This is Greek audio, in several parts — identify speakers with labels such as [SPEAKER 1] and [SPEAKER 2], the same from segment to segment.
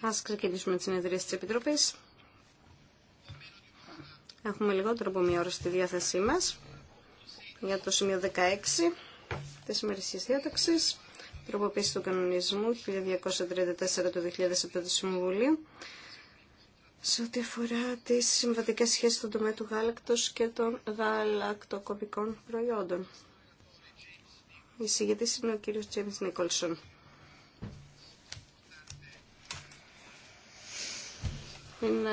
[SPEAKER 1] Ας ξεκινήσουμε τις συνεδρίες της Επιτροπής. Έχουμε λιγότερο από μία ώρα στη διάθεσή μας για το σημείο 16 της ημερησίας διάταξης, τροποποίηση του κανονισμού 1234 του 2007 του Συμβουλίου, σε ό,τι αφορά τις συμβατικές σχέσεις στον τομέα του γάλακτος και των γαλακτοκομικών προϊόντων. Η συγγετής είναι ο κύριος Τζέμις Νίκολσον. Είναι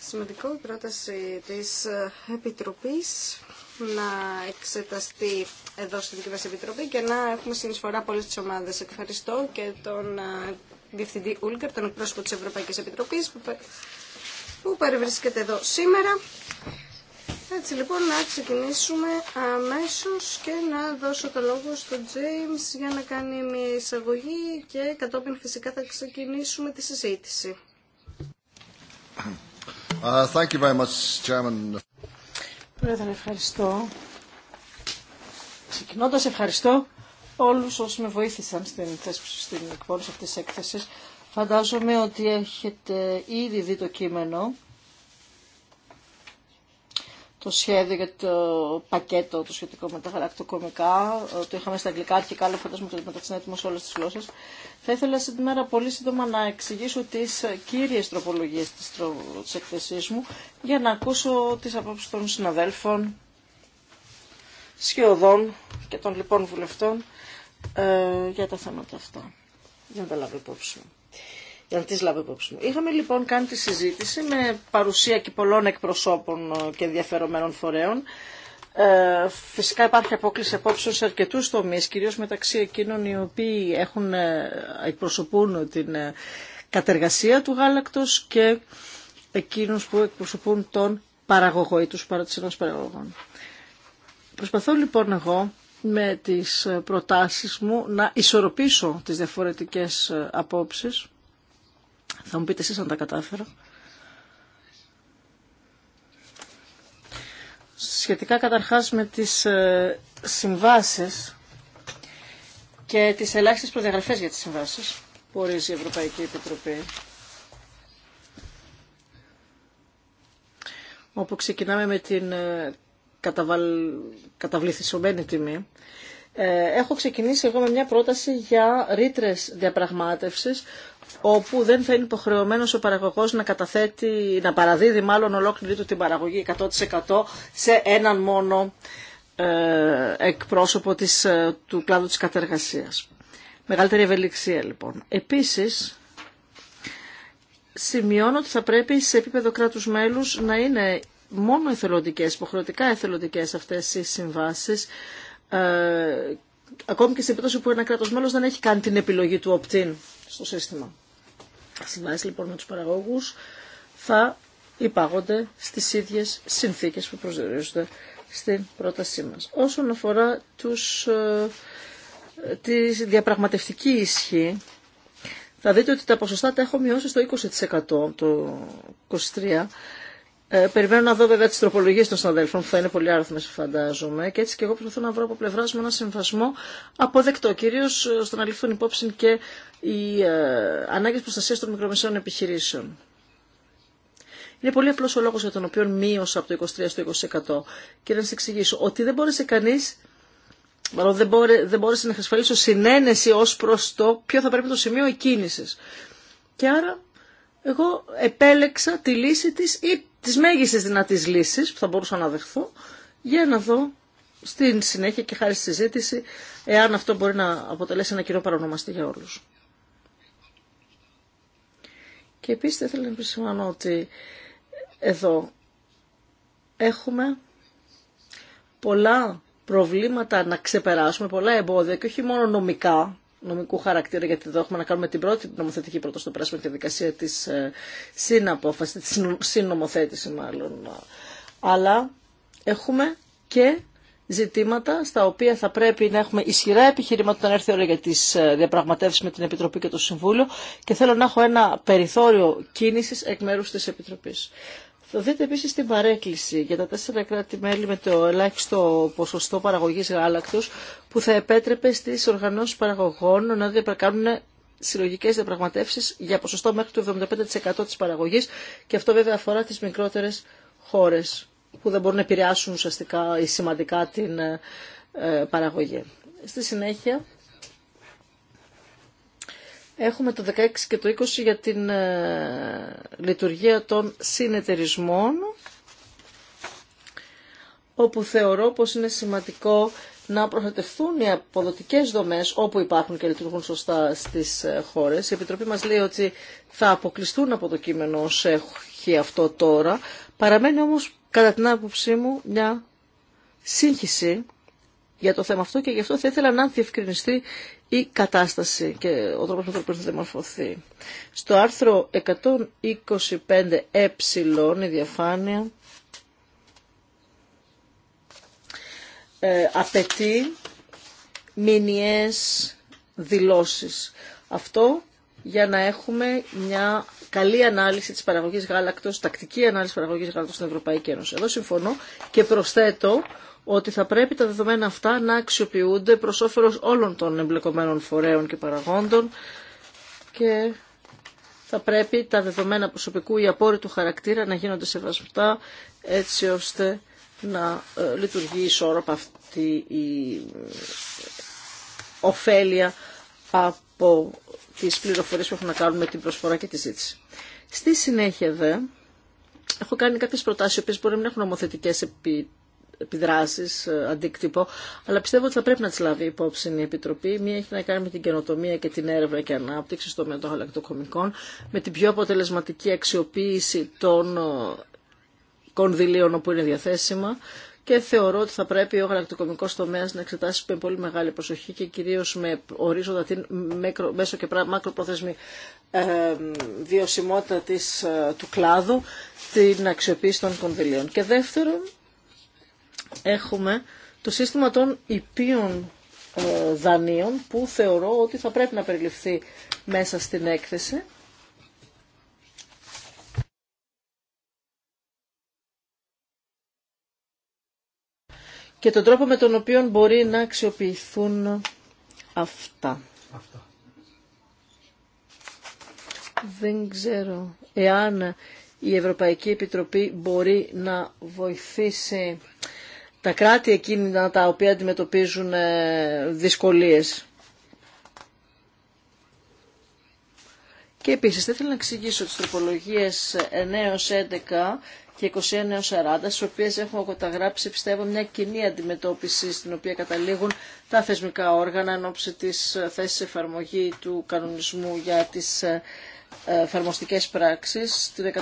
[SPEAKER 1] σημαντικό η πρόταση της Επιτροπής να εξεταστεί εδώ στη δική Επιτροπή και να έχουμε συνεισφορά από όλες τις ομάδες. Ευχαριστώ και τον ε, Διευθυντή Ούλκερ, τον εκπρόσωπο της Ευρωπαϊκής Επιτροπής που παρευρίσκεται εδώ σήμερα. Έτσι λοιπόν να ξεκινήσουμε αμέσως και να δώσω το λόγο στον James για να κάνει μια εισαγωγή και κατόπιν φυσικά θα ξεκινήσουμε τη συζήτηση.
[SPEAKER 2] Uh, thank you
[SPEAKER 3] Πρόεδρε, ευχαριστώ. Ξεκινώντας, ευχαριστώ όλους όσους με βοήθησαν στην, θέσπιση, στην εκπόνηση αυτής της έκθεση, Φαντάζομαι ότι έχετε ήδη δει το κείμενο το σχέδιο για το πακέτο το σχετικό με τα χαρακτοκομικά. Ε, το είχαμε στα αγγλικά αρχικά, αλλά φαντάζομαι ότι μεταξύ είναι έτοιμο σε όλε τι γλώσσε. Θα ήθελα μέρα πολύ σύντομα να εξηγήσω τι κύριε τροπολογίε τη εκθεσή μου για να ακούσω τι απόψει των συναδέλφων, σχεδόν και των λοιπόν βουλευτών ε, για τα θέματα αυτά. Για να τα λάβω υπόψη μου για να τις λάβω υπόψη μου. Είχαμε λοιπόν κάνει τη συζήτηση με παρουσία και πολλών εκπροσώπων ε, και ενδιαφερομένων φορέων. Ε, φυσικά υπάρχει απόκληση απόψεων σε αρκετού τομεί, κυρίω μεταξύ εκείνων οι οποίοι έχουν, ε, εκπροσωπούν την ε, κατεργασία του γάλακτος και εκείνους που εκπροσωπούν τον παραγωγό ή τους παρατησινούς παραγωγών. Προσπαθώ λοιπόν εγώ με τις προτάσεις μου να ισορροπήσω τις διαφορετικές απόψεις θα μου πείτε εσείς αν τα κατάφερα. Σχετικά καταρχάς με τις ε, συμβάσεις και τις ελάχιστες προδιαγραφές για τις συμβάσεις που ορίζει η Ευρωπαϊκή Επιτροπή. Όπου ξεκινάμε με την ε, καταβαλ... καταβληθισμένη τιμή. Ε, έχω ξεκινήσει εγώ με μια πρόταση για ρήτρε διαπραγμάτευσης όπου δεν θα είναι υποχρεωμένος ο παραγωγός να καταθέτει, να παραδίδει μάλλον ολόκληρη του την παραγωγή 100% σε έναν μόνο ε, εκπρόσωπο της, ε, του κλάδου της κατεργασίας. Μεγαλύτερη ευελιξία λοιπόν. Επίσης, σημειώνω ότι θα πρέπει σε επίπεδο κράτους μέλους να είναι μόνο εθελοντικές, υποχρεωτικά εθελοντικές αυτές οι συμβάσεις, ε, ακόμη και σε περίπτωση που ένα κράτος μέλος δεν έχει κάνει την επιλογή του opt στο σύστημα. Συμβάσει λοιπόν με τους παραγόγους θα υπάγονται στις ίδιες συνθήκες που προσδιορίζονται στην πρότασή μας. Όσον αφορά τους, ε, τη διαπραγματευτική ισχύ, θα δείτε ότι τα ποσοστά τα έχω μειώσει στο 20% το 23% ε, περιμένω να δω βέβαια τι τροπολογίε των συναδέλφων που θα είναι πολύ άριθμε φαντάζομαι και έτσι και εγώ προσπαθώ να βρω από πλευρά μου ένα συμβασμό αποδεκτό κυρίω ε, στο να ληφθούν υπόψη και οι ε, ανάγκε προστασία των μικρομεσαίων επιχειρήσεων. Είναι πολύ απλό ο λόγο για τον οποίο μείωσα από το 23% στο 20% και να σα εξηγήσω ότι δεν μπόρεσε κανεί μάλλον δεν, μπόρε, δεν μπόρεσε να εξασφαλίσω συνένεση ως προς το ποιο θα πρέπει το σημείο εκκίνησης. Και άρα εγώ επέλεξα τη λύση της της μέγιστης δυνατή λύση που θα μπορούσα να δεχθώ για να δω στην συνέχεια και χάρη στη συζήτηση εάν αυτό μπορεί να αποτελέσει ένα κοινό παρονομαστή για όλους. Και επίσης θέλω να επισημάνω ότι εδώ έχουμε πολλά προβλήματα να ξεπεράσουμε, πολλά εμπόδια και όχι μόνο νομικά νομικού χαρακτήρα, γιατί εδώ έχουμε να κάνουμε την πρώτη νομοθετική πρώτα στο πράσινο και τη δικασία της ε, συναπόφαση, της συνομοθέτηση μάλλον. Αλλά έχουμε και ζητήματα στα οποία θα πρέπει να έχουμε ισχυρά επιχειρήματα όταν έρθει η ώρα για τι ε, διαπραγματεύσει με την Επιτροπή και το Συμβούλιο και θέλω να έχω ένα περιθώριο κίνηση εκ μέρου τη επιτροπή. Θα δείτε επίσης την παρέκκληση για τα τέσσερα κράτη-μέλη με το ελάχιστο ποσοστό παραγωγής γάλακτος που θα επέτρεπε στις οργανώσεις παραγωγών να διαπρακάνουν συλλογικές διαπραγματεύσεις για ποσοστό μέχρι το 75% της παραγωγής και αυτό βέβαια αφορά τις μικρότερες χώρες που δεν μπορούν να επηρεάσουν ουσιαστικά ή σημαντικά την ε, παραγωγή. Στη συνέχεια Έχουμε το 16 και το 20 για την ε, λειτουργία των συνεταιρισμών, όπου θεωρώ πως είναι σημαντικό να προστατευτούν οι αποδοτικές δομές όπου υπάρχουν και λειτουργούν σωστά στι ε, χώρες. Η Επιτροπή μας λέει ότι θα αποκλειστούν από το κείμενο όσο έχει αυτό τώρα. Παραμένει όμως κατά την άποψή μου, μια σύγχυση για το θέμα αυτό και γι' αυτό θα ήθελα να διευκρινιστεί η κατάσταση και ο τρόπο με τον οποίο θα διαμορφωθεί. Στο άρθρο 125 ε η διαφάνεια ε, απαιτεί μηνιαίες δηλώσεις. Αυτό για να έχουμε μια καλή ανάλυση της παραγωγής γάλακτος, τακτική ανάλυση παραγωγής γάλακτος στην Ευρωπαϊκή Ένωση. Εδώ συμφωνώ και προσθέτω ότι θα πρέπει τα δεδομένα αυτά να αξιοποιούνται προς όφελος όλων των εμπλεκομένων φορέων και παραγόντων και θα πρέπει τα δεδομένα προσωπικού ή απόρριτου χαρακτήρα να γίνονται σεβαστά έτσι ώστε να ε, λειτουργεί ισόρροπα αυτή η ε, ωφέλεια από τις πληροφορίες που έχουν να κάνουν με την προσφορά και τη ζήτηση. Στη συνέχεια δε, έχω κάνει κάποιες προτάσεις, οι οποίες μπορεί να έχουν νομοθετικές επιπτώσεις επιδράσει, ε, αντίκτυπο, αλλά πιστεύω ότι θα πρέπει να τι λάβει υπόψη η Επιτροπή. Μία έχει να κάνει με την καινοτομία και την έρευνα και ανάπτυξη στο των γαλακτοκομικών, με την πιο αποτελεσματική αξιοποίηση των ε, κονδυλίων όπου είναι διαθέσιμα και θεωρώ ότι θα πρέπει ο γαλακτοκομικό τομέα να εξετάσει με πολύ μεγάλη προσοχή και κυρίω με ορίζοντα την μέσο και μακροπρόθεσμη ε, βιωσιμότητα της, του κλάδου την αξιοποίηση των κονδυλίων. Και δεύτερον, έχουμε το σύστημα των υπείων ε, δανείων που θεωρώ ότι θα πρέπει να περιληφθεί μέσα στην έκθεση. και τον τρόπο με τον οποίο μπορεί να αξιοποιηθούν αυτά. αυτά. Δεν ξέρω εάν η Ευρωπαϊκή Επιτροπή μπορεί να βοηθήσει τα κράτη εκείνα τα οποία αντιμετωπίζουν ε, δυσκολίες. Και επίσης δεν ήθελα να εξηγήσω τις τροπολογίες 9-11 και 21-40, στις οποίες έχουμε καταγράψει πιστεύω μια κοινή αντιμετώπιση στην οποία καταλήγουν τα θεσμικά όργανα εν ώψη της θέσης εφαρμογή του κανονισμού για τις ε, εφαρμοστικές πράξεις. Στην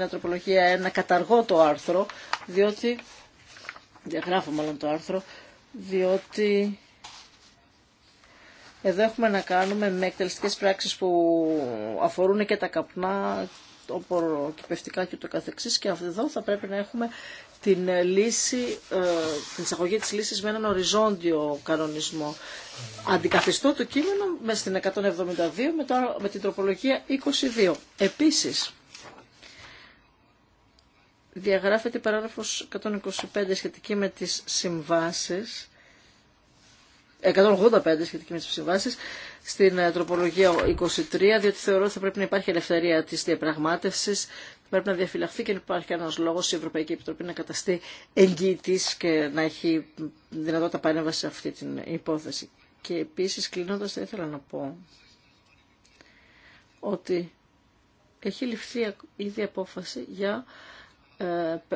[SPEAKER 3] 179 τροπολογία 1 καταργώ το άρθρο, διότι διαγράφω μάλλον το άρθρο, διότι εδώ έχουμε να κάνουμε με εκτελεστικές πράξεις που αφορούν και τα καπνά, το οποροκυπευτικά και το καθεξής και εδώ θα πρέπει να έχουμε την λύση, ε, την εισαγωγή της λύσης με έναν οριζόντιο κανονισμό. Αντικαθιστώ το κείμενο με στην 172 με, την τροπολογία 22. Επίσης, διαγράφεται η παράγραφος 125 σχετική με τις συμβάσεις, 185 σχετική με τις συμβάσεις, στην ε, τροπολογία 23, διότι θεωρώ ότι θα πρέπει να υπάρχει ελευθερία της διαπραγμάτευσης, πρέπει να διαφυλαχθεί και να υπάρχει ένα λόγο η Ευρωπαϊκή Επιτροπή να καταστεί εγγυητή και να έχει δυνατότητα παρέμβαση σε αυτή την υπόθεση. Και επίση, κλείνοντα, θα ήθελα να πω ότι έχει ληφθεί ήδη απόφαση για ε, ε,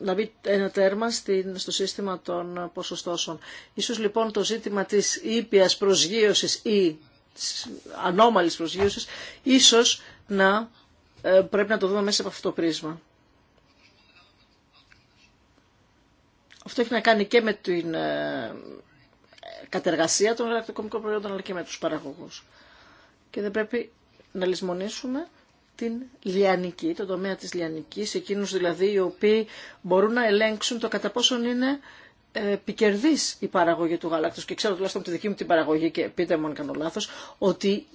[SPEAKER 3] να μπει ένα τέρμα στο σύστημα των ποσοστώσεων. Ίσως λοιπόν το ζήτημα της ήπιας προσγείωσης ή της ανώμαλης προσγείωσης ίσως να ε, πρέπει να το δούμε μέσα από αυτό το πρίσμα. Αυτό έχει να κάνει και με την κατεργασία των γαλακτοκομικών προϊόντων αλλά και με τους παραγωγούς. Και δεν πρέπει να λησμονήσουμε την λιανική, το τομέα της λιανικής, εκείνους δηλαδή οι οποίοι μπορούν να ελέγξουν το κατά πόσον είναι ε, πικερδής η παραγωγή του γάλακτος. Και ξέρω τουλάχιστον από τη δική μου την παραγωγή και πείτε μου αν κάνω λάθος, ότι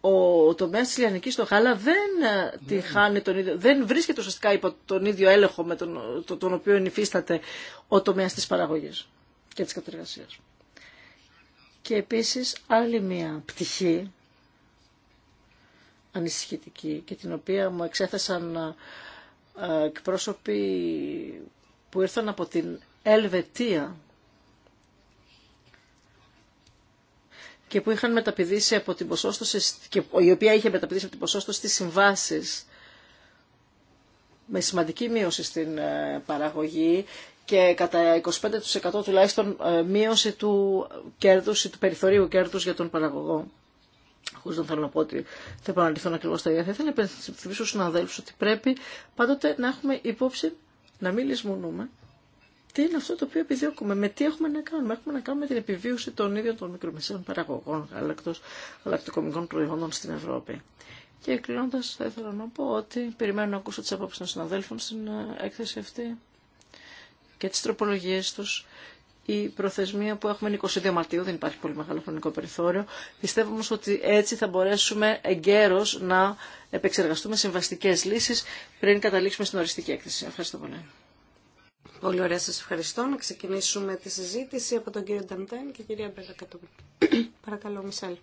[SPEAKER 3] ο τομέας της λιανικής στο γάλα δεν, ε, τη ναι. χάνει τον ίδιο, δεν βρίσκεται ουσιαστικά υπό τον ίδιο έλεγχο με τον, το, τον οποίο υφίσταται ο τομέας της παραγωγής και της κατεργασίας. Και επίσης άλλη μία πτυχή ανησυχητική και την οποία μου εξέθεσαν ε, εκπρόσωποι που ήρθαν από την Ελβετία και που είχαν μεταπηδήσει από την ποσόστοση, και η οποία είχε μεταπηδήσει από την ποσόστοση στις συμβάσεις με σημαντική μείωση στην ε, παραγωγή και κατά 25% τουλάχιστον ε, μείωση του κέρδους του περιθωρίου κέρδους για τον παραγωγό. Χωρίς να θέλω να πω ότι θα επαναληφθούν ακριβώ τα ίδια. Θα ήθελα να υπενθυμίσω στους συναδέλφου ότι πρέπει πάντοτε να έχουμε υπόψη να μην λησμονούμε τι είναι αυτό το οποίο επιδιώκουμε, με τι έχουμε να κάνουμε. Έχουμε να κάνουμε την επιβίωση των ίδιων των μικρομεσαίων παραγωγών γαλακτος, γαλακτοκομικών προϊόντων στην Ευρώπη. Και κλείνοντα, θα ήθελα να πω ότι περιμένω να ακούσω τι απόψει των συναδέλφων στην ε, έκθεση αυτή και τι τροπολογίε του η προθεσμία που έχουμε είναι 22 Μαρτίου, δεν υπάρχει πολύ μεγάλο χρονικό περιθώριο. Πιστεύω όμως ότι έτσι θα μπορέσουμε εγκαίρως να επεξεργαστούμε συμβαστικές λύσεις πριν καταλήξουμε στην οριστική έκθεση. Ευχαριστώ πολύ. Πολύ ωραία, σας ευχαριστώ. Να ξεκινήσουμε τη
[SPEAKER 1] συζήτηση από τον κύριο Νταντέν και κυρία Μπελακατούπρη. Παρακαλώ, Μισελ.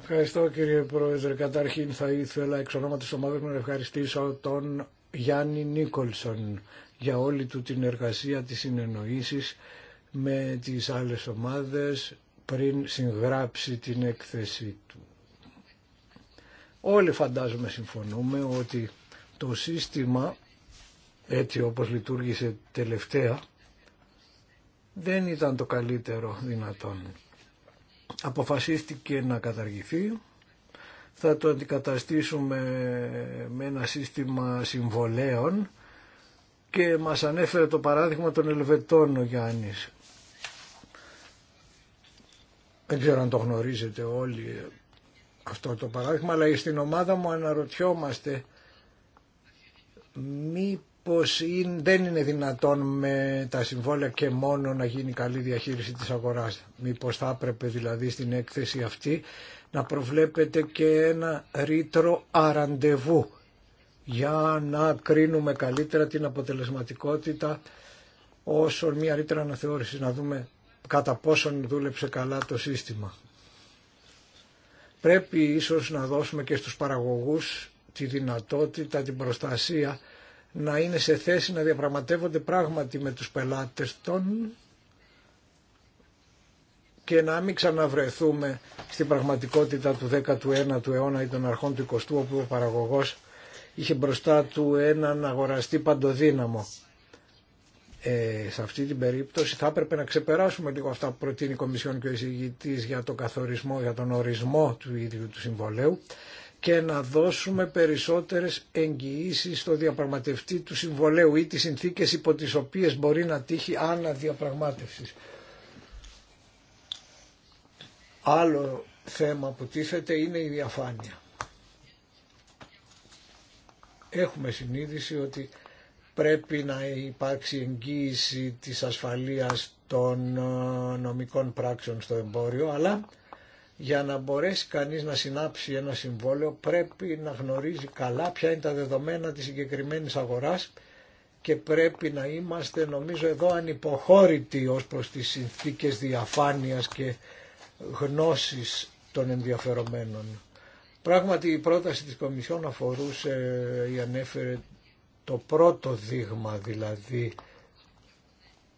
[SPEAKER 2] Ευχαριστώ κύριε Πρόεδρε. Καταρχήν θα ήθελα εξ ονόματος ομάδας μου να ευχαριστήσω τον Γιάννη Νίκολσον για όλη του την εργασία της συνεννοήσεις με τις άλλες ομάδες πριν συγγράψει την έκθεση του. Όλοι φαντάζομαι συμφωνούμε ότι το σύστημα έτσι όπως λειτουργήσε τελευταία δεν ήταν το καλύτερο δυνατόν. Αποφασίστηκε να καταργηθεί. Θα το αντικαταστήσουμε με ένα σύστημα συμβολέων και μας ανέφερε το παράδειγμα των Ελβετών ο Γιάννης. Δεν ξέρω αν το γνωρίζετε όλοι αυτό το παράδειγμα, αλλά στην ομάδα μου αναρωτιόμαστε μήπως δεν είναι δυνατόν με τα συμβόλαια και μόνο να γίνει καλή διαχείριση της αγοράς. Μήπως θα έπρεπε δηλαδή στην έκθεση αυτή να προβλέπετε και ένα ρήτρο αραντεβού για να κρίνουμε καλύτερα την αποτελεσματικότητα όσο μια ρήτρα αναθεώρηση να δούμε κατά πόσον δούλεψε καλά το σύστημα. Πρέπει ίσως να δώσουμε και στους παραγωγούς τη δυνατότητα, την προστασία να είναι σε θέση να διαπραγματεύονται πράγματι με τους πελάτες των και να μην ξαναβρεθούμε στην πραγματικότητα του 19ου αιώνα ή των αρχών του 20ου όπου ο παραγωγός είχε μπροστά του έναν αγοραστή παντοδύναμο. Ε, σε αυτή την περίπτωση θα έπρεπε να ξεπεράσουμε λίγο αυτά που προτείνει η Κομισιόν και ο εισηγητής για τον καθορισμό, για τον ορισμό του ίδιου του συμβολέου και να δώσουμε περισσότερες εγγυήσεις στο διαπραγματευτή του συμβολέου ή τις συνθήκες υπό τις οποίες μπορεί να τύχει άνα διαπραγμάτευσης. Άλλο θέμα που τίθεται είναι η διαφάνεια έχουμε συνείδηση ότι πρέπει να υπάρξει εγγύηση της ασφαλείας των ε, νομικών πράξεων στο εμπόριο, αλλά για να μπορέσει κανείς να συνάψει ένα συμβόλαιο πρέπει να γνωρίζει καλά ποια είναι τα δεδομένα της συγκεκριμένη αγοράς και πρέπει να είμαστε νομίζω εδώ ανυποχώρητοι ως προς τις συνθήκες διαφάνειας και γνώσης των ενδιαφερομένων. Πράγματι η πρόταση της Κομισιόν αφορούσε ή ανέφερε το πρώτο δείγμα δηλαδή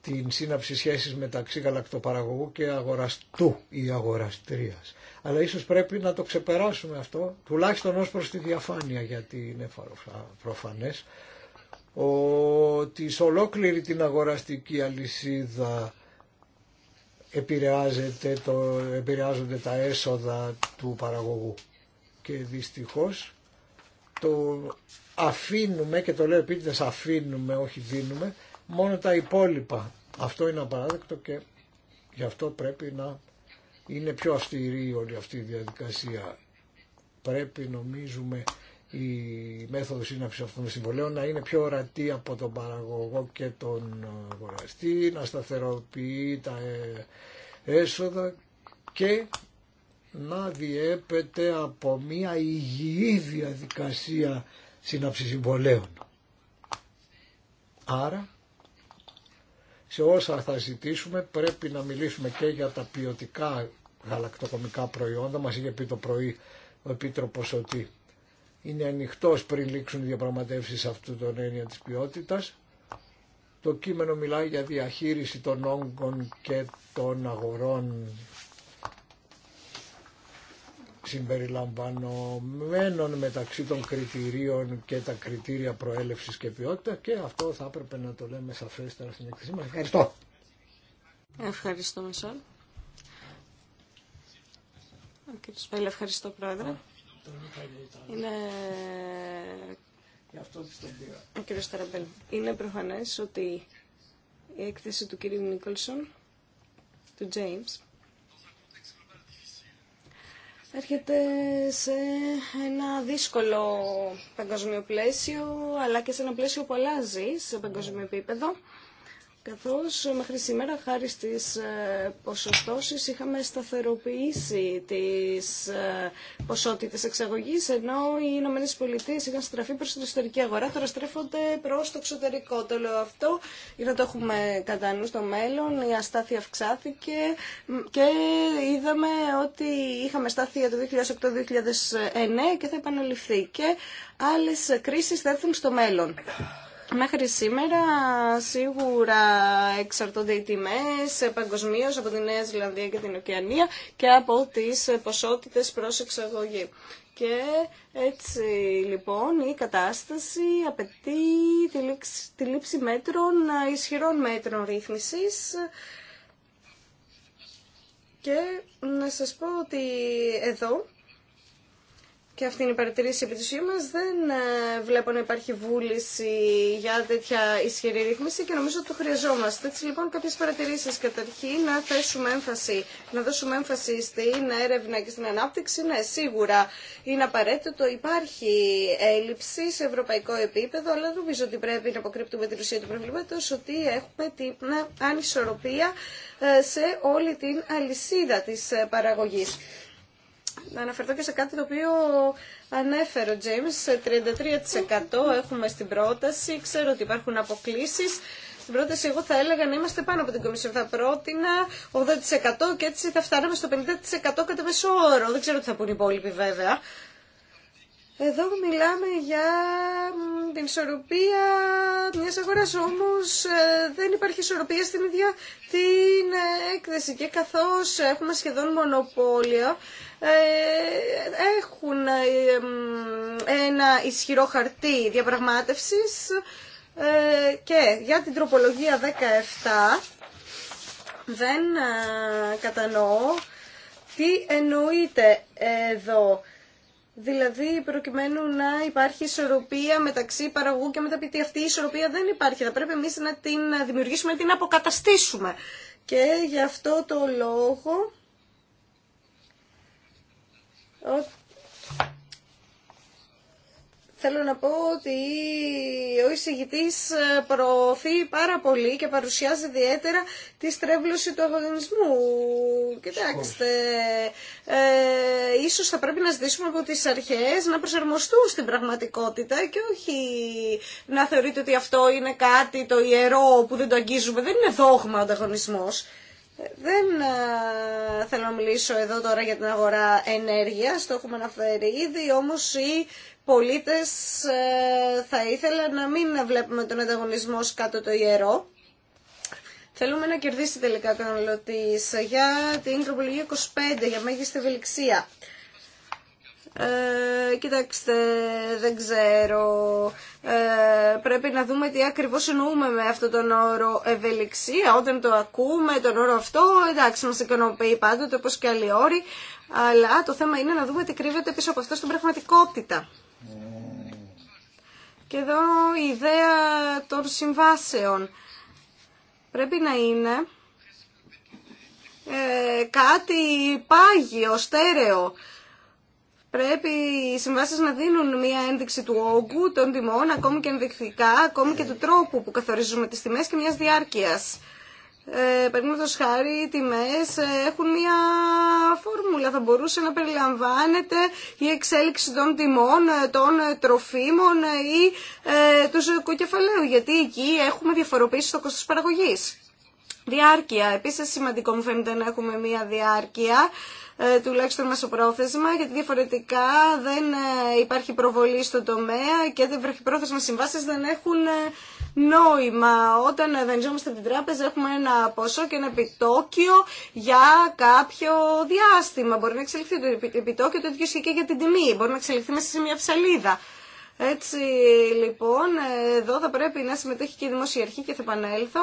[SPEAKER 2] την σύναψη σχέσης μεταξύ γαλακτοπαραγωγού και αγοραστού ή αγοραστρίας. Αλλά ίσως πρέπει να το ξεπεράσουμε αυτό, τουλάχιστον ως προς τη διαφάνεια, γιατί είναι προφανές, ότι σε ολόκληρη την αγοραστική αλυσίδα επηρεάζονται τα έσοδα του παραγωγού και δυστυχώς το αφήνουμε και το λέω επίτηδες αφήνουμε όχι δίνουμε μόνο τα υπόλοιπα αυτό είναι απαράδεκτο και γι' αυτό πρέπει να είναι πιο αυστηρή όλη αυτή η διαδικασία πρέπει νομίζουμε η μέθοδος σύναψης αυτών των συμβολέων να είναι πιο ορατή από τον παραγωγό και τον αγοραστή, να σταθεροποιεί τα ε, έσοδα και να διέπεται από μια υγιή διαδικασία σύναψης συμβολέων. Άρα, σε όσα θα ζητήσουμε πρέπει να μιλήσουμε και για τα ποιοτικά γαλακτοκομικά προϊόντα. Μας είχε πει το πρωί ο Επίτροπος ότι είναι ανοιχτός πριν λήξουν οι διαπραγματεύσεις αυτού των έννοια της ποιότητας. Το κείμενο μιλάει για διαχείριση των όγκων και των αγορών συμπεριλαμβανομένων μεταξύ των κριτηρίων και τα κριτήρια προέλευσης και ποιότητα και αυτό θα έπρεπε να το λέμε σαφέστερα στην εκθεσή μα. Ευχαριστώ.
[SPEAKER 1] Ευχαριστώ Μισόλ.
[SPEAKER 3] Κύριε Σπέλη, ευχαριστώ Πρόεδρε. Είναι... προφανέ
[SPEAKER 1] Σταραμπέλ, είναι προφανές ότι η έκθεση του κύριου Νίκολσον, του James, έρχεται σε ένα δύσκολο παγκοσμιοπλαίσιο, αλλά και σε ένα πλαίσιο που αλλάζει σε παγκοσμίο καθώς μέχρι σήμερα χάρη στις ε, ποσοστώσεις είχαμε σταθεροποιήσει τις ε, ποσότητες εξαγωγής ενώ οι Ηνωμένε Πολιτείε είχαν στραφεί προς την εσωτερική αγορά τώρα στρέφονται προς το εξωτερικό το λέω αυτό για να το έχουμε κατά νου στο μέλλον η αστάθεια αυξάθηκε και είδαμε ότι είχαμε στάθεια το 2008-2009 και θα επαναληφθεί και άλλες κρίσεις θα έρθουν στο μέλλον Μέχρι σήμερα σίγουρα εξαρτώνται οι τιμές παγκοσμίω από τη Νέα Ζηλανδία και την Οκεανία και από τις ποσότητες προς εξαγωγή. Και έτσι λοιπόν η κατάσταση απαιτεί τη, τη λήψη μέτρων, ισχυρών μέτρων ρύθμισης και να σας πω ότι εδώ και αυτή είναι η παρατηρήση επί της μας, δεν ε, βλέπω να υπάρχει βούληση για τέτοια ισχυρή ρύθμιση και νομίζω ότι το χρειαζόμαστε. Έτσι λοιπόν κάποιες παρατηρήσεις καταρχήν να θέσουμε έμφαση, να δώσουμε έμφαση στην έρευνα και στην ανάπτυξη. Ναι, σίγουρα είναι απαραίτητο, υπάρχει έλλειψη σε ευρωπαϊκό επίπεδο, αλλά δεν νομίζω ότι πρέπει να αποκρύπτουμε την ουσία του προβλήματος ότι έχουμε την ε, ανισορροπία ε, σε όλη την αλυσίδα της παραγωγής να αναφερθώ και σε κάτι το οποίο ανέφερε ο Τζέιμς. 33% έχουμε στην πρόταση. Ξέρω ότι υπάρχουν αποκλήσει. Στην πρόταση εγώ θα έλεγα να είμαστε πάνω από την Κομισιόν. Θα πρότεινα 80% και έτσι θα φτάναμε στο 50% κατά μέσο όρο. Δεν ξέρω τι θα πούν οι υπόλοιποι βέβαια. Εδώ μιλάμε για την ισορροπία μιας αγοράς, όμως ε, δεν υπάρχει ισορροπία στην ίδια την ε, έκθεση και καθώς έχουμε σχεδόν μονοπόλια, ε, έχουν ένα ισχυρό χαρτί διαπραγμάτευσης και για την τροπολογία 17 δεν κατανοώ τι εννοείται εδώ Δηλαδή, προκειμένου να υπάρχει ισορροπία μεταξύ παραγωγού και μεταπητή. Αυτή η ισορροπία δεν υπάρχει. Θα πρέπει εμεί να την δημιουργήσουμε, να την αποκαταστήσουμε. Και γι' αυτό το λόγο Θέλω να πω ότι ο εισηγητής ε, προωθεί πάρα πολύ και παρουσιάζει ιδιαίτερα τη στρέβλωση του αγωνισμού. Κοιτάξτε, ε, ίσως θα πρέπει να ζητήσουμε από τις αρχές να προσαρμοστούν στην πραγματικότητα και όχι να θεωρείτε ότι αυτό είναι κάτι το ιερό που δεν το αγγίζουμε. Δεν είναι δόγμα ο ανταγωνισμός. Ε, δεν ε, θέλω να μιλήσω εδώ τώρα για την αγορά ενέργειας, το έχουμε αναφέρει ήδη, όμως πολίτες ε, θα ήθελα να μην βλέπουμε τον ανταγωνισμό κάτω το ιερό. Θέλουμε να κερδίσει τελικά ο καταναλωτής για την τροπολογία 25, για μέγιστη ευελιξία. Ε, κοιτάξτε, δεν ξέρω. Ε, πρέπει να δούμε τι ακριβώς εννοούμε με αυτόν τον όρο ευελιξία. Όταν το ακούμε, τον όρο αυτό, εντάξει, μας ικανοποιεί πάντοτε, όπως και άλλοι όροι. Αλλά το θέμα είναι να δούμε τι κρύβεται πίσω από αυτό στην πραγματικότητα. Και εδώ η ιδέα των συμβάσεων πρέπει να είναι ε, κάτι πάγιο, στέρεο. Πρέπει οι συμβάσεις να δίνουν μια ένδειξη του όγκου, των τιμών, ακόμη και ενδεικτικά, ακόμη και του τρόπου που καθορίζουμε τις τιμές και μιας διάρκειας ε, παραδείγματο χάρη, οι τιμέ ε, έχουν μια φόρμουλα. Θα μπορούσε να περιλαμβάνεται η εξέλιξη των τιμών, ε, των ε, τροφίμων ή του ζωικού κεφαλαίου. Γιατί εκεί έχουμε διαφοροποίηση στο κόστο παραγωγή. Διάρκεια. Επίσης σημαντικό μου φαίνεται να έχουμε μία διάρκεια ε, τουλάχιστον πρόθεσμα, γιατί διαφορετικά δεν ε, υπάρχει προβολή στο τομέα και δεν πρόθεσμα. συμβάσει δεν έχουν ε, νόημα. Όταν δανειζόμαστε την τράπεζα έχουμε ένα ποσό και ένα επιτόκιο για κάποιο διάστημα. Μπορεί να εξελιχθεί το επιτόκιο, το ίδιο και για την τιμή. Μπορεί να εξελιχθεί μέσα σε μια ψαλίδα. Έτσι λοιπόν, εδώ θα πρέπει να συμμετέχει και η δημοσιαρχή και θα επανέλθω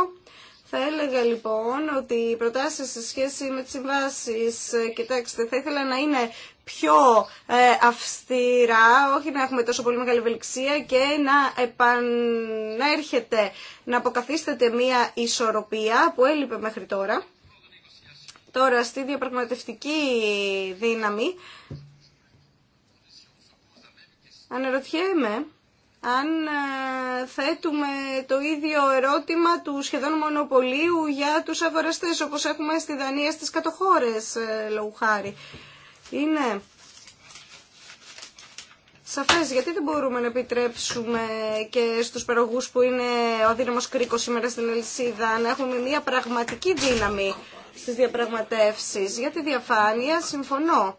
[SPEAKER 1] θα έλεγα λοιπόν ότι οι προτάσεις σε σχέση με τις συμβάσεις, ε, κοιτάξτε, θα ήθελα να είναι πιο ε, αυστηρά, όχι να έχουμε τόσο πολύ μεγάλη ευελιξία και να επανέρχεται, να αποκαθίσταται μια ισορροπία που έλειπε μέχρι τώρα. Τώρα στη διαπραγματευτική δύναμη αναρωτιέμαι αν ε, θέτουμε το ίδιο ερώτημα του σχεδόν μονοπωλίου για τους αγοραστές, όπως έχουμε στη Δανία στις κατοχώρες, ε, λόγου χάρη. Είναι σαφές, γιατί δεν μπορούμε να επιτρέψουμε και στους παραγωγούς που είναι ο αδύναμος κρίκος σήμερα στην Ελισίδα να έχουμε μια πραγματική δύναμη στις διαπραγματεύσεις. Για τη διαφάνεια συμφωνώ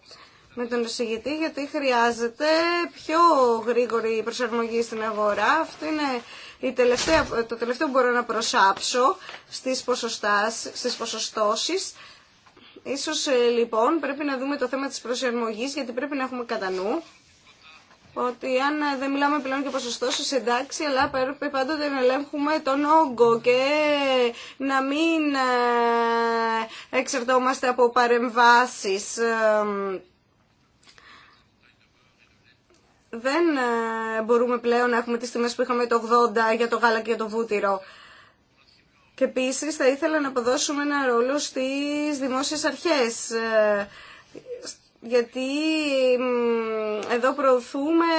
[SPEAKER 1] με τον εισηγητή γιατί χρειάζεται πιο γρήγορη προσαρμογή στην αγορά. Αυτό είναι η τελευταία, το τελευταίο που μπορώ να προσάψω στις, στις ποσοστώσεις. Ίσως ε, λοιπόν πρέπει να δούμε το θέμα της προσαρμογής γιατί πρέπει να έχουμε κατά νου ότι αν ε, δεν μιλάμε πλέον για ποσοστώσεις εντάξει, αλλά πρέπει πάντοτε να ελέγχουμε τον όγκο και να μην ε, εξαρτώμαστε από παρεμβάσεις δεν ε, μπορούμε πλέον να έχουμε τις τιμές που είχαμε το 80 για το γάλα και το βούτυρο. Και επίση θα ήθελα να αποδώσουμε ένα ρόλο στις δημόσιες αρχές. Ε, γιατί εδώ προωθούμε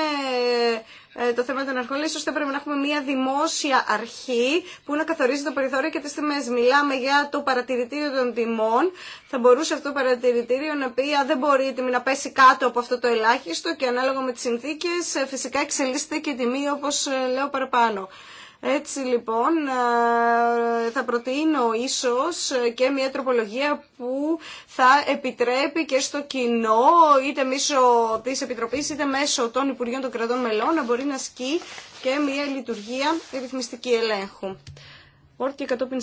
[SPEAKER 1] ε, το θέμα των αρχών, ίσως θα πρέπει να έχουμε μια δημόσια αρχή που να καθορίζει το περιθώριο και τις τιμές. Μιλάμε για το παρατηρητήριο των τιμών. Θα μπορούσε αυτό το παρατηρητήριο να πει δεν μπορεί η τιμή να πέσει κάτω από αυτό το ελάχιστο και ανάλογα με τις συνθήκες ε, φυσικά εξελίσσεται και η τιμή όπως ε, λέω παραπάνω. Έτσι λοιπόν ε, θα προτείνω ίσως και μια τροπολογία που θα επιτρέπει και στο κοινό είτε μέσω της Επιτροπής είτε μέσω των Υπουργείων των Κρατών Μελών να μπορεί να ασκεί και μια λειτουργία ρυθμιστική ελέγχου. Ορτ και κατόπιν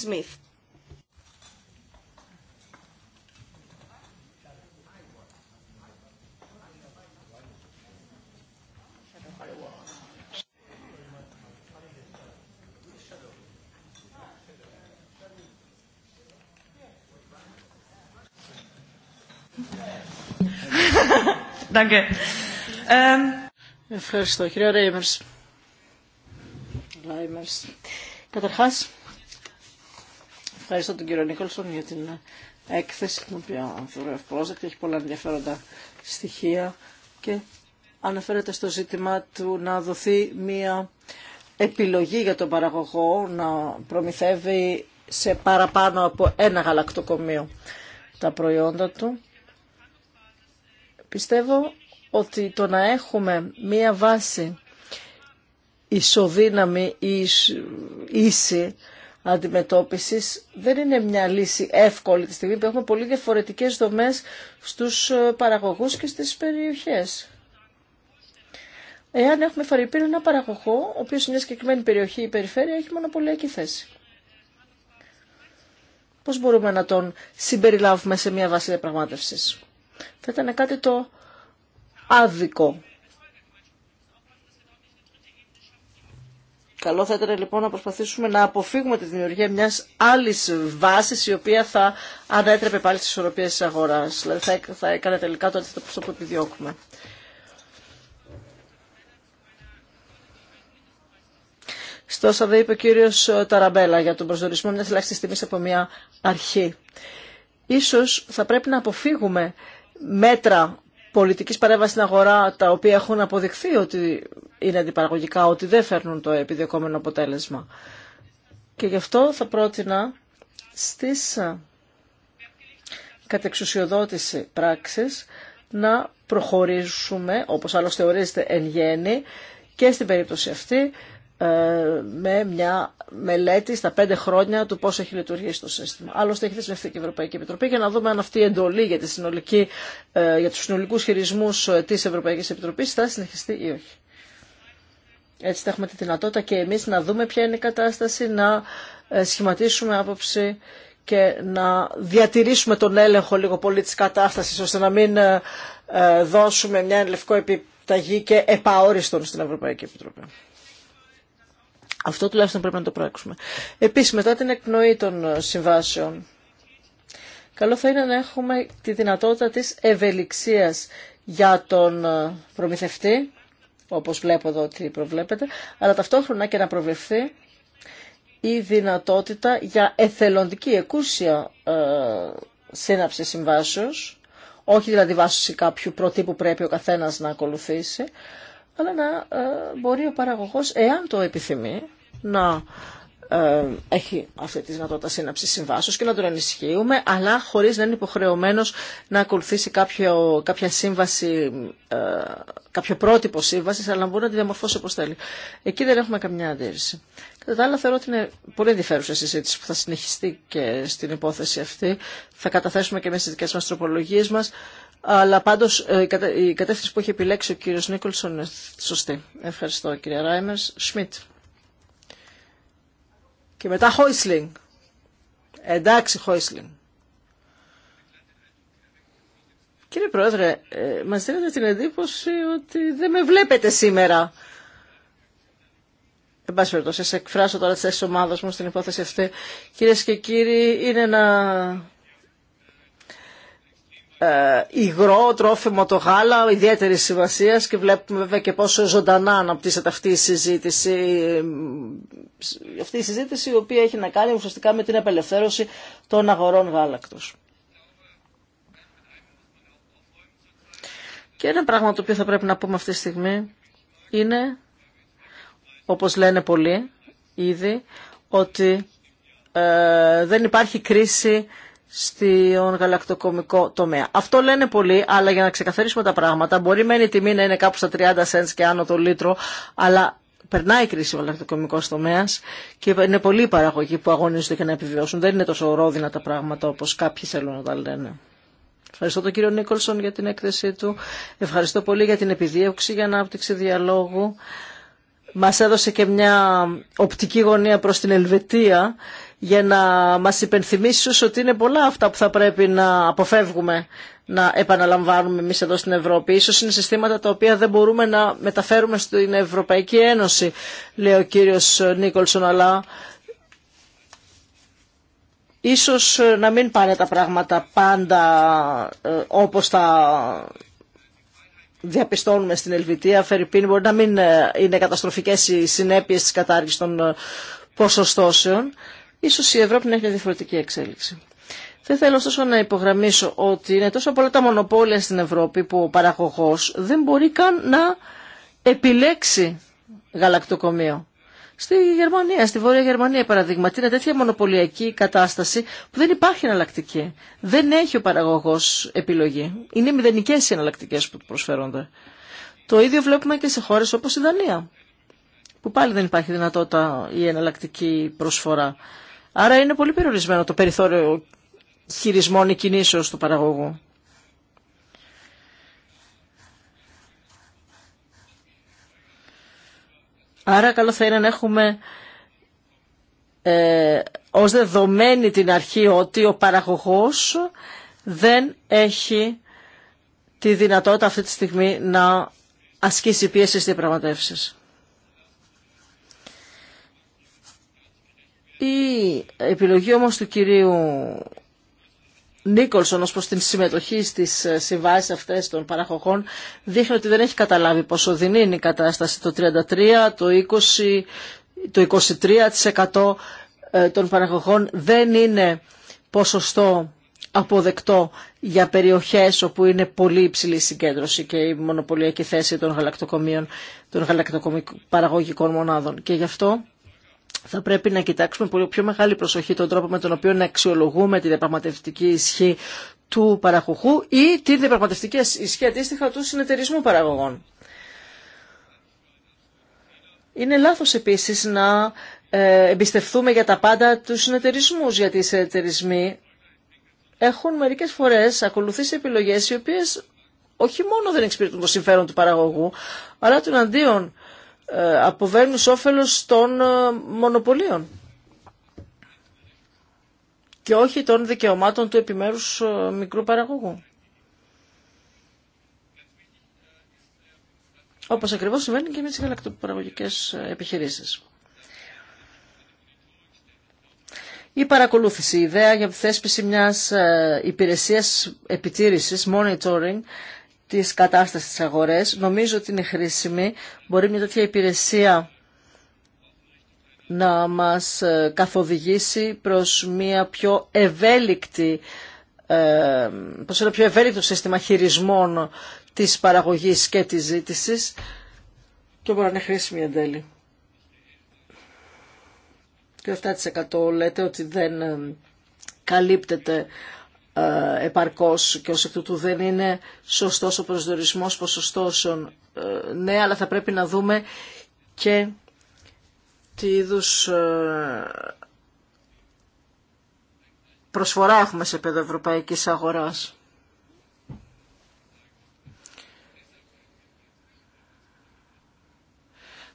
[SPEAKER 3] Ähm, ευχαριστώ, Καταρχάς, ευχαριστώ τον κύριο Νίκολσον για την έκθεση, την οποία θεωρώ ευπρόσδεκτη, έχει πολλά ενδιαφέροντα στοιχεία και αναφέρεται στο ζήτημα του να δοθεί μία επιλογή για τον παραγωγό να προμηθεύει σε παραπάνω από ένα γαλακτοκομείο τα προϊόντα του Πιστεύω ότι το να έχουμε μία βάση ισοδύναμη ή ίση αντιμετώπισης δεν είναι μια λύση εύκολη τη στιγμή που έχουμε πολύ διαφορετικές δομές στους ε, παραγωγούς και στις περιοχές. Εάν έχουμε φαρυπήρει ένα παραγωγό, ο οποίος σε μια συγκεκριμένη περιοχή ή περιφέρεια έχει μονοπωλιακή θέση. Πώς μπορούμε να τον συμπεριλάβουμε σε μια βάση διαπραγμάτευσης. Θα ήταν κάτι το άδικο. Καλό θα ήταν λοιπόν να προσπαθήσουμε να αποφύγουμε τη δημιουργία μιας άλλης βάσης η οποία θα ανέτρεπε πάλι στις ισορροπίες της αγοράς. Δηλαδή θα, θα έκανε τελικά το αντίθετο προς το που επιδιώκουμε. Στο όσα είπε ο κύριος ε, Ταραμπέλα για τον προσδορισμό μιας ελάχιστης τιμής από μια αρχή. Ίσως θα πρέπει να αποφύγουμε μέτρα πολιτικής παρέμβασης στην αγορά τα οποία έχουν αποδειχθεί ότι είναι αντιπαραγωγικά, ότι δεν φέρνουν το επιδιωκόμενο αποτέλεσμα. Και γι' αυτό θα πρότεινα στις ε, κατεξουσιοδότηση πράξεις να προχωρήσουμε, όπως άλλωστε ορίζεται εν γέννη, και στην περίπτωση αυτή ε, με μια μελέτη στα πέντε χρόνια του πώς έχει λειτουργήσει το σύστημα. Άλλωστε έχει δεσμευτεί και η Ευρωπαϊκή Επιτροπή για να δούμε αν αυτή η εντολή για, τη συνολική, ε, για τους συνολικούς χειρισμούς ε, της Ευρωπαϊκής Επιτροπής θα συνεχιστεί ή όχι. Έτσι θα έχουμε τη δυνατότητα και εμείς να δούμε ποια είναι η κατάσταση, να σχηματίσουμε άποψη και να διατηρήσουμε τον έλεγχο λίγο πολύ της κατάστασης ώστε να μην δώσουμε μια λευκό επιταγή και επαόριστον στην Ευρωπαϊκή Επιτροπή. Αυτό τουλάχιστον πρέπει να το πράξουμε. Επίσης, μετά την εκπνοή των ε, συμβάσεων, καλό θα είναι να έχουμε τη δυνατότητα της ευελιξίας για τον ε, προμηθευτή, όπως βλέπω εδώ ότι προβλέπετε, αλλά ταυτόχρονα και να προβλεφθεί η δυνατότητα για εθελοντική εκούσια ε, σύναψη συμβάσεως, όχι δηλαδή βάσει κάποιου προτύπου πρέπει ο καθένας να ακολουθήσει, αλλά να ε, μπορεί ο παραγωγός, εάν το επιθυμεί, να ε, έχει αυτή τη δυνατότητα σύναψη συμβάσεως και να τον ενισχύουμε, αλλά χωρίς να είναι υποχρεωμένος να ακολουθήσει κάποιο, κάποια σύμβαση, ε, κάποιο πρότυπο σύμβασης, αλλά να μπορεί να τη διαμορφώσει όπως θέλει. Εκεί δεν έχουμε καμιά αντίρρηση. Κατά τα άλλα, θεωρώ ότι είναι πολύ ενδιαφέρουσα η συζήτηση που θα συνεχιστεί και στην υπόθεση αυτή. Θα καταθέσουμε και με τις δικέ μα τροπολογίες μας, αλλά πάντως ε, η κατεύθυνση που έχει επιλέξει ο κύριο Νίκολσον είναι σωστή. Ευχαριστώ κύριε Ραιμερ. Σμιτ. Και μετά Χόισλινγκ. Εντάξει Χόισλινγκ. Κύριε Πρόεδρε, ε, μας δίνετε την εντύπωση ότι δεν με βλέπετε σήμερα. Εν πάση περιπτώσει, εκφράσω τώρα τη θέση ομάδα μου στην υπόθεση αυτή. Κυρίε και κύριοι, είναι ένα ε, υγρό τρόφιμο το γάλα ιδιαίτερη σημασία και βλέπουμε βέβαια και πόσο ζωντανά αναπτύσσεται αυτή η συζήτηση αυτή η συζήτηση η οποία έχει να κάνει ουσιαστικά με την απελευθέρωση των αγορών γάλακτος. Και ένα πράγμα το οποίο θα πρέπει να πούμε αυτή τη στιγμή είναι, όπως λένε πολλοί ήδη, ότι ε, δεν υπάρχει κρίση στον γαλακτοκομικό τομέα. Αυτό λένε πολλοί, αλλά για να ξεκαθαρίσουμε τα πράγματα, μπορεί μεν η τιμή να είναι κάπου στα 30 cents και άνω το λίτρο, αλλά περνάει η κρίση ο γαλακτοκομικό τομέα και είναι πολλοί οι παραγωγοί που αγωνίζονται για να επιβιώσουν. Δεν είναι τόσο ορόδινα τα πράγματα όπω κάποιοι θέλουν να τα λένε. Ευχαριστώ τον κύριο Νίκολσον για την έκθεσή του. Ευχαριστώ πολύ για την επιδίωξη για ανάπτυξη διαλόγου. Μας έδωσε και μια οπτική γωνία προς την Ελβετία για να μας υπενθυμίσεις ότι είναι πολλά αυτά που θα πρέπει να αποφεύγουμε να επαναλαμβάνουμε εμείς εδώ στην Ευρώπη. Ίσως είναι συστήματα τα οποία δεν μπορούμε να μεταφέρουμε στην Ευρωπαϊκή Ένωση, λέει ο κύριος Νίκολσον, αλλά ίσως να μην πάνε τα πράγματα πάντα ε, όπως τα διαπιστώνουμε στην Ελβητία. Φερρυπίν μπορεί να μην ε, είναι καταστροφικές οι συνέπειες της κατάργησης των ε, ποσοστώσεων ίσως η Ευρώπη να έχει μια διαφορετική εξέλιξη. Δεν θέλω ωστόσο να υπογραμμίσω ότι είναι τόσο πολλά τα μονοπόλια στην Ευρώπη που ο παραγωγός δεν μπορεί καν να επιλέξει γαλακτοκομείο. Στη Γερμανία, στη Βόρεια Γερμανία παραδείγματι, είναι τέτοια μονοπωλιακή κατάσταση που δεν υπάρχει εναλλακτική. Δεν έχει ο παραγωγός επιλογή. Είναι μηδενικές οι εναλλακτικέ που προσφέρονται. Το ίδιο βλέπουμε και σε χώρες όπως η Δανία, που πάλι δεν υπάρχει δυνατότητα η εναλλακτική προσφορά. Άρα είναι πολύ περιορισμένο το περιθώριο χειρισμών ή κινήσεως του παραγωγού. Άρα καλό θα είναι να έχουμε ε, ως δεδομένη την αρχή ότι ο παραγωγός δεν έχει τη δυνατότητα αυτή τη στιγμή να ασκήσει πίεση στις διαπραγματεύσεις. Η επιλογή όμως του κυρίου Νίκολσον ως προς την συμμετοχή στις ε, συμβάσεις αυτές των παραγωγών δείχνει ότι δεν έχει καταλάβει πόσο δεινή είναι η κατάσταση το 33, το 20, το 23% ε, των παραγωγών δεν είναι ποσοστό αποδεκτό για περιοχές όπου είναι πολύ υψηλή συγκέντρωση και η μονοπωλιακή θέση των γαλακτοκομείων, των γαλακτοκομικών παραγωγικών μονάδων. Και γι' αυτό θα πρέπει να κοιτάξουμε πολύ πιο μεγάλη προσοχή τον τρόπο με τον οποίο να αξιολογούμε τη διαπραγματευτική ισχύ του παραγωγού ή τη διαπραγματευτική ισχύ αντίστοιχα του συνεταιρισμού παραγωγών. Είναι λάθος επίσης να ε, εμπιστευτούμε για τα πάντα του συνεταιρισμούς, γιατί οι συνεταιρισμοί έχουν μερικές φορές ακολουθήσει επιλογές οι οποίες όχι μόνο δεν εξυπηρετούν το συμφέρον του παραγωγού, αλλά του αντίον ε, αποβαίνουν σ' όφελος των ε, μονοπωλίων και όχι των δικαιωμάτων του επιμέρους ε, μικρού παραγωγού. Όπως ακριβώς συμβαίνει και με τις γαλακτοπαραγωγικές επιχειρήσεις. Η παρακολούθηση, η ιδέα για θέσπιση μιας υπηρεσίας επιτήρησης, monitoring, της κατάστασης της αγορές. Νομίζω ότι είναι χρήσιμη. Μπορεί μια τέτοια υπηρεσία να μας ε, καθοδηγήσει προς μια πιο ευέλικτη ε, προς ένα πιο ευέλικτο σύστημα χειρισμών της παραγωγής και της ζήτησης και μπορεί να είναι χρήσιμη εν τέλει. Και 7% λέτε ότι δεν ε, καλύπτεται ε, επαρκώς και ως εκ τούτου δεν είναι σωστός ο προσδορισμός ποσοστώσεων. Ε, ναι, αλλά θα πρέπει να δούμε και τι είδους ε, προσφορά έχουμε σε επίπεδο ευρωπαϊκής αγοράς.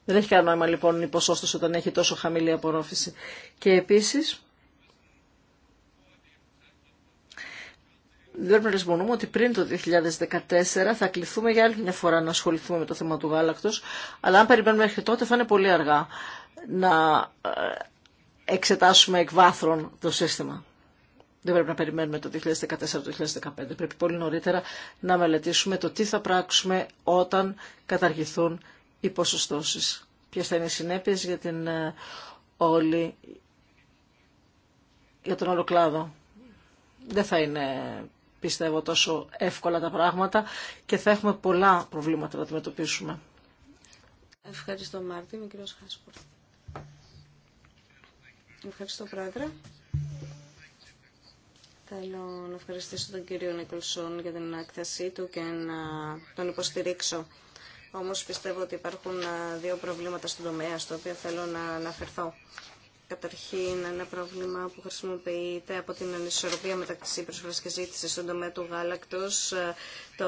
[SPEAKER 3] Δεν έχει κανένα νόημα λοιπόν η ποσόστοση όταν έχει τόσο χαμηλή απορρόφηση. Και επίσης δεν ρεσμονούμε ότι πριν το 2014 θα κληθούμε για άλλη μια φορά να ασχοληθούμε με το θέμα του γάλακτος, αλλά αν περιμένουμε μέχρι τότε θα είναι πολύ αργά να ε, εξετάσουμε εκ βάθρων το σύστημα. Δεν πρέπει να περιμένουμε το 2014-2015. Πρέπει πολύ νωρίτερα να μελετήσουμε το τι θα πράξουμε όταν καταργηθούν οι ποσοστώσεις. Ποιε θα είναι οι συνέπειες για, την, ε, όλη, για τον όλο κλάδο. Δεν θα είναι πιστεύω τόσο εύκολα τα πράγματα και θα έχουμε πολλά προβλήματα να αντιμετωπίσουμε.
[SPEAKER 1] Ευχαριστώ Μάρτιν, ο κύριος Χάσπορτ. Ευχαριστώ Πρόεδρε. Θέλω να ευχαριστήσω τον κύριο Νίκολσον για την έκθεσή του και να τον υποστηρίξω. Όμως πιστεύω ότι υπάρχουν ε, δύο προβλήματα στον τομέα στο οποίο θέλω να αναφερθώ καταρχήν ένα πρόβλημα που χρησιμοποιείται από την ανισορροπία μεταξύ προσφοράς και ζήτησης στον τομέα του γάλακτος. Το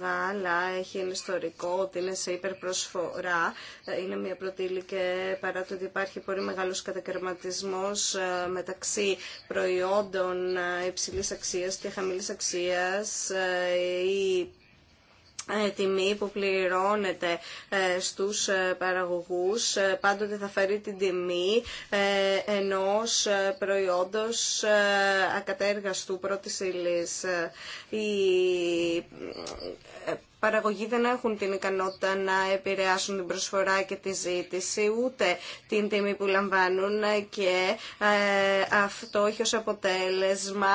[SPEAKER 1] γάλα έχει ένα ιστορικό ότι είναι σε υπερπροσφορά, είναι μια πρωτήλη και παρά το ότι υπάρχει πολύ μεγάλος κατακαιρματισμός ε, μεταξύ προϊόντων ε, υψηλής αξίας και χαμηλής αξίας. ή. Ε, ε, τιμή που πληρώνεται ε, στους ε, παραγωγούς πάντοτε θα φέρει την τιμή ενός προϊόντος ακατέργαστου πρώτης ύλης. Η παραγωγοί δεν έχουν την ικανότητα να επηρεάσουν την προσφορά και τη ζήτηση, ούτε την τιμή που λαμβάνουν και ε, αυτό έχει ως αποτέλεσμα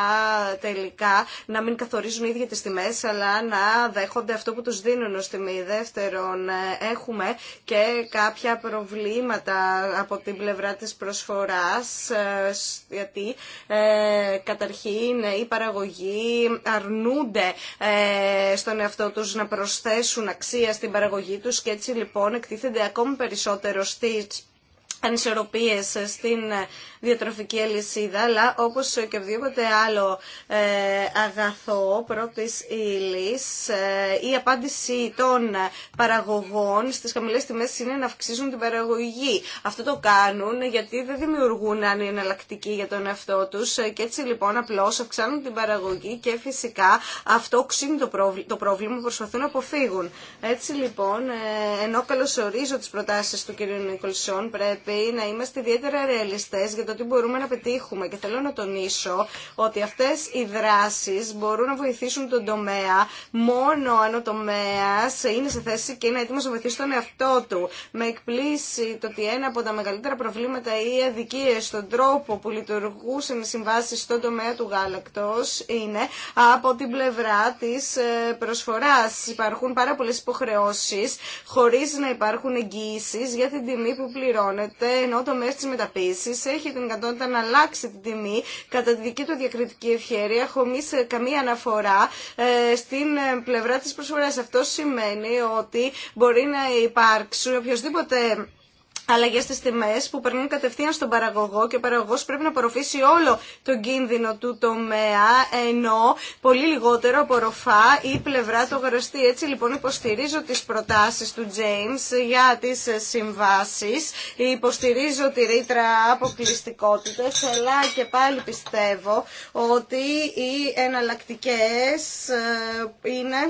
[SPEAKER 1] τελικά να μην καθορίζουν οι ίδιοι τις τιμές, αλλά να δέχονται αυτό που τους δίνουν ως τιμή. Δεύτερον, ε, έχουμε και κάποια προβλήματα από την πλευρά της προσφοράς, ε, γιατί ε, καταρχήν οι παραγωγοί αρνούνται στον εαυτό τους να προσθέσουν αξία στην παραγωγή τους και έτσι λοιπόν εκτίθενται ακόμη περισσότερο στις ανισορροπίες στην διατροφική αλυσίδα, αλλά όπως και οποιοδήποτε άλλο ε, αγαθό πρώτης ύλης, ε, η απάντηση των παραγωγών στις χαμηλές τιμές είναι να αυξήσουν την παραγωγή. Αυτό το κάνουν γιατί δεν δημιουργούν ανεναλλακτική για τον εαυτό τους και έτσι λοιπόν απλώς αυξάνουν την παραγωγή και φυσικά αυτό ξύνει το, πρόβλημα που προσπαθούν να αποφύγουν. Έτσι λοιπόν, ε, ενώ καλωσορίζω τις προτάσεις του κ. Νικολσόν, πρέπει να είμαστε ιδιαίτερα ρεαλιστέ για το τι μπορούμε να πετύχουμε. Και θέλω να τονίσω ότι αυτέ οι δράσει μπορούν να βοηθήσουν τον τομέα μόνο αν ο τομέας είναι σε θέση και είναι έτοιμο να βοηθήσει τον εαυτό του. Με εκπλήσει το ότι ένα από τα μεγαλύτερα προβλήματα ή αδικίες στον τρόπο που λειτουργούσαν οι συμβάσει στον τομέα του γάλακτο είναι από την πλευρά τη ε, προσφορά. Υπάρχουν πάρα πολλέ υποχρεώσει χωρί να υπάρχουν εγγύησει για την τιμή που πληρώνεται ενώ το μέσο τη μεταποίηση έχει την ικανότητα να αλλάξει την τιμή κατά τη δική του διακριτική ευχαίρεια, χωρί ε, καμία αναφορά ε, στην ε, πλευρά τη προσφορά. Αυτό σημαίνει ότι μπορεί να υπάρξουν οποιοδήποτε αλλαγέ στι τιμέ που περνούν κατευθείαν στον παραγωγό και ο παραγωγό πρέπει να απορροφήσει όλο τον κίνδυνο του τομέα, ενώ πολύ λιγότερο απορροφά η πλευρά του αγοραστή. Έτσι λοιπόν υποστηρίζω τι προτάσει του James για τι συμβάσει, υποστηρίζω τη ρήτρα αποκλειστικότητε, αλλά και πάλι πιστεύω ότι οι εναλλακτικέ ε, είναι.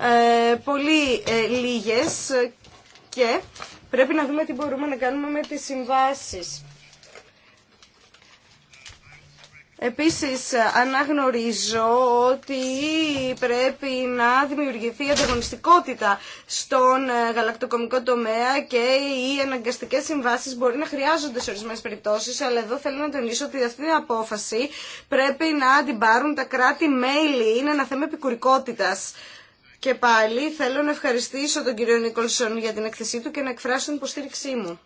[SPEAKER 1] Ε, πολύ ε, λίγες και πρέπει να δούμε τι μπορούμε να κάνουμε με τις συμβάσεις. Επίσης αναγνωρίζω ότι πρέπει να δημιουργηθεί ανταγωνιστικότητα στον ε, γαλακτοκομικό τομέα και οι αναγκαστικές συμβάσεις μπορεί να χρειάζονται σε ορισμένες περιπτώσεις, αλλά εδώ θέλω να τονίσω ότι αυτή την απόφαση πρέπει να την πάρουν τα κράτη-μέλη. Είναι ένα θέμα επικουρικότητας. Και πάλι θέλω να ευχαριστήσω τον κύριο Νίκολσον για την εκθεσή του και να εκφράσω την υποστήριξή
[SPEAKER 3] μου.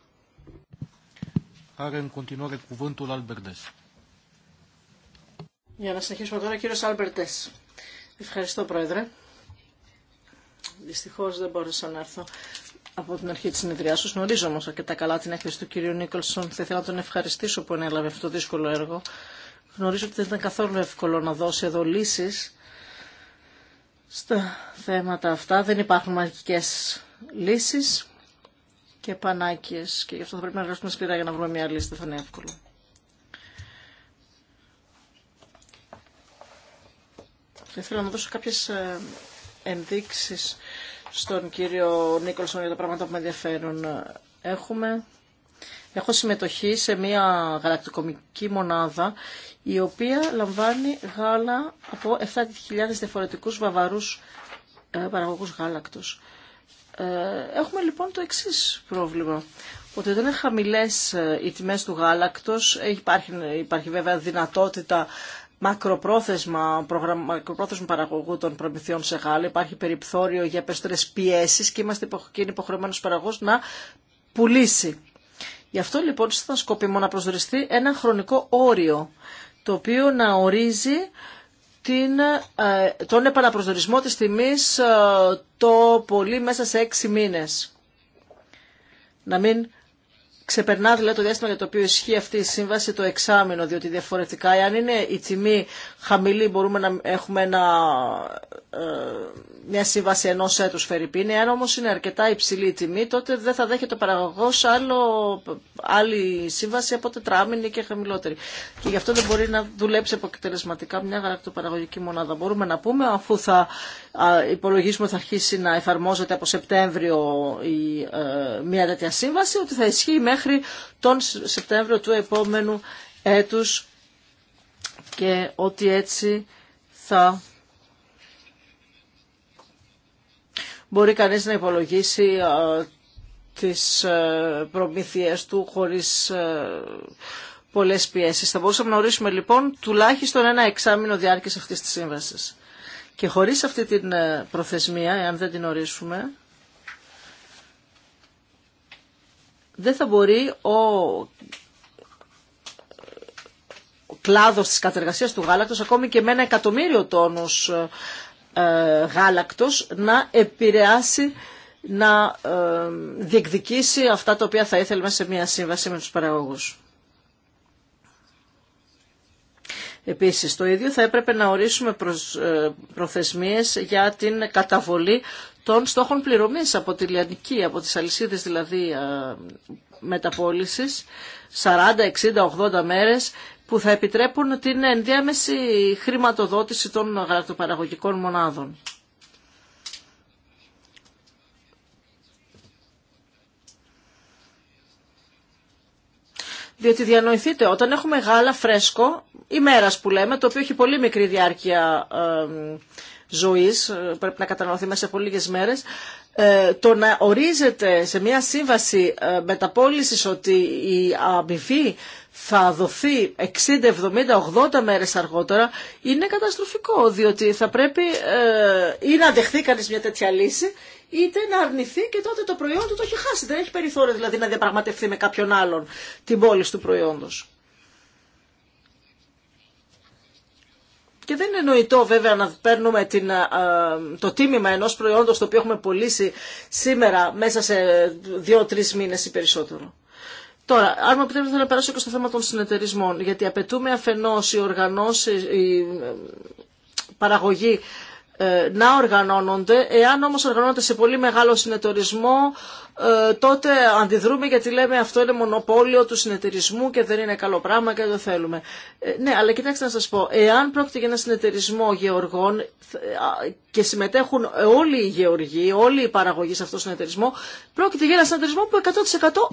[SPEAKER 3] Για να συνεχίσουμε τώρα, κύριος Άλμπερτες. Ευχαριστώ, Πρόεδρε. Δυστυχώς δεν μπόρεσα να έρθω από την αρχή της σου, Γνωρίζω όμως αρκετά καλά την έκθεση του κυρίου Νίκολσον. Θα ήθελα να τον ευχαριστήσω που ανέλαβε αυτό το δύσκολο έργο. Γνωρίζω ότι δεν ήταν καθόλου εύκολο να δώσει εδώ λύσεις στα θέματα αυτά. Δεν υπάρχουν μαγικές λύσεις και πανάκιες και γι' αυτό θα πρέπει να εργαστούμε σκληρά για να βρούμε μια λύση. Δεν θα είναι εύκολο. Θα ήθελα να δώσω κάποιες ε, ενδείξεις στον κύριο Νίκολσον για τα πράγματα που με ενδιαφέρουν. Έχουμε Έχω συμμετοχή σε μια γαλακτοκομική μονάδα η οποία λαμβάνει γάλα από 7.000 διαφορετικούς βαβαρούς ε, παραγωγούς γάλακτος. Ε, έχουμε λοιπόν το εξής πρόβλημα, ότι δεν είναι χαμηλές ε, οι τιμές του γάλακτος, υπάρχει, υπάρχει βέβαια δυνατότητα μακροπρόθεσμα, μακροπρόθεσμα παραγωγού των προμηθειών σε γάλα, υπάρχει περιπθώριο για περισσότερες πιέσεις και, είμαστε, και είναι υποχρεωμένος παραγωγός να πουλήσει. Γι' αυτό λοιπόν θα σκοπίμω να προσδοριστεί ένα χρονικό όριο το οποίο να ορίζει την, ε, τον επαναπροσδορισμό της τιμής ε, το πολύ μέσα σε έξι μήνες. Να μην Ξεπερνά δηλαδή το διάστημα για το οποίο ισχύει αυτή η σύμβαση το εξάμεινο, διότι διαφορετικά, εάν είναι η τιμή χαμηλή, μπορούμε να έχουμε ε, μια σύμβαση ενό έτου φερρυπίνη. Εάν όμω είναι αρκετά υψηλή η τιμή, τότε δεν θα δέχεται ο παραγωγό άλλη σύμβαση από τετράμινη και χαμηλότερη. Και γι' αυτό δεν μπορεί να δουλέψει αποτελεσματικά μια γαλακτοπαραγωγική μονάδα. Μπορούμε να πούμε, αφού θα υπολογίζουμε θα αρχίσει να εφαρμόζεται από Σεπτέμβριο η, ε, μια τέτοια σύμβαση, ότι θα ισχύει μέχρι τον Σεπτέμβριο του επόμενου έτους και ότι έτσι θα μπορεί κανείς να υπολογίσει ε, τις προμήθειές του χωρίς ε, πολλές πιέσεις. Θα μπορούσαμε να ορίσουμε λοιπόν τουλάχιστον ένα εξάμεινο διάρκειας αυτής της σύμβασης. Και χωρίς αυτή την ε, προθεσμία, εάν δεν την ορίσουμε, δεν θα μπορεί ο κλάδος της κατεργασίας του γάλακτος, ακόμη και με ένα εκατομμύριο τόνους ε, ε, γάλακτος, να επηρεάσει, να διεκδικήσει αυτά τα οποία θα ήθελε σε μια σύμβαση με τους παραγωγούς. Επίσης, το ίδιο θα έπρεπε να ορίσουμε ε, προθεσμίες για την καταβολή των στόχων πληρωμής από τη λιανική, από τις αλυσίδες δηλαδή ε, μεταπόλησης, 40, 60, 80 μέρες, που θα επιτρέπουν την ενδιάμεση χρηματοδότηση των γαλακτοπαραγωγικών μονάδων. Διότι διανοηθείτε, όταν έχουμε γάλα φρέσκο, ημέρα που λέμε, το οποίο έχει πολύ μικρή διάρκεια ζωής, ε, πρέπει να κατανοηθεί μέσα πολύ λίγες μέρες, ε, το να ορίζεται σε μια σύμβαση ε, μεταπόλησης ότι η αμοιβή θα δοθεί 60, 70, 80 μέρες αργότερα είναι καταστροφικό διότι θα πρέπει ε, ή να δεχθεί κανείς μια τέτοια λύση είτε να αρνηθεί και τότε το προϊόν του το έχει χάσει. Δεν έχει περιθώριο δηλαδή να διαπραγματευτεί με κάποιον άλλον την πόλη του προϊόντος. Και δεν είναι νοητό βέβαια να παίρνουμε την, ε, το τίμημα ενός προϊόντος το οποίο έχουμε πωλήσει σήμερα μέσα σε δύο-τρεις μήνες ή περισσότερο. Τώρα, αν μου επιτρέπετε, να περάσω και στο θέμα των συνεταιρισμών, γιατί απαιτούμε αφενός οι οργανώσεις, η ε, παραγωγή ε, να οργανώνονται. Εάν όμως οργανώνονται σε πολύ μεγάλο συνεταιρισμό, ε, τότε αντιδρούμε γιατί λέμε αυτό είναι μονοπόλιο του συνεταιρισμού και δεν είναι καλό πράγμα και δεν το θέλουμε. Ε, ναι, αλλά κοιτάξτε να σας πω, εάν πρόκειται για ένα συνεταιρισμό γεωργών και συμμετέχουν όλοι οι γεωργοί, όλοι οι παραγωγοί σε αυτό το συνεταιρισμό, πρόκειται για ένα συνεταιρισμό που 100%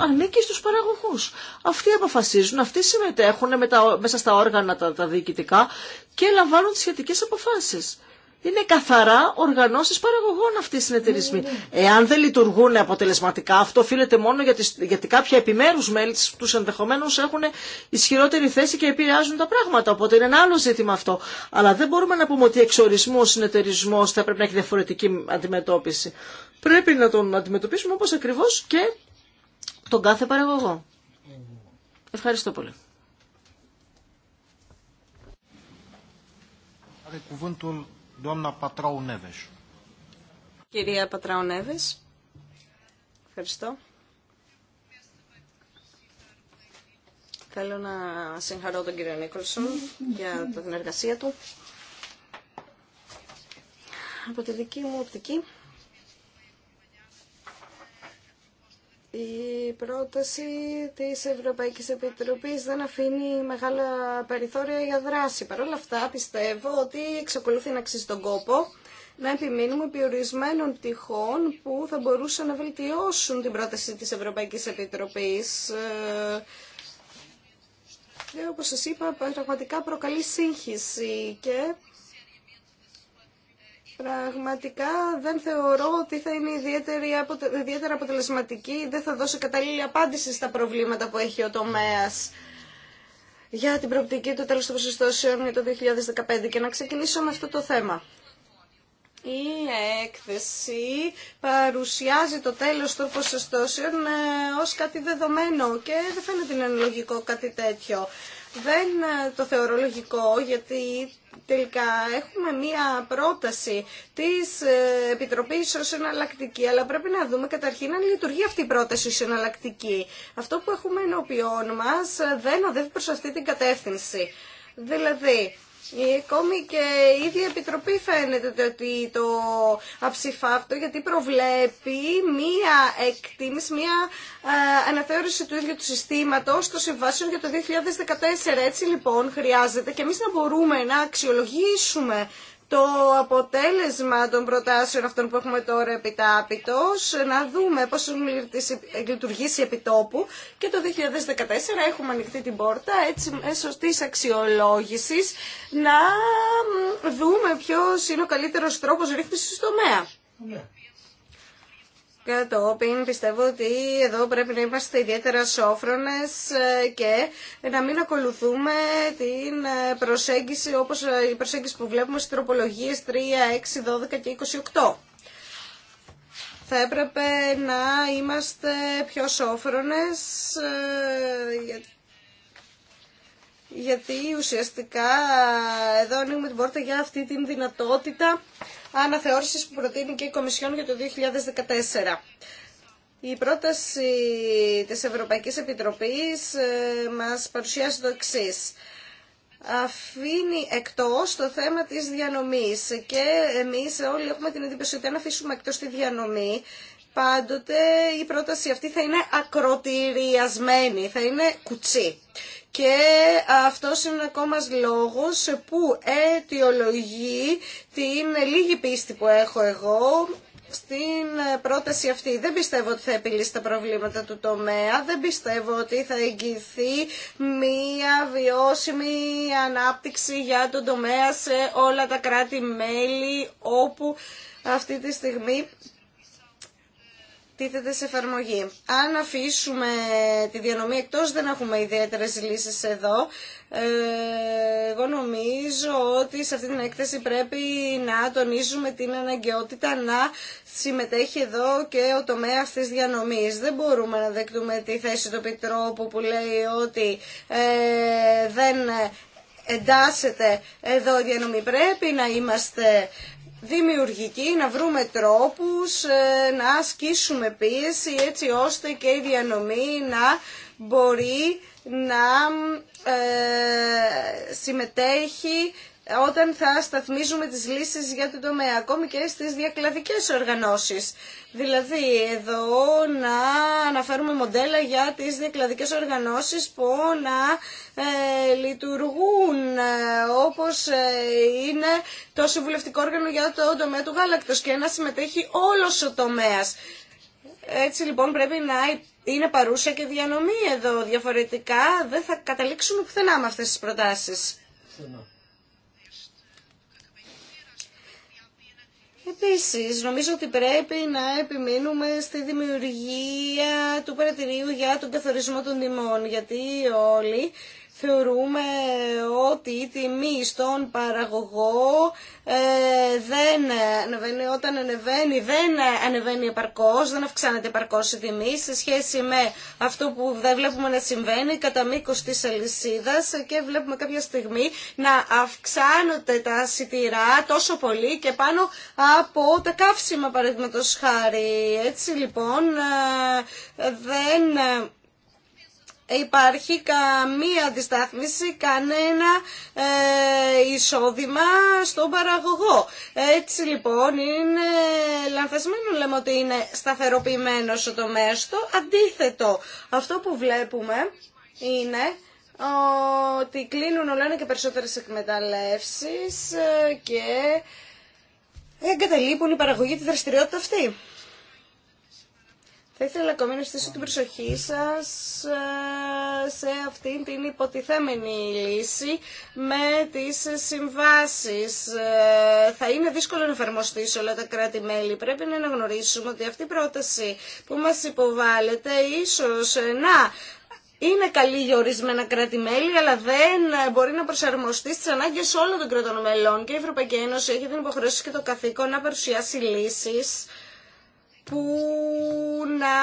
[SPEAKER 3] ανήκει στους παραγωγούς. Αυτοί αποφασίζουν, αυτοί συμμετέχουν με τα, μέσα στα όργανα τα, τα διοικητικά και λαμβάνουν τις σχετικές αποφάσεις είναι καθαρά οργανώσεις παραγωγών αυτοί οι συνεταιρισμοί. Ναι, ναι, ναι. Εάν δεν λειτουργούν αποτελεσματικά, αυτό οφείλεται μόνο γιατί, γιατί κάποια επιμέρους μέλη του ενδεχομένω έχουν ισχυρότερη θέση και επηρεάζουν τα πράγματα. Οπότε είναι ένα άλλο ζήτημα αυτό. Αλλά δεν μπορούμε να πούμε ότι ορισμού ο συνεταιρισμό θα πρέπει να έχει διαφορετική αντιμετώπιση. Πρέπει να τον αντιμετωπίσουμε όπως ακριβώς και τον κάθε παραγωγό. Ευχαριστώ πολύ.
[SPEAKER 4] cuvântul
[SPEAKER 1] Κυρία Πατράου Νέβες. Ευχαριστώ. Θέλω να συγχαρώ τον κύριο Νίκολσον για την εργασία του. Από τη δική μου οπτική Η πρόταση της Ευρωπαϊκής Επιτροπής δεν αφήνει μεγάλα περιθώρια για δράση. Παρ' όλα αυτά πιστεύω ότι εξακολουθεί να αξίζει τον κόπο να επιμείνουμε επί ορισμένων που θα μπορούσαν να βελτιώσουν την πρόταση της Ευρωπαϊκής Επιτροπής. Και ε, όπως σας είπα, πραγματικά προκαλεί σύγχυση και Πραγματικά δεν θεωρώ ότι θα είναι ιδιαίτερα αποτελεσματική, δεν θα δώσει κατάλληλη απάντηση στα προβλήματα που έχει ο τομέας για την προοπτική του τέλους των ποσοστώσεων για το 2015 και να ξεκινήσω με αυτό το θέμα. Η έκθεση παρουσιάζει το τέλος των ποσοστώσεων ε, ως κάτι δεδομένο και δεν φαίνεται να είναι λογικό κάτι τέτοιο δεν ε, το θεωρώ λογικό γιατί τελικά έχουμε μία πρόταση της ε, Επιτροπής ως εναλλακτική αλλά πρέπει να δούμε καταρχήν αν λειτουργεί αυτή η πρόταση ως εναλλακτική. Αυτό που έχουμε ενώπιόν μας ε, δεν οδεύει προς αυτή την κατεύθυνση. Δηλαδή, ΕΚΟΜΗ και η ίδια Επιτροπή φαίνεται ότι το αψηφά αυτό γιατί προβλέπει μία εκτίμηση, μία ε, αναθεώρηση του ίδιου του συστήματος των συμβάσεων για το 2014. Έτσι λοιπόν χρειάζεται και εμείς να μπορούμε να αξιολογήσουμε το αποτέλεσμα των προτάσεων αυτών που έχουμε τώρα επιτάπητος, να δούμε πώς λειτουργήσει επιτόπου και το 2014 έχουμε ανοιχτεί την πόρτα έτσι μέσω της αξιολόγησης να δούμε ποιος είναι ο καλύτερος τρόπος ρύθμισης στο τομέα. Ναι. Κατόπιν πιστεύω ότι εδώ πρέπει να είμαστε ιδιαίτερα σόφρονες ε, και να μην ακολουθούμε την ε, προσέγγιση όπως ε, η προσέγγιση που βλέπουμε στις τροπολογίες 3, 6, 12 και 28. Θα έπρεπε να είμαστε πιο σόφρονες γιατί ουσιαστικά εδώ ανοίγουμε την πόρτα για αυτή την δυνατότητα αναθεώρησης που προτείνει και η Κομισιόν για το 2014. Η πρόταση της Ευρωπαϊκής Επιτροπής ε, μας παρουσιάζει το εξή. Αφήνει εκτός το θέμα της διανομής και εμείς όλοι έχουμε την εντύπωση ότι αν αφήσουμε εκτός τη διανομή πάντοτε η πρόταση αυτή θα είναι ακροτηριασμένη, θα είναι κουτσή και αυτό είναι ακόμα λόγος που αιτιολογεί την λίγη πίστη που έχω εγώ στην πρόταση αυτή. Δεν πιστεύω ότι θα επιλύσει τα προβλήματα του τομέα, δεν πιστεύω ότι θα εγγυηθεί μία βιώσιμη ανάπτυξη για τον τομέα σε όλα τα κράτη-μέλη όπου αυτή τη στιγμή τίθεται σε εφαρμογή. Αν αφήσουμε τη διανομή εκτός δεν έχουμε ιδιαίτερε λύσεις εδώ. Ε, εγώ νομίζω ότι σε αυτή την έκθεση πρέπει να τονίζουμε την αναγκαιότητα να συμμετέχει εδώ και ο τομέας της διανομής. Δεν μπορούμε να δεκτούμε τη θέση του Επιτρόπου που λέει ότι ε, δεν εντάσσεται εδώ η διανομή. Πρέπει να είμαστε δημιουργική, να βρούμε τρόπους, ε, να ασκήσουμε πίεση έτσι ώστε και η διανομή να μπορεί να ε, συμμετέχει όταν θα σταθμίζουμε τις λύσεις για τον τομέα, ακόμη και στις διακλαδικές οργανώσεις. Δηλαδή, εδώ να αναφέρουμε μοντέλα για τις διακλαδικές οργανώσεις που να ε, λειτουργούν ε, όπως ε, είναι το συμβουλευτικό όργανο για το τομέα του γάλακτος και να συμμετέχει όλος ο τομέας. Έτσι λοιπόν πρέπει να είναι παρούσα και διανομή εδώ. Διαφορετικά δεν θα καταλήξουμε πουθενά με αυτές τις προτάσεις. Επίσης, νομίζω ότι πρέπει να επιμείνουμε στη δημιουργία του παρατηρίου για τον καθορισμό των τιμών, γιατί όλοι θεωρούμε ότι η τιμή στον παραγωγό ε, δεν ανεβαίνει, όταν ανεβαίνει δεν ανεβαίνει επαρκώς, δεν αυξάνεται επαρκώς η τιμή σε σχέση με αυτό που δεν βλέπουμε να συμβαίνει κατά μήκος της αλυσίδα και βλέπουμε κάποια στιγμή να αυξάνονται τα σιτηρά τόσο πολύ και πάνω από τα καύσιμα παραδείγματος χάρη. Έτσι λοιπόν ε, δεν υπάρχει καμία αντιστάθμιση, κανένα ε, εισόδημα στον παραγωγό. Έτσι λοιπόν είναι λανθασμένο λέμε ότι είναι σταθεροποιημένο ο τομέα Αντίθετο, αυτό που βλέπουμε είναι ότι κλείνουν όλα και περισσότερες εκμεταλλεύσεις ε, και εγκαταλείπουν η παραγωγή τη δραστηριότητα αυτή. Θα ήθελα ακόμη να στήσω την προσοχή σας ε, σε αυτήν την υποτιθέμενη λύση με τις συμβάσεις. Ε, θα είναι δύσκολο να εφαρμοστεί σε όλα τα κράτη-μέλη. Πρέπει να αναγνωρίσουμε ότι αυτή η πρόταση που μας υποβάλλεται ίσως ε, να είναι καλή για ορισμένα κράτη-μέλη, αλλά δεν μπορεί να προσαρμοστεί στι ανάγκε όλων των κρατών μελών. Και η Ευρωπαϊκή Ένωση έχει την υποχρέωση και το καθήκον να παρουσιάσει λύσει που να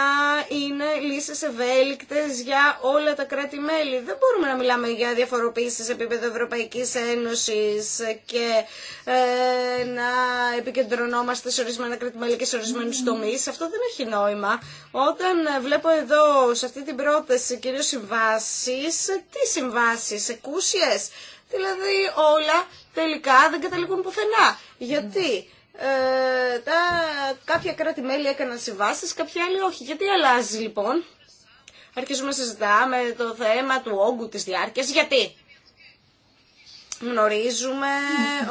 [SPEAKER 1] είναι λύσει ευέλικτε για όλα τα κράτη-μέλη. Δεν μπορούμε να μιλάμε για διαφοροποίηση σε επίπεδο Ευρωπαϊκή Ένωση και ε, να επικεντρωνόμαστε σε ορισμένα κράτη-μέλη και σε ορισμένου τομεί. Αυτό δεν έχει νόημα. Όταν βλέπω εδώ σε αυτή την πρόταση κυρίω συμβάσει. τι συμβάσει εκούσιε. δηλαδή όλα τελικά δεν καταλήγουν πουθενά. Γιατί ε, τα, κάποια κράτη-μέλη έκαναν συμβάσει, κάποια άλλη όχι. Γιατί αλλάζει λοιπόν. Αρχίζουμε να συζητάμε το θέμα του όγκου της διάρκειας. Γιατί γνωρίζουμε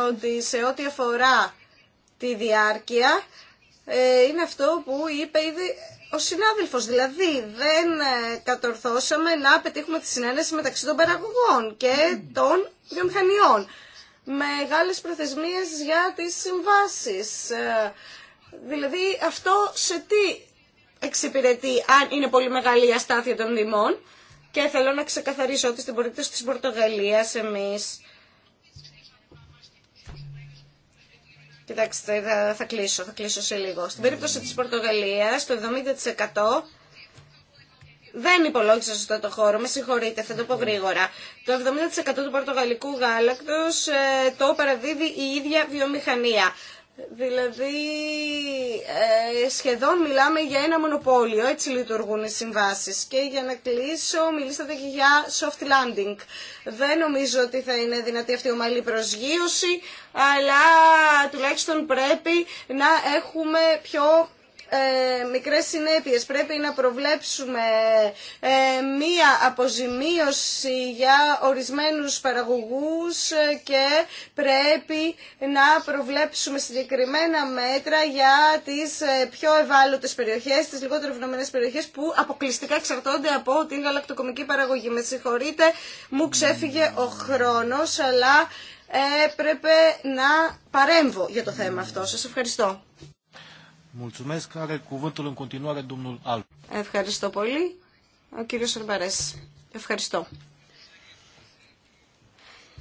[SPEAKER 1] ότι σε ό,τι αφορά τη διάρκεια ε, είναι αυτό που είπε ήδη ο συνάδελφος. Δηλαδή δεν ε, κατορθώσαμε να πετύχουμε τη συνένεση μεταξύ των παραγωγών και των βιομηχανιών μεγάλες προθεσμίες για τις συμβάσεις. Ε, δηλαδή αυτό σε τι εξυπηρετεί αν είναι πολύ μεγάλη η αστάθεια των δημών και θέλω να ξεκαθαρίσω ότι στην περίπτωση της Πορτογαλίας εμείς Κοιτάξτε, θα, κλείσω, θα κλείσω σε λίγο. Στην περίπτωση της Πορτογαλίας, το 70% δεν υπολόγισα σωστά το χώρο, με συγχωρείτε, θα το πω γρήγορα. Το 70% του πορτογαλικού γάλακτος ε, το παραδίδει η ίδια βιομηχανία. Δηλαδή, ε, σχεδόν μιλάμε για ένα μονοπόλιο, έτσι λειτουργούν οι συμβάσεις. Και για να κλείσω, μιλήσατε και για soft landing. Δεν νομίζω ότι θα είναι δυνατή αυτή η ομαλή προσγείωση, αλλά τουλάχιστον πρέπει να έχουμε πιο ε, μικρές συνέπειες. Πρέπει να προβλέψουμε ε, μία αποζημίωση για ορισμένους παραγωγούς ε, και πρέπει να προβλέψουμε συγκεκριμένα μέτρα για τις πιο ευάλωτες περιοχές, τις λιγότερο ευνομένες περιοχές που αποκλειστικά εξαρτώνται από την γαλακτοκομική παραγωγή. Με συγχωρείτε, μου ξέφυγε ο χρόνος, αλλά πρέπει να παρέμβω για το θέμα αυτό. Σας ευχαριστώ. Ευχαριστώ πολύ. Ο κύριο Σερμπαρές. Ευχαριστώ.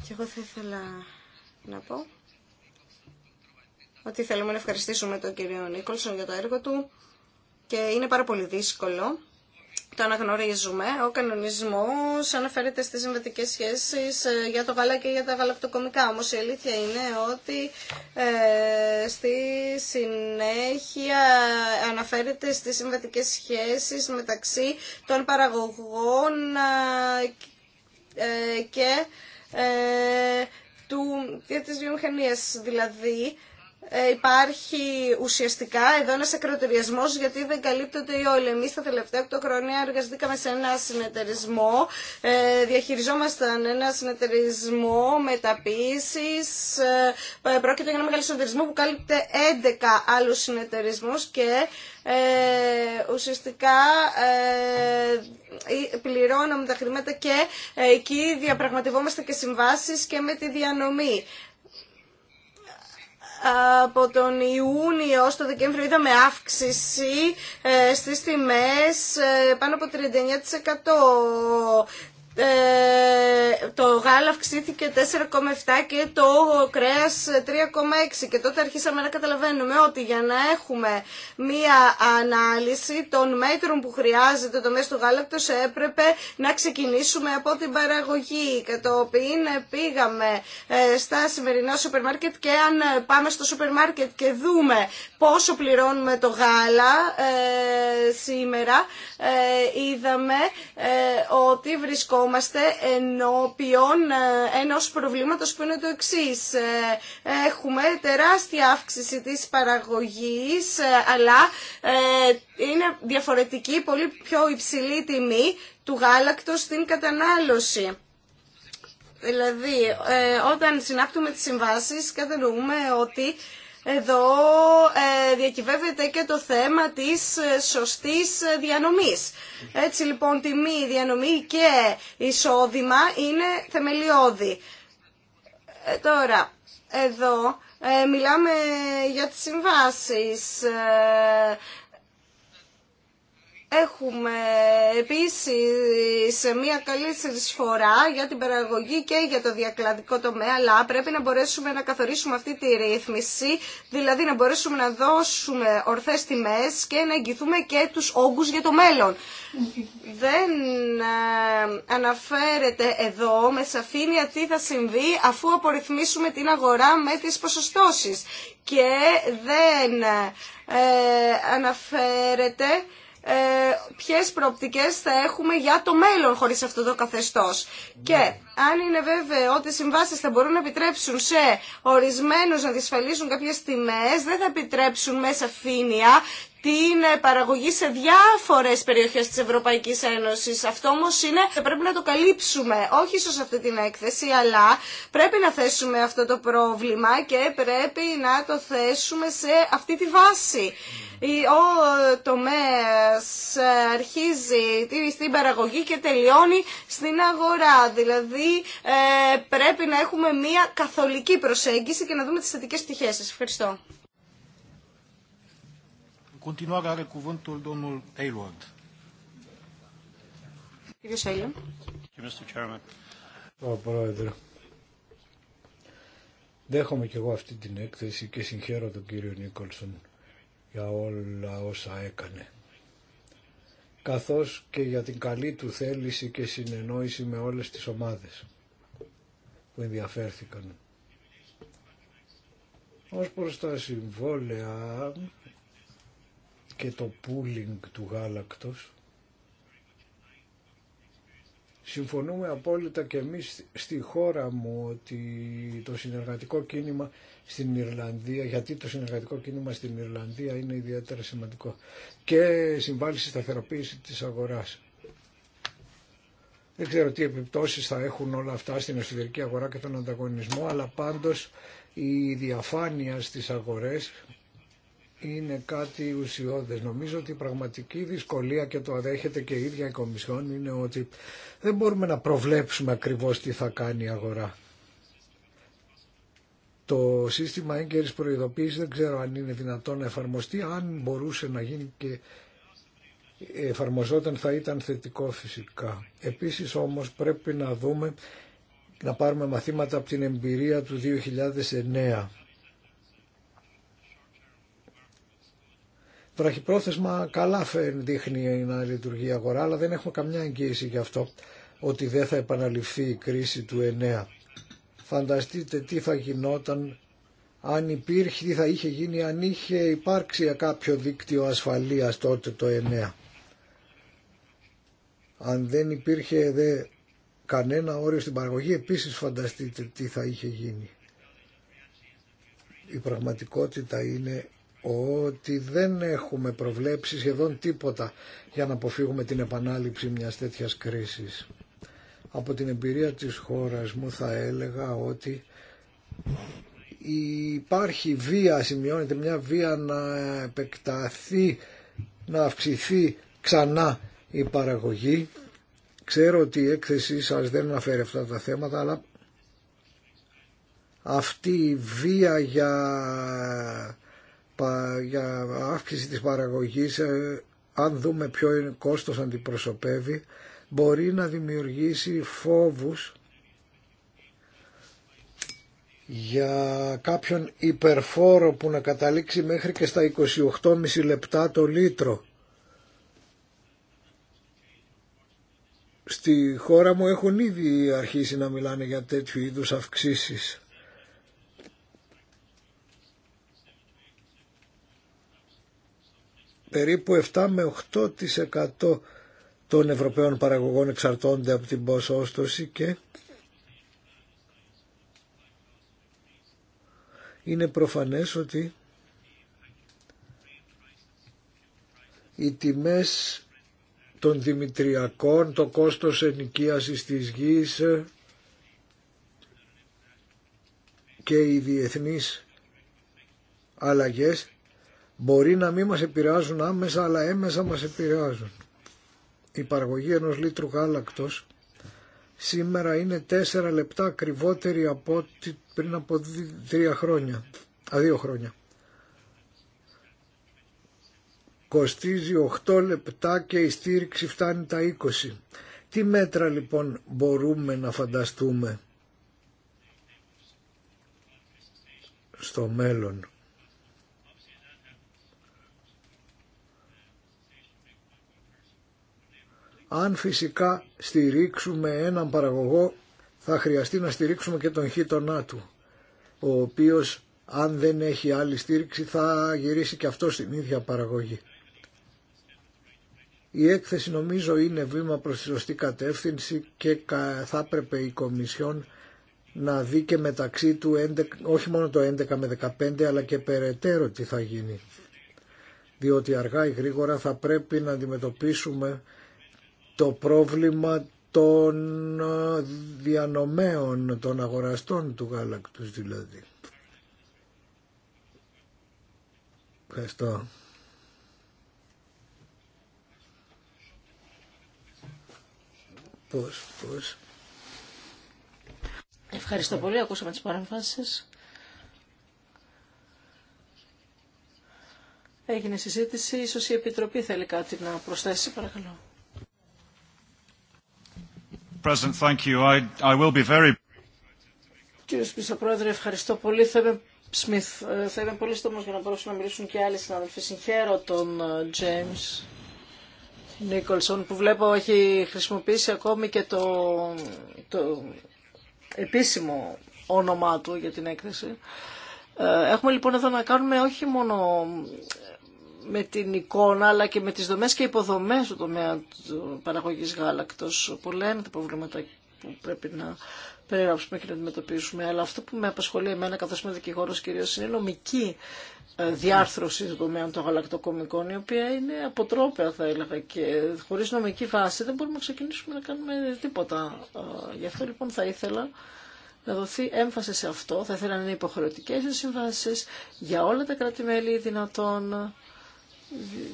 [SPEAKER 1] Και εγώ θα ήθελα να πω ότι θέλουμε να ευχαριστήσουμε τον κύριο Νίκολσον για το έργο του και είναι πάρα πολύ δύσκολο το αναγνωρίζουμε. Ο κανονισμό, αναφέρεται στις συμβατικές σχέσεις ε, για το γάλα και για τα γαλακτοκομικά. Όμω η αλήθεια είναι ότι ε, στη συνέχεια αναφέρεται στις συμβατικές σχέσεις μεταξύ των παραγωγών ε, ε, και ε, του, της βιομηχανίας δηλαδή ε, υπάρχει ουσιαστικά εδώ ένας ακροτηριασμός γιατί δεν καλύπτονται οι όλοι. Εμείς τα τελευταία 8 χρόνια εργαστήκαμε σε ένα συνεταιρισμό, ε, διαχειριζόμασταν ένα συνεταιρισμό μεταποίησης, ε, πρόκειται για ένα μεγάλο συνεταιρισμό που κάλυπτε 11 άλλους συνεταιρισμούς και ε, ουσιαστικά ε, πληρώναμε τα χρήματα και εκεί διαπραγματευόμαστε και συμβάσεις και με τη διανομή από τον Ιούνιο στο Δεκέμβριο είδαμε αύξηση ε, στις τιμές ε, πάνω από 39%. Ε, το γάλα αυξήθηκε 4,7 και το κρέας 3,6 και τότε αρχίσαμε να καταλαβαίνουμε ότι για να έχουμε μία ανάλυση των μέτρων που χρειάζεται το μέσο του γάλακτος έπρεπε να ξεκινήσουμε από την παραγωγή οποίο ε, πήγαμε ε, στα σημερινά σούπερ μάρκετ και αν πάμε στο σούπερ μάρκετ και δούμε πόσο πληρώνουμε το γάλα σήμερα είδαμε ότι βρισκόμαστε βρισκόμαστε ενώπιον ε, ενός προβλήματος που είναι το εξής. Ε, έχουμε τεράστια αύξηση της παραγωγής, ε, αλλά είναι διαφορετική, πολύ πιο υψηλή τιμή του γάλακτος στην κατανάλωση. Δηλαδή, όταν συνάπτουμε τις συμβάσεις, κατανοούμε ότι εδώ ε, διακυβεύεται και το θέμα της ε, σωστής ε, διανομής. Έτσι λοιπόν τιμή, διανομή και εισόδημα είναι θεμελιώδη. τώρα, εδώ... μιλάμε για τις συμβάσεις, Έχουμε επίσης μια καλή συνεισφορά για την παραγωγή και για το διακλαδικό τομέα, αλλά πρέπει να μπορέσουμε να καθορίσουμε αυτή τη ρύθμιση, δηλαδή να μπορέσουμε να δώσουμε ορθές τιμές και να εγγυθούμε και τους όγκους για το μέλλον. Δεν ε, αναφέρεται εδώ με σαφήνεια τι θα συμβεί αφού απορριθμίσουμε την αγορά με τις ποσοστώσεις και δεν ε, αναφέρεται ε, ποιες προοπτικές θα έχουμε για το μέλλον χωρίς αυτό το καθεστώς. Και αν είναι βέβαιο ότι οι συμβάσεις θα μπορούν να επιτρέψουν σε ορισμένους να δυσφαλίσουν κάποιες τιμές, δεν θα επιτρέψουν μέσα φήνεια την παραγωγή σε διάφορες περιοχές της Ευρωπαϊκής Ένωση. Αυτό όμω είναι, πρέπει να το καλύψουμε, όχι ίσως αυτή την έκθεση, αλλά πρέπει να θέσουμε αυτό το πρόβλημα και πρέπει να το θέσουμε σε αυτή τη βάση. Ο τομέας αρχίζει στην παραγωγή και τελειώνει στην αγορά. Δηλαδή ε, πρέπει να έχουμε μια καθολική προσέγγιση και να δούμε τις θετικές πτυχές. Σας ευχαριστώ
[SPEAKER 4] continuare are cuvântul domnul
[SPEAKER 2] δέχομαι και εγώ αυτή την έκθεση και συγχαίρω τον κύριο Νίκολσον για όλα όσα έκανε καθώς και για την καλή του θέληση και συνεννόηση με όλες τις ομάδες που ενδιαφέρθηκαν. Ως προς τα συμβόλαια και το πούλινγκ του γάλακτος. Συμφωνούμε απόλυτα και εμείς στη χώρα μου ότι το συνεργατικό κίνημα στην Ιρλανδία, γιατί το συνεργατικό κίνημα στην Ιρλανδία είναι ιδιαίτερα σημαντικό και συμβάλλει στη σταθεροποίηση της αγοράς. Δεν ξέρω τι επιπτώσεις θα έχουν όλα αυτά στην εσωτερική αγορά και τον ανταγωνισμό, αλλά πάντως η διαφάνεια στις αγορές είναι κάτι ουσιώδες. Νομίζω ότι η πραγματική δυσκολία και το αδέχεται και η ίδια η Κομισιόν είναι ότι δεν μπορούμε να προβλέψουμε ακριβώς τι θα κάνει η αγορά. Το σύστημα έγκαιρης προειδοποίησης δεν ξέρω αν είναι δυνατόν να εφαρμοστεί, αν μπορούσε να γίνει και εφαρμοζόταν θα ήταν θετικό φυσικά. Επίσης όμως πρέπει να δούμε, να πάρουμε μαθήματα από την εμπειρία του 2009 Βραχυπρόθεσμα καλά δείχνει να λειτουργεί η αγορά, αλλά δεν έχουμε καμιά εγγύηση γι' αυτό ότι δεν θα επαναληφθεί η κρίση του 9. Φανταστείτε τι θα γινόταν αν υπήρχε, τι θα είχε γίνει αν είχε υπάρξει κάποιο δίκτυο ασφαλείας τότε το 9. Αν δεν υπήρχε δε κανένα όριο στην παραγωγή, επίσης φανταστείτε τι θα είχε γίνει. Η πραγματικότητα είναι ότι δεν έχουμε προβλέψει σχεδόν τίποτα για να αποφύγουμε την επανάληψη μιας τέτοιας κρίσης. Από την εμπειρία της χώρας μου θα έλεγα ότι υπάρχει βία, σημειώνεται μια βία να επεκταθεί, να αυξηθεί ξανά η παραγωγή. Ξέρω ότι η έκθεσή σας δεν αναφέρει αυτά τα θέματα, αλλά αυτή η βία για για αύξηση της παραγωγής, ε, αν δούμε ποιο είναι κόστος αντιπροσωπεύει, μπορεί να δημιουργήσει φόβους για κάποιον υπερφόρο που να καταλήξει μέχρι και στα 28,5 λεπτά το λίτρο. Στη χώρα μου έχουν ήδη αρχίσει να μιλάνε για τέτοιου είδους αυξήσεις. περίπου 7 με 8% των Ευρωπαίων παραγωγών εξαρτώνται από την ποσόστοση και είναι προφανές ότι οι τιμές των Δημητριακών, το κόστος ενοικίασης της γης και οι διεθνείς αλλαγές Μπορεί να μην μας επηρεάζουν άμεσα, αλλά έμεσα μας επηρεάζουν. Η παραγωγή ενός λίτρου γάλακτος σήμερα είναι 4 λεπτά ακριβότερη από ό,τι πριν από 3 χρόνια, α, χρόνια. Κοστίζει 8 λεπτά και η στήριξη φτάνει τα 20. Τι μέτρα λοιπόν μπορούμε να φανταστούμε στο μέλλον. Αν φυσικά στηρίξουμε έναν παραγωγό θα χρειαστεί να στηρίξουμε και τον χείτονά του, ο οποίος αν δεν έχει άλλη στήριξη θα γυρίσει και αυτό στην ίδια παραγωγή. Η έκθεση νομίζω είναι βήμα προς τη σωστή κατεύθυνση και θα έπρεπε η Κομισιόν να δει και μεταξύ του 11, όχι μόνο το 11 με 15 αλλά και περαιτέρω τι θα γίνει. Διότι αργά ή γρήγορα θα πρέπει να αντιμετωπίσουμε το πρόβλημα των ε, διανομέων, των αγοραστών του γάλακτος δηλαδή. Ευχαριστώ. Πώς, πώς.
[SPEAKER 3] Ευχαριστώ πολύ. Ακούσαμε τις παρεμφάσεις. Έγινε συζήτηση. Ίσως η Επιτροπή θέλει κάτι να προσθέσει. Παρακαλώ. Κύριε Σπίσα Πρόεδρε, ευχαριστώ πολύ. Θα είμαι, ε, πολύ στόμος για να μπορέσουν να μιλήσουν και άλλοι συναδελφοί. Συγχαίρω τον ε, James Νίκολσον, που βλέπω έχει χρησιμοποιήσει ακόμη και το, το επίσημο όνομά του για την έκθεση. Ε, έχουμε λοιπόν εδώ να κάνουμε όχι μόνο με την εικόνα αλλά και με τις δομές και υποδομές του τομέα του παραγωγής γάλακτος. Πολλά είναι τα προβλήματα που πρέπει να περιγράψουμε και να αντιμετωπίσουμε. Αλλά αυτό που με απασχολεί εμένα καθώς είμαι δικηγόρος κυρίως είναι η νομική ε, διάρθρωση του τομέα των γαλακτοκομικών η οποία είναι αποτρόπαια θα έλεγα και χωρίς νομική βάση δεν μπορούμε να ξεκινήσουμε να κάνουμε τίποτα. Ε, γι' αυτό λοιπόν θα ήθελα να δοθεί έμφαση σε αυτό. Θα ήθελα να είναι υποχρεωτικέ οι συμβάσει για όλα τα κράτη-μέλη δυνατόν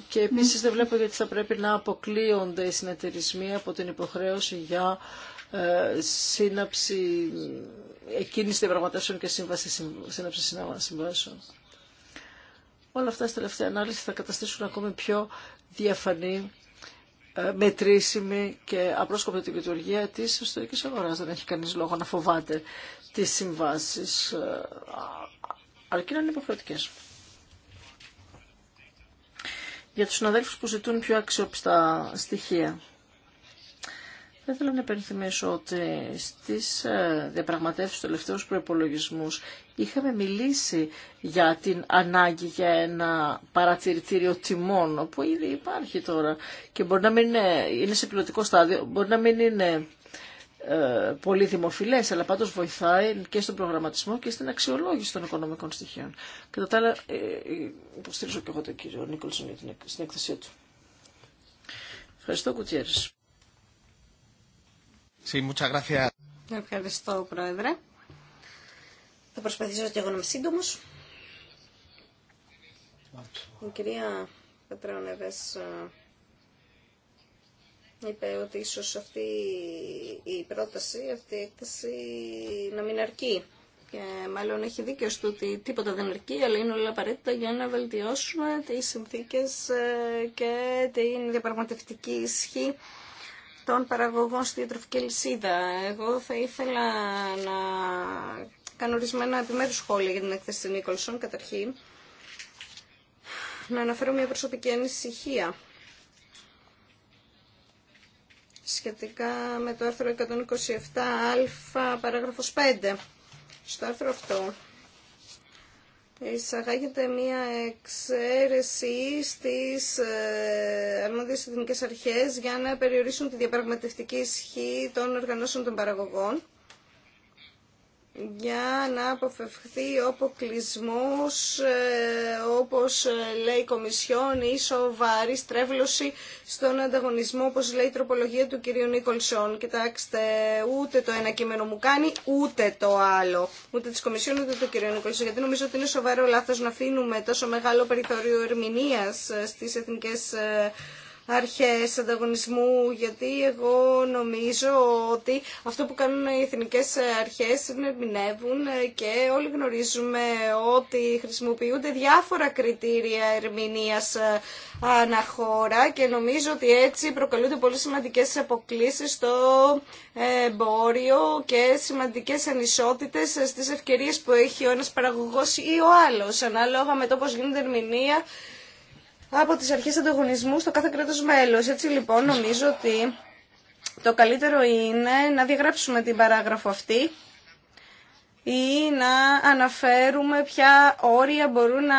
[SPEAKER 3] και επίσης δεν βλέπω γιατί θα πρέπει να αποκλείονται οι συνεταιρισμοί από την υποχρέωση για ε, σύναψη εκκίνηση διαπραγματεύσεων και σύμβαση, σύναψη συμβάσεων. Όλα αυτά στη τελευταία ανάλυση θα καταστήσουν ακόμη πιο διαφανή, ε, μετρήσιμη και απρόσκοπτη τη λειτουργία της ιστορικής αγοράς. Δεν έχει κανείς λόγο να φοβάται τις συμβάσεις, ε, αρκεί να είναι υποχρεωτικές για τους συναδέλφους που ζητούν πιο αξιόπιστα στοιχεία. Θα ήθελα να υπενθυμίσω ότι στις ε, διαπραγματεύσεις του τελευταίου προπολογισμού είχαμε μιλήσει για την ανάγκη για ένα παρατηρητήριο τιμών που ήδη υπάρχει τώρα και μπορεί να μην είναι, είναι σε πιλωτικό στάδιο, μπορεί να μην είναι ε, πολύ δημοφιλές, αλλά πάντως βοηθάει και στον προγραμματισμό και στην αξιολόγηση των οικονομικών στοιχείων. Κατά τα άλλα, ε, ε, υποστηρίζω και εγώ τον κύριο Νίκολσον για την, στην έκθεσή του. Ευχαριστώ, Κουτιέρης. Ευχαριστώ, Πρόεδρε.
[SPEAKER 1] Θα προσπαθήσω και εγώ να είμαι σύντομο. Η κυρία Πετρέων είπε ότι ίσως αυτή η πρόταση, αυτή η έκταση να μην αρκεί. Και μάλλον έχει δίκιο στο ότι τίποτα δεν αρκεί, αλλά είναι όλα απαραίτητα για να βελτιώσουμε τις συνθήκες ε, και την διαπραγματευτική ισχύ των παραγωγών στη διατροφική λυσίδα. Εγώ θα ήθελα να κάνω ορισμένα επιμέρους σχόλια για την έκθεση Νίκολσον, καταρχήν. Να αναφέρω μια προσωπική ανησυχία σχετικά με το άρθρο 127α παράγραφος 5. Στο άρθρο αυτό εισαγάγεται μία εξαίρεση στις ε, αρμόδιες εθνικές αρχές για να περιορίσουν τη διαπραγματευτική ισχύ των οργανώσεων των παραγωγών για να αποφευχθεί ο αποκλεισμό, ε, όπως ε, λέει η Κομισιόν, ή σοβαρή στρέβλωση στον ανταγωνισμό, όπως λέει η τροπολογία του κυρίου Νίκολσον. Κοιτάξτε, ούτε το ένα κείμενο μου κάνει, ούτε το άλλο. Ούτε της Κομισιόν, ούτε του κυρίου Νίκολσον. Γιατί νομίζω ότι είναι σοβαρό λάθος να αφήνουμε τόσο μεγάλο περιθώριο ερμηνείας ε, στις εθνικές αρχές ανταγωνισμού, γιατί εγώ νομίζω ότι αυτό που κάνουν οι εθνικές αρχές είναι ερμηνεύουν και όλοι γνωρίζουμε ότι χρησιμοποιούνται διάφορα κριτήρια ερμηνείας αναχώρα και νομίζω ότι έτσι προκαλούνται πολύ σημαντικές αποκλήσεις στο εμπόριο και σημαντικές ανισότητες στις ευκαιρίες που έχει ο ένας παραγωγός ή ο άλλος, ανάλογα με το πώς γίνεται ερμηνεία από τις αρχές ανταγωνισμού στο κάθε κράτος μέλος. Έτσι λοιπόν νομίζω ότι το καλύτερο είναι να διαγράψουμε την παράγραφο αυτή ή να αναφέρουμε ποια όρια μπορούν να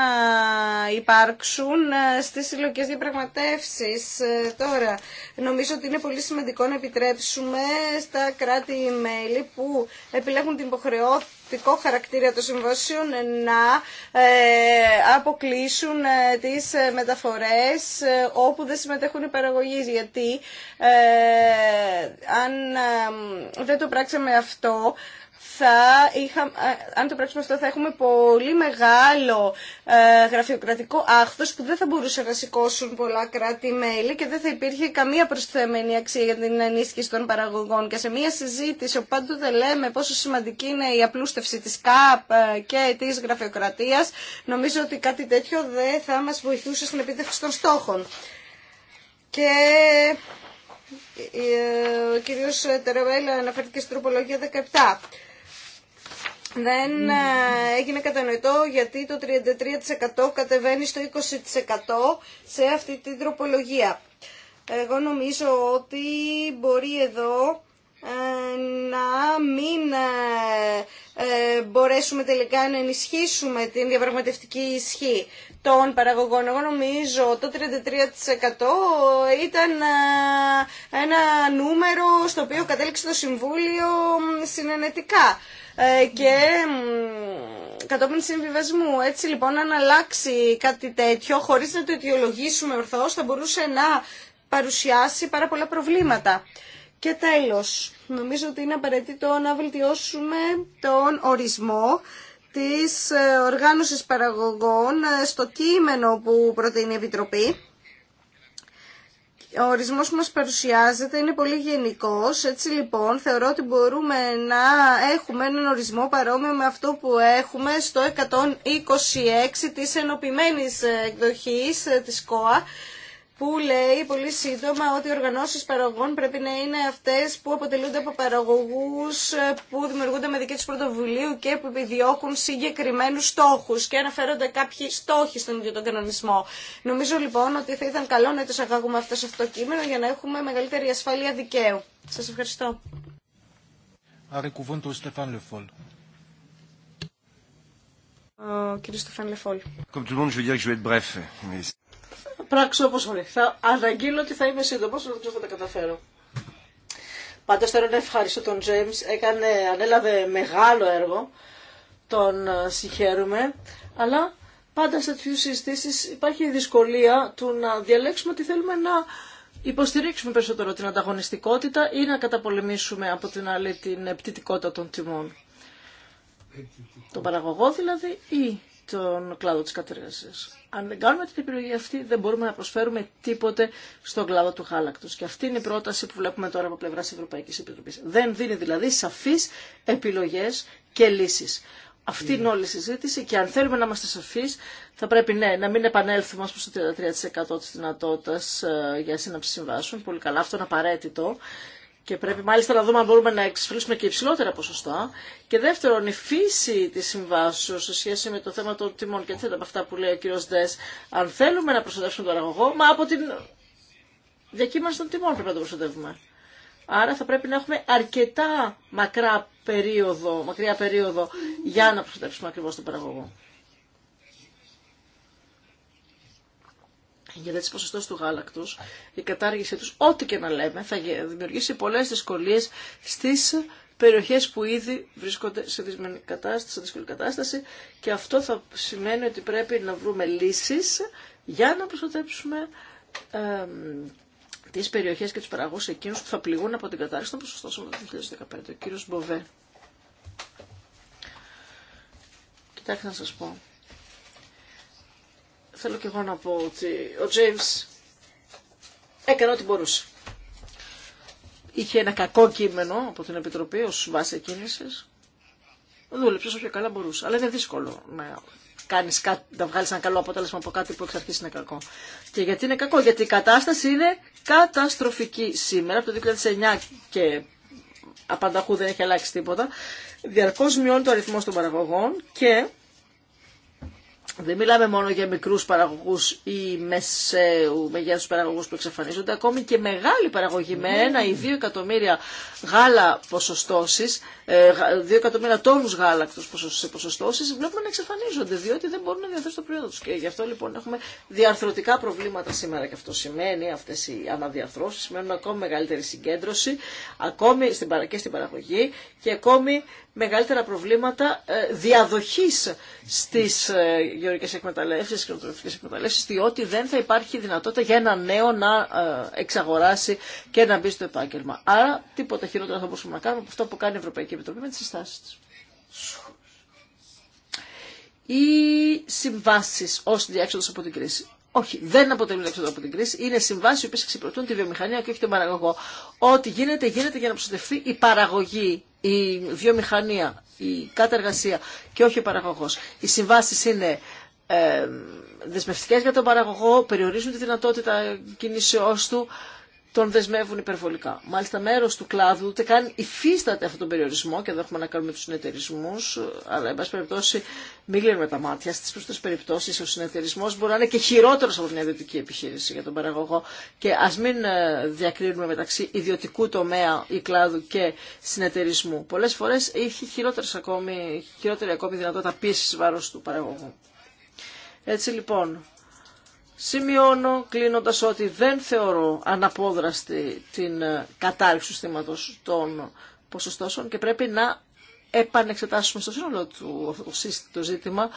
[SPEAKER 1] υπάρξουν ε, στις συλλογικέ διαπραγματεύσεις. Ε, τώρα, νομίζω ότι είναι πολύ σημαντικό να επιτρέψουμε στα κράτη-μέλη που επιλέγουν την υποχρεώθηση τικό χαρακτήρα των συμβάσεων να ε, αποκλείσουν ε, τις ε, μεταφορές όπου δεν συμμετέχουν οι παραγωγείς. Γιατί αν δεν το πράξαμε αυτό θα είχα, ε, αν το πράξουμε αυτό θα έχουμε πολύ μεγάλο ε, γραφειοκρατικό άχθος που δεν θα μπορούσε να σηκώσουν πολλά κράτη-μέλη και δεν θα υπήρχε καμία προσθέμενη αξία για την ενίσχυση των παραγωγών. Και σε μια συζήτηση όπου πάντοτε λέμε πόσο σημαντική είναι η απλούστευση της ΚΑΠ ε, και της γραφειοκρατίας, νομίζω ότι κάτι τέτοιο δεν θα μας βοηθούσε στην επίτευξη των στόχων. Και ε, ο κύριος Τερεβέλα αναφέρθηκε στην τροπολογία 17 δεν ε, έγινε κατανοητό γιατί το 33% κατεβαίνει στο 20% σε αυτή την τροπολογία. Εγώ νομίζω ότι μπορεί εδώ ε, να μην ε, μπορέσουμε τελικά να ενισχύσουμε την διαπραγματευτική ισχύ των παραγωγών. Εγώ νομίζω το 33% ήταν ένα νούμερο στο οποίο κατέληξε το Συμβούλιο συνενετικά. Ε, και κατόπιν συμβιβασμού. Έτσι λοιπόν αν αλλάξει κάτι τέτοιο χωρίς να το αιτιολογήσουμε ορθώς θα μπορούσε να παρουσιάσει πάρα πολλά προβλήματα. Και τέλος, νομίζω ότι είναι απαραίτητο να βελτιώσουμε τον ορισμό της ε, οργάνωσης παραγωγών ε, στο κείμενο που προτείνει η Επιτροπή ο ορισμός που μας παρουσιάζεται είναι πολύ γενικός, έτσι λοιπόν θεωρώ ότι μπορούμε να έχουμε έναν ορισμό παρόμοιο με αυτό που έχουμε στο 126 της ενοποιημένης εκδοχής ε, της ΚΟΑ που λέει πολύ σύντομα ότι οι οργανώσεις παραγωγών πρέπει να είναι αυτές που αποτελούνται από παραγωγούς ε, που δημιουργούνται με δική τους πρωτοβουλίου και που επιδιώκουν συγκεκριμένους στόχους και αναφέρονται κάποιοι στόχοι στον ίδιο τον κανονισμό. Νομίζω λοιπόν ότι θα ήταν καλό να αγαγουμε αυτό σε αυτό το κείμενο για να έχουμε μεγαλύτερη ασφάλεια δικαίου. Σας ευχαριστώ.
[SPEAKER 4] Στεφάν Λεφόλ.
[SPEAKER 3] Θα πράξω όπως μπορεί. Θα αναγγείλω ότι θα είμαι σύντομο, αλλά δεν ξέρω θα τα καταφέρω. Πάντω θέλω να ευχαριστώ τον Τζέιμ. Έκανε, ανέλαβε μεγάλο έργο. Τον ε, συγχαίρουμε. Αλλά πάντα σε τέτοιου συζητήσει υπάρχει η δυσκολία του να διαλέξουμε ότι θέλουμε να υποστηρίξουμε περισσότερο την ανταγωνιστικότητα ή να καταπολεμήσουμε από την άλλη την πτυτικότητα των τιμών. Τον παραγωγό δηλαδή ή τον κλάδο της κατεργασίας. Αν δεν κάνουμε την επιλογή αυτή, δεν μπορούμε να προσφέρουμε τίποτε στον κλάδο του χάλακτος. Και αυτή είναι η πρόταση που βλέπουμε τώρα από πλευρά της Ευρωπαϊκής Επιτροπής. Δεν δίνει δηλαδή σαφείς επιλογές και λύσεις. Αυτή είναι όλη η συζήτηση και αν θέλουμε να είμαστε σαφείς θα πρέπει ναι, να μην επανέλθουμε ως προς το 33% της δυνατότητας ε, για σύναψη συμβάσεων. Πολύ καλά, αυτό είναι απαραίτητο και πρέπει μάλιστα να δούμε αν μπορούμε να εξασφαλίσουμε και υψηλότερα ποσοστά. Και δεύτερον, η φύση τη συμβάσεω σε σχέση με το θέμα των τιμών και θέτα από αυτά που λέει ο κύριο Ντε, αν θέλουμε να προστατεύσουμε τον παραγωγό, μα από την διακύμανση των τιμών πρέπει να τον προστατεύουμε. Άρα θα πρέπει να έχουμε αρκετά μακρά περίοδο, μακριά περίοδο για να προστατεύσουμε ακριβώ τον παραγωγό. γιατί τις ποσοστές του γάλακτος, η κατάργησή τους, ό,τι και να λέμε, θα δημιουργήσει πολλές δυσκολίε στις περιοχές που ήδη βρίσκονται σε δυσμενή κατάσταση, σε δύσκολη κατάσταση και αυτό θα σημαίνει ότι πρέπει να βρούμε λύσεις για να προστατέψουμε ε, τις περιοχές και του παραγωγού εκείνου που θα πληγούν από την κατάργηση των ποσοστών του 2015. Ο κύριο Μποβέ. Κοιτάξτε να σα πω θέλω και εγώ να πω ότι ο James έκανε ό,τι μπορούσε. Είχε ένα κακό κείμενο από την Επιτροπή ως βάση εκκίνησης. Δούλεψε όσο καλά μπορούσε. Αλλά είναι δύσκολο να κάνεις να βγάλεις ένα καλό αποτέλεσμα από κάτι που εξ αρχής είναι κακό. Και γιατί είναι κακό, γιατί η κατάσταση είναι καταστροφική σήμερα, από το 2009 και απανταχού δεν έχει αλλάξει τίποτα. Διαρκώς μειώνει το αριθμό των παραγωγών και δεν μιλάμε μόνο για μικρούς παραγωγούς ή μεσαίου μεγέθους παραγωγούς που εξαφανίζονται, ακόμη και μεγάλη παραγωγή με ναι. ένα ή δύο εκατομμύρια γάλα ποσοστώσει, ε, δύο εκατομμύρια τόνου γάλακτος σε ποσοστώσεις, βλέπουμε να εξαφανίζονται, διότι δεν μπορούν να διαθέσουν το προϊόν τους. Και γι' αυτό λοιπόν έχουμε διαρθρωτικά προβλήματα σήμερα. Και αυτό σημαίνει, αυτέ οι αναδιαρθρώσεις σημαίνουν ακόμη μεγαλύτερη συγκέντρωση, ακόμη στην, και στην παραγωγή και ακόμη μεγαλύτερα προβλήματα ε, διαδοχή στι ε, γεωργικέ εκμεταλλεύσεις, στι κοινοτροφικέ εκμεταλλεύσει, διότι δεν θα υπάρχει δυνατότητα για ένα νέο να εξαγοράσει και να μπει στο επάγγελμα. Άρα τίποτα χειρότερα θα μπορούσαμε να κάνουμε από αυτό που κάνει η Ευρωπαϊκή Επιτροπή με τι συστάσει τη. Οι συμβάσει ω διέξοδο από την κρίση. Όχι, δεν αποτελούν διέξοδο από την κρίση. Είναι συμβάσει οι οποίε εξυπηρετούν τη βιομηχανία και όχι τον παραγωγό. Ό,τι γίνεται, γίνεται για να προστατευτεί η παραγωγή, η βιομηχανία, η κατεργασία και όχι ο παραγωγό. Οι συμβάσει είναι ε, δεσμευτικές για τον παραγωγό, περιορίζουν τη δυνατότητα κινήσεώς του, τον δεσμεύουν υπερβολικά. Μάλιστα μέρο του κλάδου ούτε καν υφίσταται αυτόν τον περιορισμό και εδώ έχουμε να κάνουμε του συνεταιρισμού, αλλά εν πάση περιπτώσει μην κλείνουμε τα μάτια. στι πρώτες περιπτώσεις ο συνεταιρισμό μπορεί να είναι και χειρότερο από μια ιδιωτική επιχείρηση για τον παραγωγό και α μην ε, διακρίνουμε μεταξύ ιδιωτικού τομέα ή κλάδου και συνεταιρισμού. Πολλέ φορέ έχει ακόμη, χειρότερη ακόμη δυνατότητα πίεση βάρο του παραγωγού. Έτσι λοιπόν, Σημειώνω κλείνοντας ότι δεν θεωρώ αναπόδραστη την ε, κατάρριξη του συστήματος των ποσοστώσεων και πρέπει να επανεξετάσουμε στο σύνολο του το ζήτημα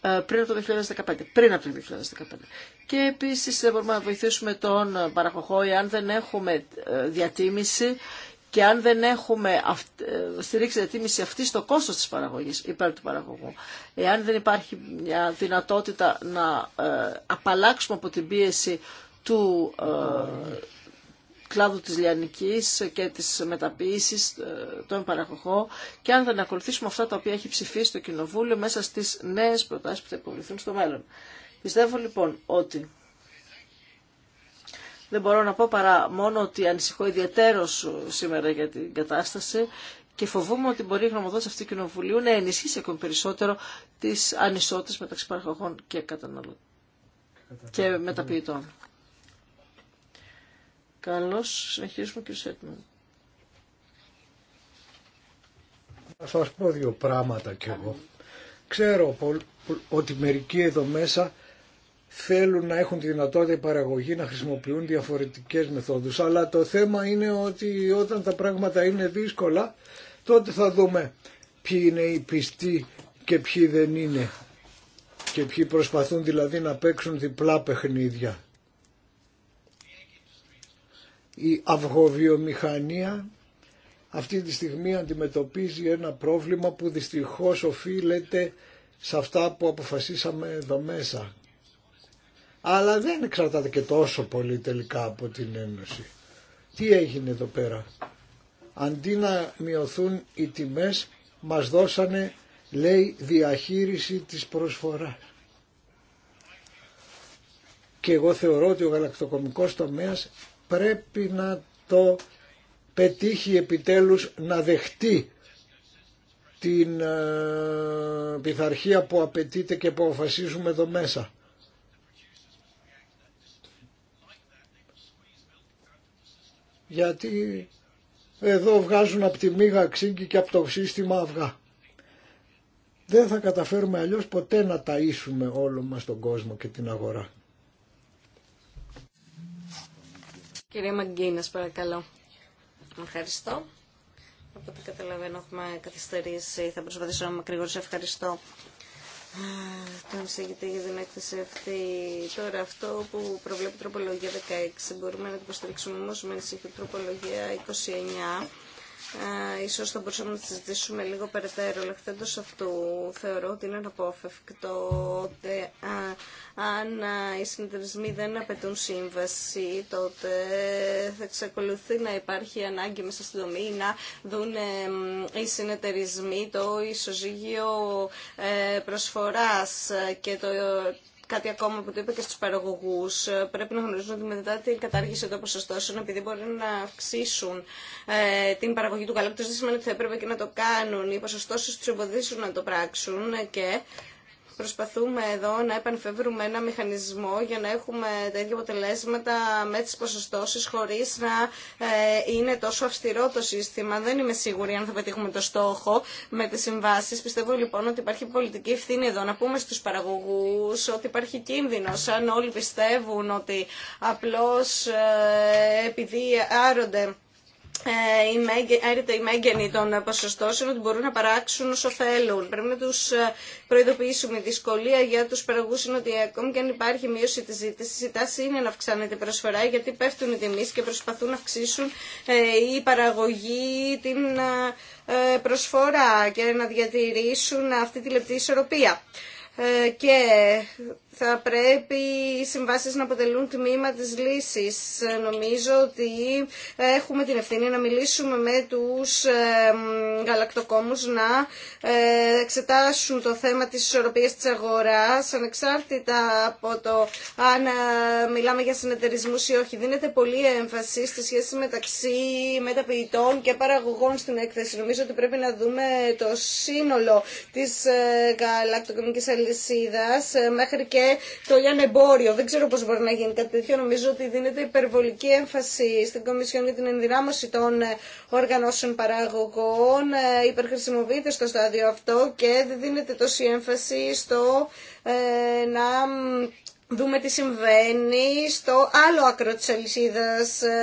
[SPEAKER 3] ε, πριν από το 2015. Πριν από το 2015. Και επίσης δεν μπορούμε να βοηθήσουμε τον παραγωγό εάν δεν έχουμε ε, διατίμηση και αν δεν έχουμε ε, στηρίξει την αυτή στο κόστο τη παραγωγή, υπέρ του παραγωγού, εάν δεν υπάρχει μια δυνατότητα να ε, απαλλάξουμε από την πίεση του ε, κλάδου της λιανικής και της μεταποίησης των παραγωγών και αν δεν ακολουθήσουμε αυτά τα οποία έχει ψηφίσει το Κοινοβούλιο μέσα στις νέες προτάσεις που θα υποβληθούν στο μέλλον. Πιστεύω λοιπόν ότι δεν μπορώ να πω παρά μόνο ότι ανησυχώ ιδιαίτερο ε, σήμερα για την κατάσταση και φοβούμαι ότι μπορεί η γνωμοδότηση αυτή του Κοινοβουλίου να ενισχύσει ακόμη περισσότερο τι ανισότητε μεταξύ παραγωγών και καταναλωτών και μεταποιητών. Καλώς, συνεχίζουμε κύριε Σέτμαν.
[SPEAKER 2] Θα σας πω δύο πράγματα κι εγώ. Ξέρω ότι μερικοί εδώ μέσα θέλουν να έχουν τη δυνατότητα η παραγωγή να χρησιμοποιούν διαφορετικές μεθόδους. Αλλά το θέμα είναι ότι όταν τα πράγματα είναι δύσκολα τότε θα δούμε ποιοι είναι οι πιστοί και ποιοι δεν είναι και ποιοι προσπαθούν δηλαδή να παίξουν διπλά παιχνίδια. Η αυγοβιομηχανία αυτή τη στιγμή αντιμετωπίζει ένα πρόβλημα που δυστυχώς οφείλεται σε αυτά που αποφασίσαμε εδώ μέσα αλλά δεν εξαρτάται και τόσο πολύ τελικά από την Ένωση. Τι έγινε εδώ πέρα. Αντί να μειωθούν οι τιμές μας δώσανε λέει διαχείριση της προσφοράς. Και εγώ θεωρώ ότι ο γαλακτοκομικός τομέας πρέπει να το πετύχει επιτέλους να δεχτεί την ε, πειθαρχία που απαιτείται και που αποφασίζουμε εδώ μέσα. γιατί εδώ βγάζουν από τη μήγα ξύγκη και από το σύστημα αυγά. Δεν θα καταφέρουμε αλλιώς ποτέ να ταΐσουμε όλο μας τον κόσμο και την αγορά.
[SPEAKER 1] Κυρία Μαγκίνας, παρακαλώ. Ευχαριστώ. Από καταλαβαίνω έχουμε καθυστερήσει. Θα προσπαθήσω να ακριβώς Ευχαριστώ τον εισηγητή για την έκθεση αυτή. Τώρα αυτό που προβλέπει τροπολογία 16 μπορούμε να το υποστηρίξουμε όμω με στην τροπολογία 29 ε, ίσως θα μπορούσαμε να συζητήσουμε λίγο περαιτέρω. Λεχθέντος αυτού θεωρώ ότι είναι αναπόφευκτο ότι αν οι συνεταιρισμοί δεν απαιτούν σύμβαση τότε θα εξακολουθεί να υπάρχει ανάγκη μέσα στη δομή να δουν οι συνεταιρισμοί το ισοζύγιο ε, προσφοράς και το κάτι ακόμα που το είπα και στους παραγωγούς, ε, πρέπει να γνωρίζουν ότι μετά την κατάργηση των ποσοστώσεων, επειδή μπορεί να αυξήσουν ε, την παραγωγή του γάλακτος, δεν σημαίνει ότι θα έπρεπε και να το κάνουν. Οι ποσοστώσεις τους εμποδίσουν να το πράξουν και Προσπαθούμε εδώ να επανφεύρουμε ένα μηχανισμό για να έχουμε τα ίδια αποτελέσματα με τις ποσοστώσεις χωρίς να ε, είναι τόσο αυστηρό το σύστημα. Δεν είμαι σίγουρη αν θα πετύχουμε το στόχο με τις συμβάσεις. Πιστεύω λοιπόν ότι υπάρχει πολιτική ευθύνη εδώ. Να πούμε στους παραγωγούς ότι υπάρχει κίνδυνος. Αν όλοι πιστεύουν ότι απλώς ε, επειδή άρονται ε, έρεται η μέγενη των ποσοστώσεων ότι μπορούν να παράξουν όσο θέλουν. Πρέπει να τους ε, προειδοποιήσουμε. Η δυσκολία για τους παραγωγού είναι ότι ακόμη και αν υπάρχει μείωση της ζήτηση, η τάση είναι να αυξάνεται η προσφορά γιατί πέφτουν οι τιμές και προσπαθούν να αυξήσουν ε, η παραγωγή την προσφορά και να διατηρήσουν αυτή τη λεπτή ισορροπία. Και θα πρέπει οι συμβάσεις να αποτελούν τμήμα της λύσης. Νομίζω ότι έχουμε την ευθύνη να μιλήσουμε με τους γαλακτοκόμους να ε, εξετάσουν το θέμα της ισορροπίας της αγοράς ανεξάρτητα από το αν ε, μιλάμε για συνεταιρισμούς ή όχι. Δίνεται πολύ έμφαση στη σχέση μεταξύ μεταποιητών και παραγωγών στην έκθεση. Νομίζω ότι πρέπει να δούμε το σύνολο της ε, γαλακτοκομικής αλυσίδας μέχρι και το το εμπόριο. Δεν ξέρω πώ μπορεί να γίνει κάτι τέτοιο. Νομίζω ότι δίνεται υπερβολική έμφαση στην Κομισιόν για την ενδυνάμωση των ε, οργανώσεων παραγωγών. Ε, υπερχρησιμοποιείται στο στάδιο αυτό και δεν δίνεται τόση έμφαση στο ε, να δούμε τι συμβαίνει στο άλλο άκρο της αλυσίδας, ε,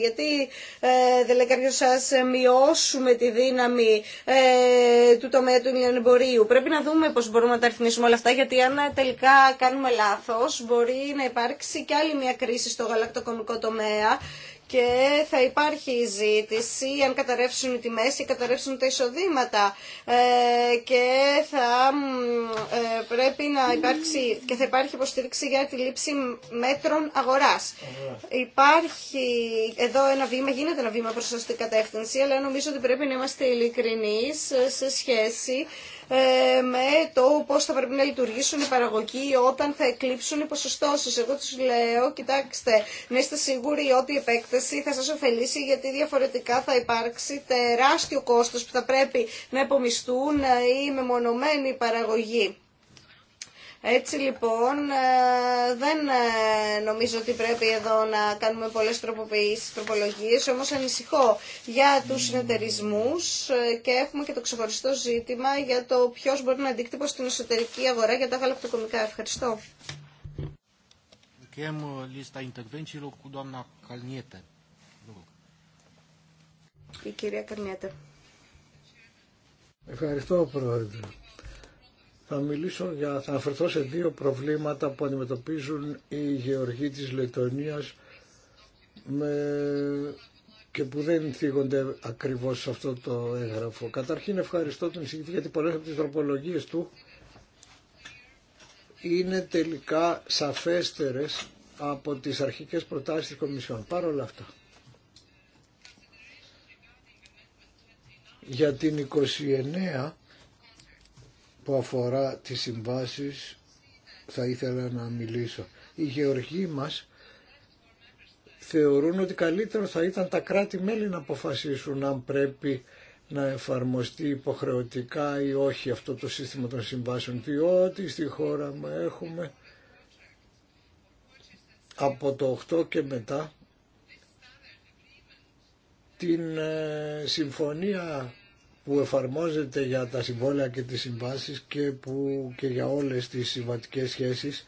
[SPEAKER 1] γιατί ε, δεν λέει κάποιος σας ε, μειώσουμε τη δύναμη ε, του τομέα του εμπορίου. Πρέπει να δούμε πώς μπορούμε να τα αριθμίσουμε όλα αυτά, γιατί αν τελικά κάνουμε λάθος μπορεί να υπάρξει και άλλη μια κρίση στο γαλακτοκομικό τομέα και θα υπάρχει ζήτηση αν καταρρεύσουν οι τιμές ή καταρρεύσουν τα εισοδήματα ε, και θα ε, πρέπει να υπάρξει και θα υπάρχει υποστήριξη για τη λήψη μέτρων αγοράς. Υπάρχει εδώ ένα βήμα, γίνεται ένα βήμα προς την κατεύθυνση αλλά νομίζω ότι πρέπει να είμαστε ειλικρινείς ε, σε σχέση ε, με το πώς θα πρέπει να λειτουργήσουν οι παραγωγοί όταν θα εκλείψουν οι ποσοστώσει. Εγώ του λέω, κοιτάξτε, να είστε σίγουροι ότι η επέκταση θα σας ωφελήσει γιατί διαφορετικά θα υπάρξει τεράστιο κόστος που θα πρέπει να ή οι μεμονωμένοι παραγωγή. Έτσι λοιπόν ε, δεν ε, νομίζω ότι πρέπει εδώ να κάνουμε πολλές τροποποιήσεις, τροπολογίες, όμως ανησυχώ για τους συνεταιρισμούς ε, και έχουμε και το ξεχωριστό ζήτημα για το ποιος μπορεί να αντίκτυπο στην εσωτερική αγορά για τα γαλακτοκομικά. Ευχαριστώ. Η κυρία
[SPEAKER 4] Ευχαριστώ, Πρόεδρε.
[SPEAKER 2] Θα μιλήσω για, θα αναφερθώ σε δύο προβλήματα που αντιμετωπίζουν οι γεωργοί της Λετωνίας με, και που δεν θίγονται ακριβώς σε αυτό το έγγραφο. Καταρχήν ευχαριστώ τον εισηγητή γιατί πολλές από τις τροπολογίες του είναι τελικά σαφέστερες από τις αρχικές προτάσεις της Κομισιόν. Παρ' όλα αυτά. Για την 29 που αφορά τις συμβάσεις θα ήθελα να μιλήσω. Οι γεωργοί μας θεωρούν ότι καλύτερο θα ήταν τα κράτη-μέλη να αποφασίσουν αν πρέπει να εφαρμοστεί υποχρεωτικά ή όχι αυτό το σύστημα των συμβάσεων, διότι στη χώρα μου έχουμε από το 8 και μετά την ε, συμφωνία που εφαρμόζεται για τα συμβόλαια και τις συμβάσεις και, που, και για όλες τις συμβατικές σχέσεις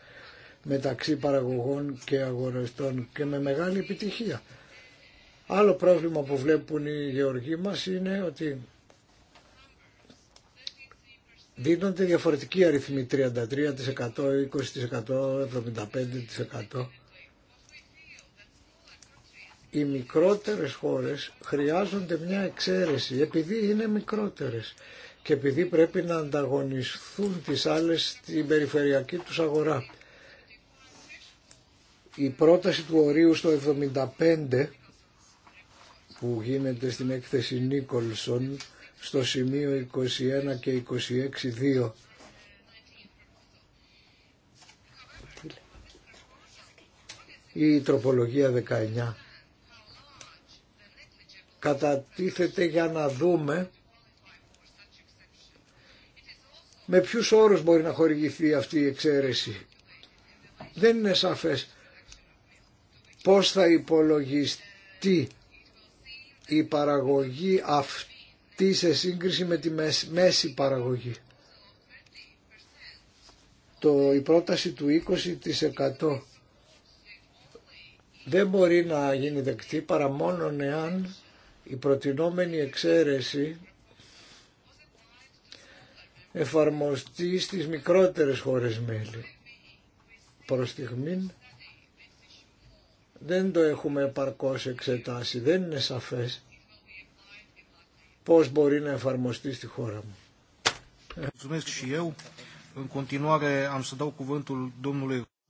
[SPEAKER 2] μεταξύ παραγωγών και αγοραστών και με μεγάλη επιτυχία. Άλλο πρόβλημα που βλέπουν οι γεωργοί μας είναι ότι δίνονται διαφορετικοί αριθμοί 33%, 20%, 75% οι μικρότερες χώρες χρειάζονται μια εξαίρεση επειδή είναι μικρότερες και επειδή πρέπει να ανταγωνιστούν τις άλλες στην περιφερειακή τους αγορά. Η πρόταση του ορίου στο 75 που γίνεται στην έκθεση Νίκολσον στο σημείο 21 και 26.2 ή η τροπολογία 19 κατατίθεται για να δούμε με ποιους όρους μπορεί να χορηγηθεί αυτή η εξαίρεση. Δεν είναι σαφές πώς θα υπολογιστεί η παραγωγή αυτή σε σύγκριση με τη μέση παραγωγή. Το, η πρόταση του 20% δεν μπορεί να γίνει δεκτή παρά μόνο εάν η προτινόμενη εξαίρεση εφαρμοστεί στις μικρότερες χώρες μέλη. Προς δεν το έχουμε επαρκώς εξετάσει, δεν είναι σαφές πώς μπορεί να εφαρμοστεί στη χώρα μου.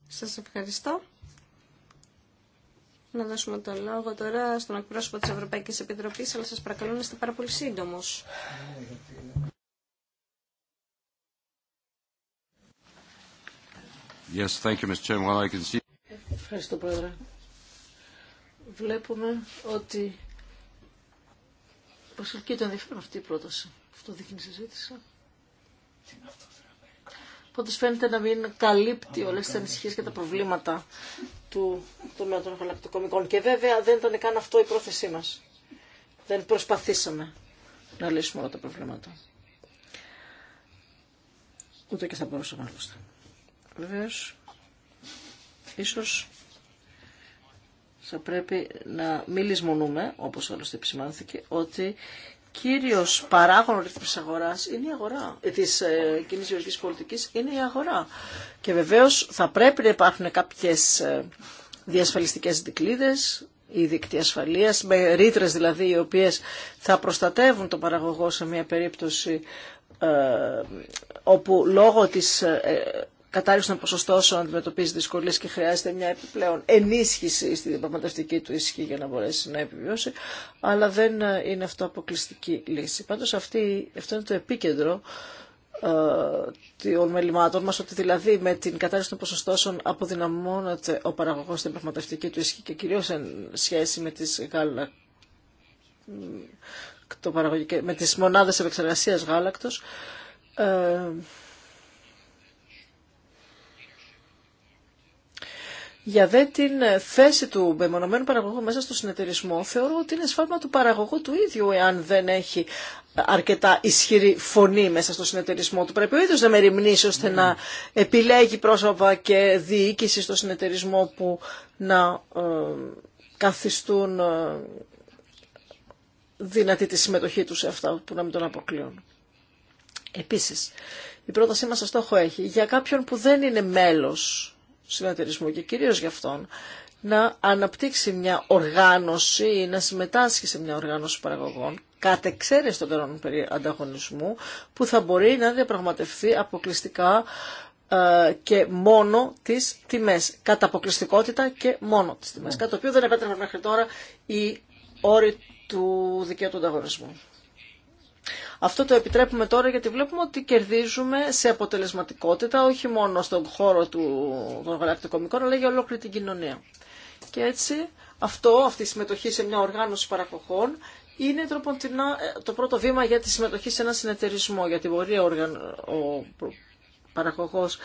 [SPEAKER 1] Σας ευχαριστώ. Να δώσουμε το λόγο τώρα στον εκπρόσωπο της Ευρωπαϊκής Επιτροπής, αλλά σας παρακαλώ να είστε πάρα πολύ σύντομος. Yes, thank you, Mr. Chairman. I can see...
[SPEAKER 3] Ευχαριστώ, Πρόεδρε. Βλέπουμε ότι προσελκύει το ενδιαφέρον αυτή η πρόταση. Αυτό δείχνει η συζήτηση. Τι είναι αυτό, Οπότε φαίνεται να μην καλύπτει όλε τι ανησυχίες και τα προβλήματα του τομέα των γαλακτοκομικών. Και βέβαια δεν ήταν καν αυτό η πρόθεσή μας. Δεν προσπαθήσαμε να λύσουμε όλα τα προβλήματα. Ούτε και θα μπορούσαμε άλλωστε. Βεβαίω, ίσως θα πρέπει να μην λησμονούμε, όπως άλλωστε επισημάνθηκε, ότι κύριος παράγων της αγοράς είναι η αγορά, ε, της ε, κοινής γεωργικής πολιτικής είναι η αγορά. Και βεβαίως θα πρέπει να υπάρχουν κάποιες ε, διασφαλιστικές δικλίδες, η δίκτυα ασφαλείας, με ρήτρε δηλαδή οι οποίες θα προστατεύουν τον παραγωγό σε μια περίπτωση ε, όπου λόγω της κατάρριξη των ποσοστώσεων αντιμετωπίζει δυσκολίε και χρειάζεται μια επιπλέον ενίσχυση στην διαπραγματευτική του ισχύ για να μπορέσει να επιβιώσει, αλλά δεν είναι αυτό αποκλειστική λύση. Πάντω αυτό είναι το επίκεντρο ε, των μελημάτων μα, ότι δηλαδή με την κατάρριξη των ποσοστώσεων αποδυναμώνεται ο παραγωγό στην πραγματευτική του ισχύ και κυρίω σε σχέση με τι μονάδε με τις μονάδες επεξεργασίας γάλακτος, ε, Για δε την θέση του μεμονωμένου παραγωγού μέσα στο συνεταιρισμό θεωρώ ότι είναι σφάλμα του παραγωγού του ίδιου εάν δεν έχει αρκετά ισχυρή φωνή μέσα στο συνεταιρισμό του. Πρέπει ο ίδιος να μεριμνήσει ώστε να επιλέγει πρόσωπα και διοίκηση στο συνεταιρισμό που να ε, καθιστούν ε, δυνατή τη συμμετοχή τους σε αυτά που να μην τον αποκλείουν. Επίσης, η πρότασή μας στο στόχο έχει για κάποιον που δεν είναι μέλος συνεταιρισμού και κυρίως γι' αυτόν να αναπτύξει μια οργάνωση ή να συμμετάσχει σε μια οργάνωση παραγωγών κατ' εξαίρεση των κανόνων περί ανταγωνισμού που θα μπορεί να διαπραγματευτεί αποκλειστικά ε, και μόνο τις τιμές. Κατά αποκλειστικότητα και μόνο τις τιμές. Ναι. Κατά το οποίο δεν επέτρεπε μέχρι τώρα η όρη του δικαίου του ανταγωνισμού. Αυτό το επιτρέπουμε τώρα γιατί βλέπουμε ότι κερδίζουμε σε αποτελεσματικότητα όχι μόνο στον χώρο του, των γαλακτοκομικών αλλά για ολόκληρη την κοινωνία. Και έτσι αυτό, αυτή η συμμετοχή σε μια οργάνωση παρακοχών είναι το πρώτο βήμα για τη συμμετοχή σε ένα συνεταιρισμό γιατί μπορεί ο, ο παρακοχός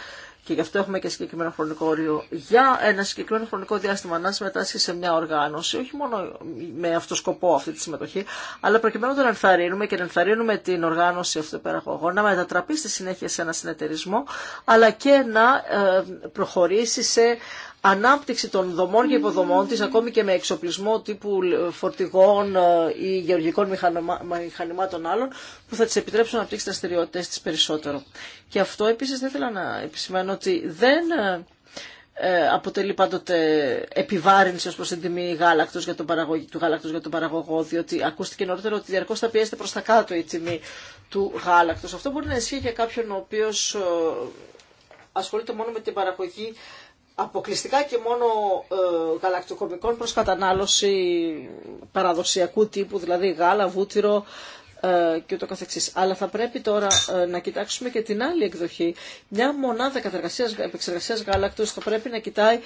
[SPEAKER 3] και γι' αυτό έχουμε και συγκεκριμένο χρονικό όριο, για ένα συγκεκριμένο χρονικό διάστημα να συμμετάσχει σε μια οργάνωση, όχι μόνο με αυτό σκοπό αυτή τη συμμετοχή, αλλά προκειμένου να ενθαρρύνουμε και να ενθαρρύνουμε την οργάνωση αυτοπεραγωγών να μετατραπεί στη συνέχεια σε ένα συνεταιρισμό, αλλά και να ε, προχωρήσει σε ανάπτυξη των δομών και υποδομών της, ακόμη και με εξοπλισμό τύπου φορτηγών ε, ή γεωργικών μηχανημάτων άλλων, που θα τις επιτρέψουν να αναπτύξει τα στερεότητες της περισσότερο. Και αυτό επίσης δεν ήθελα να επισημαίνω ότι δεν ε, ε, αποτελεί πάντοτε επιβάρυνση ως προς την τιμή γάλακτος για τον παραγωγή, του γάλακτος για τον παραγωγό, διότι ακούστηκε νωρίτερα ότι διαρκώς θα πιέζεται προς τα κάτω η τιμή του γάλακτος. Αυτό μπορεί να ισχύει για κάποιον ο οποίος ασχολείται μόνο με την παραγωγή αποκλειστικά και μόνο ε, γαλακτοκομικών προς κατανάλωση παραδοσιακού τύπου, δηλαδή γάλα, βούτυρο ε, και ούτω καθεξής. Αλλά θα πρέπει τώρα ε, να κοιτάξουμε και την άλλη εκδοχή. Μια μονάδα επεξεργασίας γάλακτος θα πρέπει να κοιτάει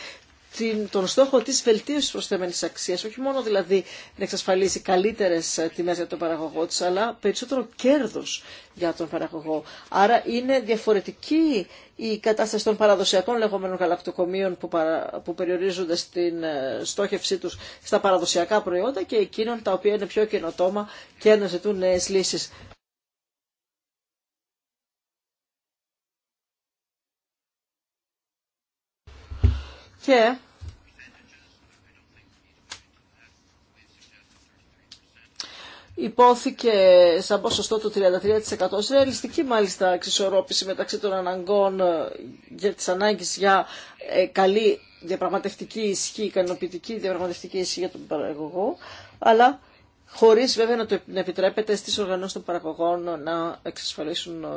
[SPEAKER 3] τον στόχο της βελτίωσης προσθέμενης αξίας, όχι μόνο δηλαδή να εξασφαλίσει καλύτερες ε, τιμές για τον παραγωγό της, αλλά περισσότερο κέρδος για τον παραγωγό. Άρα είναι διαφορετική η κατάσταση των παραδοσιακών λεγόμενων γαλακτοκομείων που, που περιορίζονται στην ε, στόχευσή τους στα παραδοσιακά προϊόντα και εκείνων τα οποία είναι πιο καινοτόμα και αναζητούν νέες λύσεις. Και υπόθηκε σαν ποσοστό το 33% σε ρεαλιστική μάλιστα εξισορρόπηση μεταξύ των αναγκών ε, για τις ανάγκες για ε, καλή διαπραγματευτική ισχύ, ικανοποιητική διαπραγματευτική ισχύ για τον παραγωγό, αλλά χωρίς βέβαια να, το, επιτρέπεται στις οργανώσεις των παραγωγών να εξασφαλίσουν ε,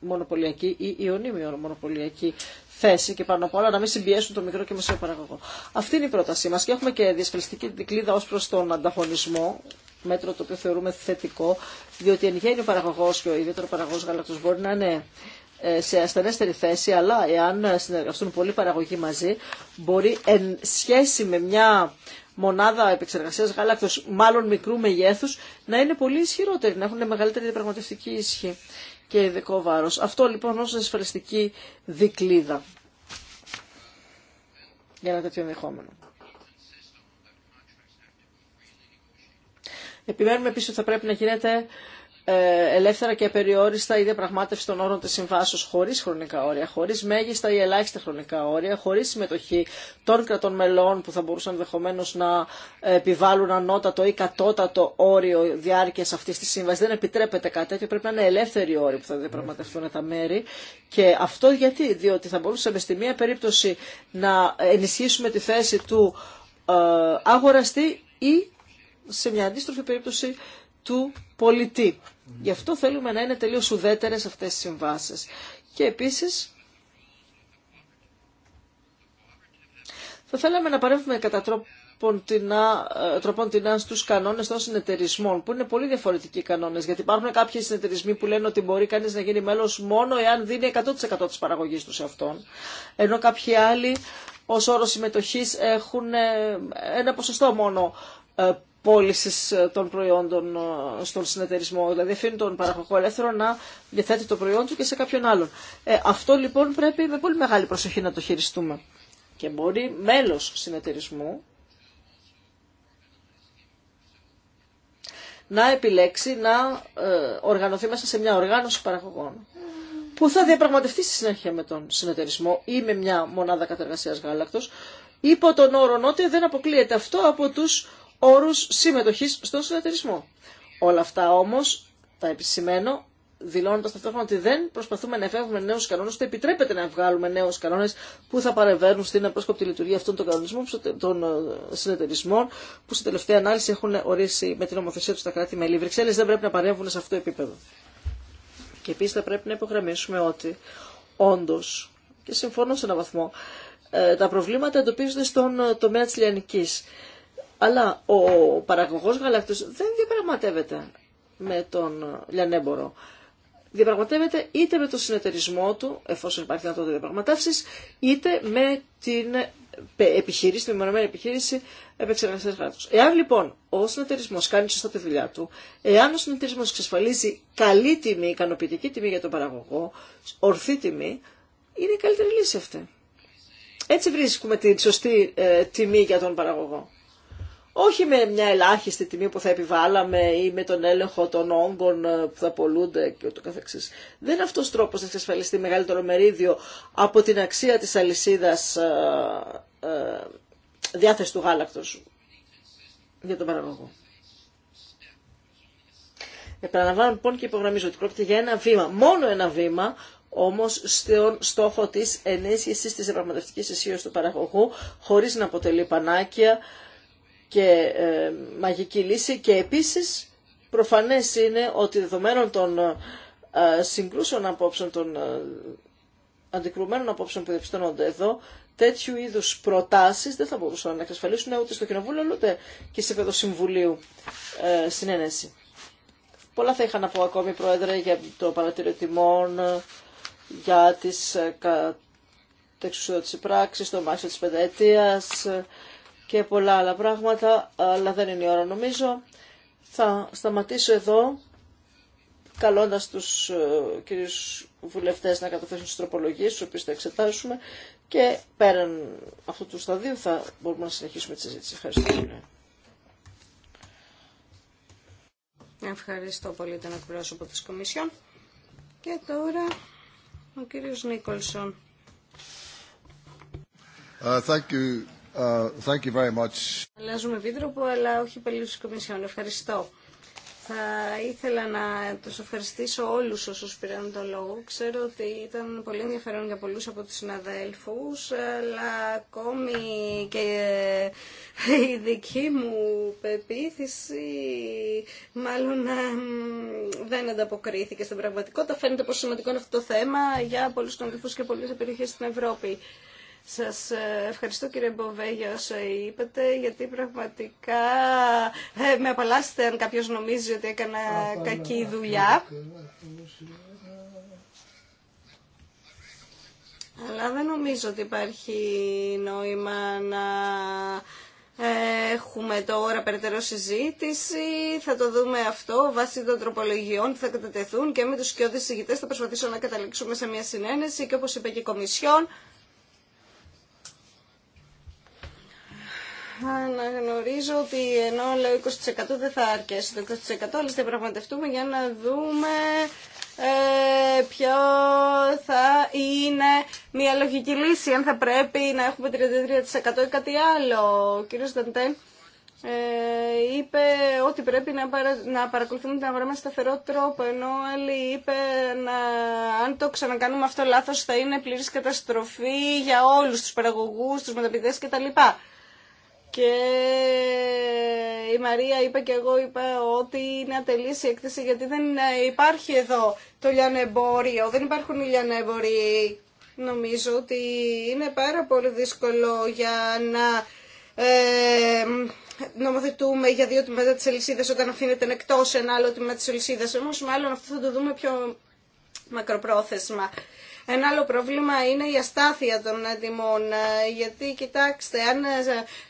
[SPEAKER 3] μονοπωλιακή ή ιονίμιο μονοπωλιακή θέση και πάνω απ' όλα να μην συμπιέσουν το μικρό και μεσαίο παραγωγό. Αυτή είναι η πρότασή μα και έχουμε και διασφαλιστική δικλίδα ω προ τον ανταγωνισμό, μέτρο το οποίο θεωρούμε θετικό, διότι εν γέννη ο παραγωγό και ο ιδιαίτερο παραγωγό γάλακτο μπορεί να είναι ε, σε ασθενέστερη θέση, αλλά εάν συνεργαστούν πολλοί παραγωγοί μαζί, μπορεί εν σχέση με μια μονάδα επεξεργασία γάλακτο, μάλλον μικρού μεγέθου, να είναι πολύ ισχυρότερη, να έχουν μεγαλύτερη διαπραγματευτική ισχύ και ειδικό βάρος. Αυτό λοιπόν ως ασφαλιστική δικλίδα για ένα τέτοιο ενδεχόμενο. Επιμένουμε επίσης ότι θα πρέπει να γίνεται ε, ελεύθερα και απεριόριστα η διαπραγμάτευση των όρων τη συμβάσεω χωρί χρονικά όρια, χωρί μέγιστα ή ελάχιστα χρονικά όρια, χωρί συμμετοχή των κρατών μελών που θα μπορούσαν ενδεχομένω να επιβάλλουν ανώτατο ή κατώτατο όριο διάρκεια αυτή τη σύμβαση. Δεν επιτρέπεται κάτι τέτοιο. Πρέπει να είναι ελεύθεροι όροι που θα διαπραγματευτούν τα μέρη. Και αυτό γιατί, διότι θα μπορούσαμε στη μία περίπτωση να ενισχύσουμε τη θέση του ε, αγοραστή ή σε μια αντίστροφη περίπτωση του πολιτή. Γι' αυτό θέλουμε να είναι τελείως ουδέτερες αυτές οι συμβάσεις. Και επίσης θα θέλαμε να παρέμβουμε κατά τρόπον την στου στους κανόνες των συνεταιρισμών, που είναι πολύ διαφορετικοί κανόνες, γιατί υπάρχουν κάποιοι συνεταιρισμοί που λένε ότι μπορεί κανείς να γίνει μέλος μόνο εάν δίνει 100% της παραγωγής του σε αυτόν, ενώ κάποιοι άλλοι ως όρο συμμετοχής έχουν ε, ένα ποσοστό μόνο ε, πώληση ε, των προϊόντων ε, στον συνεταιρισμό. Δηλαδή αφήνει τον παραγωγό ελεύθερο να διαθέτει το προϊόν του και σε κάποιον άλλον. Ε, αυτό λοιπόν πρέπει με πολύ μεγάλη προσοχή να το χειριστούμε. Και μπορεί μέλο συνεταιρισμού να επιλέξει να οργανωθεί μέσα σε μια οργάνωση παραγωγών που θα διαπραγματευτεί στη συνέχεια με τον συνεταιρισμό ή με μια μονάδα κατεργασίας γάλακτος υπό τον όρο ότι δεν αποκλείεται αυτό από τους όρους συμμετοχής στον συνεταιρισμό. Όλα αυτά όμως τα επισημαίνω δηλώνοντα ταυτόχρονα ότι δεν προσπαθούμε να εφεύγουμε νέου κανόνε, ούτε επιτρέπεται να βγάλουμε νέου κανόνε που θα παρεμβαίνουν στην απρόσκοπτη λειτουργία αυτών των κανονισμών, των ε, συνεταιρισμών, που σε τελευταία ανάλυση έχουν ορίσει με την ομοθεσία του τα κράτη-μέλη. Οι Βρυξέλλε δεν πρέπει να παρέμβουν σε αυτό το επίπεδο. Και επίση θα πρέπει να υπογραμμίσουμε ότι όντω, και συμφωνώ σε έναν βαθμό, ε, τα προβλήματα εντοπίζονται στον ε, τομέα τη λιανική. Αλλά ο παραγωγός γαλακτός δεν διαπραγματεύεται με τον λιανέμπορο. Διαπραγματεύεται είτε με τον συνεταιρισμό του, εφόσον υπάρχει δυνατότητα διαπραγματεύσει, είτε με την επιχείρηση, την μεμονωμένη επιχείρηση επεξεργασία κράτου. Εάν λοιπόν ο συνεταιρισμό κάνει σωστά τη δουλειά του, εάν ο συνεταιρισμό εξασφαλίζει καλή τιμή, ικανοποιητική τιμή για τον παραγωγό, ορθή τιμή, είναι η καλύτερη λύση αυτή. Έτσι βρίσκουμε τη σωστή ε, τιμή για τον παραγωγό όχι με μια ελάχιστη τιμή που θα επιβάλαμε ή με τον έλεγχο των όγκων ε, που θα πολλούνται και ούτω καθεξής. Δεν είναι αυτός τρόπος να εξασφαλιστεί μεγαλύτερο μερίδιο από την αξία της αλυσίδας ε, ε, διάθεση του γάλακτος για τον παραγωγό. Επαναλαμβάνω λοιπόν και υπογραμμίζω ότι πρόκειται για ένα βήμα, μόνο ένα βήμα, όμω, στον στόχο τη ενίσχυση τη διαπραγματευτική ισχύω του παραγωγού, χωρί να αποτελεί πανάκια, και ε, μαγική λύση και επίσης προφανές είναι ότι δεδομένων των ε, συγκρούσεων απόψεων, των ε, αντικρουμένων απόψεων που διαπιστώνονται εδώ, τέτοιου είδους προτάσεις δεν θα μπορούσαν να εξασφαλίσουν ούτε στο Κοινοβούλιο ούτε και σε επίπεδο Συμβουλίου συνένεση. Πολλά θα είχα να πω ακόμη, Πρόεδρε, για το παρατηρείο τιμών, για τις εξουσιοδότηση πράξεις, το μάξιο της πενταετίας, και πολλά άλλα πράγματα, αλλά δεν είναι η ώρα νομίζω. Θα σταματήσω εδώ, καλώντας τους ε, κυρίους βουλευτές να καταθέσουν τις τροπολογίες, τις οποίες θα εξετάσουμε και πέραν αυτού του σταδίου θα μπορούμε να συνεχίσουμε τη συζήτηση. Ευχαριστώ πολύ.
[SPEAKER 1] Ευχαριστώ πολύ τον εκπρόσωπο της Κομισιόν. Και τώρα ο κύριος Νίκολσον.
[SPEAKER 2] Uh, Uh, thank you very much.
[SPEAKER 1] Αλλάζουμε επίτροπο, αλλά όχι υπαλλήλου τη Κομισιόν. Ευχαριστώ. Θα ήθελα να του ευχαριστήσω όλου όσου πήραν το λόγο. Ξέρω ότι ήταν πολύ ενδιαφέρον για πολλού από του συναδέλφου, αλλά ακόμη και η δική μου πεποίθηση μάλλον δεν ανταποκρίθηκε στην πραγματικότητα. Φαίνεται πόσο σημαντικό είναι αυτό το θέμα για πολλού συναδέλφου και πολλέ περιοχέ στην Ευρώπη. Σας ε, ευχαριστώ κύριε Μποβέ για όσα είπατε, γιατί πραγματικά ε, με απαλλάσσετε αν κάποιος νομίζει ότι έκανα κακή δουλειά. Αλλά δεν νομίζω ότι υπάρχει νόημα να ε, Έχουμε τώρα περαιτέρω συζήτηση, θα το δούμε αυτό βάσει των τροπολογιών που θα κατατεθούν και με τους σκιώδεις ηγητές θα προσπαθήσω να καταλήξουμε σε μια συνένεση και όπως είπε και η Κομισιόν αναγνωρίζω ότι ενώ λέω 20% δεν θα αρκέσει το 20% αλλά θα πραγματευτούμε για να δούμε ε, ποιο θα είναι μια λογική λύση, αν θα πρέπει να έχουμε 33% ή κάτι άλλο. Ο κύριος Δαντέ ε, είπε ότι πρέπει να, παρα, να παρακολουθούμε την αγορά με σταθερό τρόπο, ενώ άλλη είπε να, αν το ξανακάνουμε αυτό λάθος θα είναι πλήρης καταστροφή για όλους τους παραγωγούς, τους μεταπηδές κτλ. Και η Μαρία είπε και εγώ είπα ότι είναι ατελής η έκθεση γιατί δεν ε, υπάρχει εδώ το λιανεμπόριο, δεν υπάρχουν οι λιανέμποροι. Νομίζω ότι είναι πάρα πολύ δύσκολο για να ε, νομοθετούμε για δύο τμήματα της ελισίδας όταν αφήνεται εκτός ένα άλλο τμήμα της ελισίδας. Όμως μάλλον αυτό θα το δούμε πιο μακροπρόθεσμα. Ένα άλλο πρόβλημα είναι η αστάθεια των τιμών. Ε, γιατί κοιτάξτε, αν ε,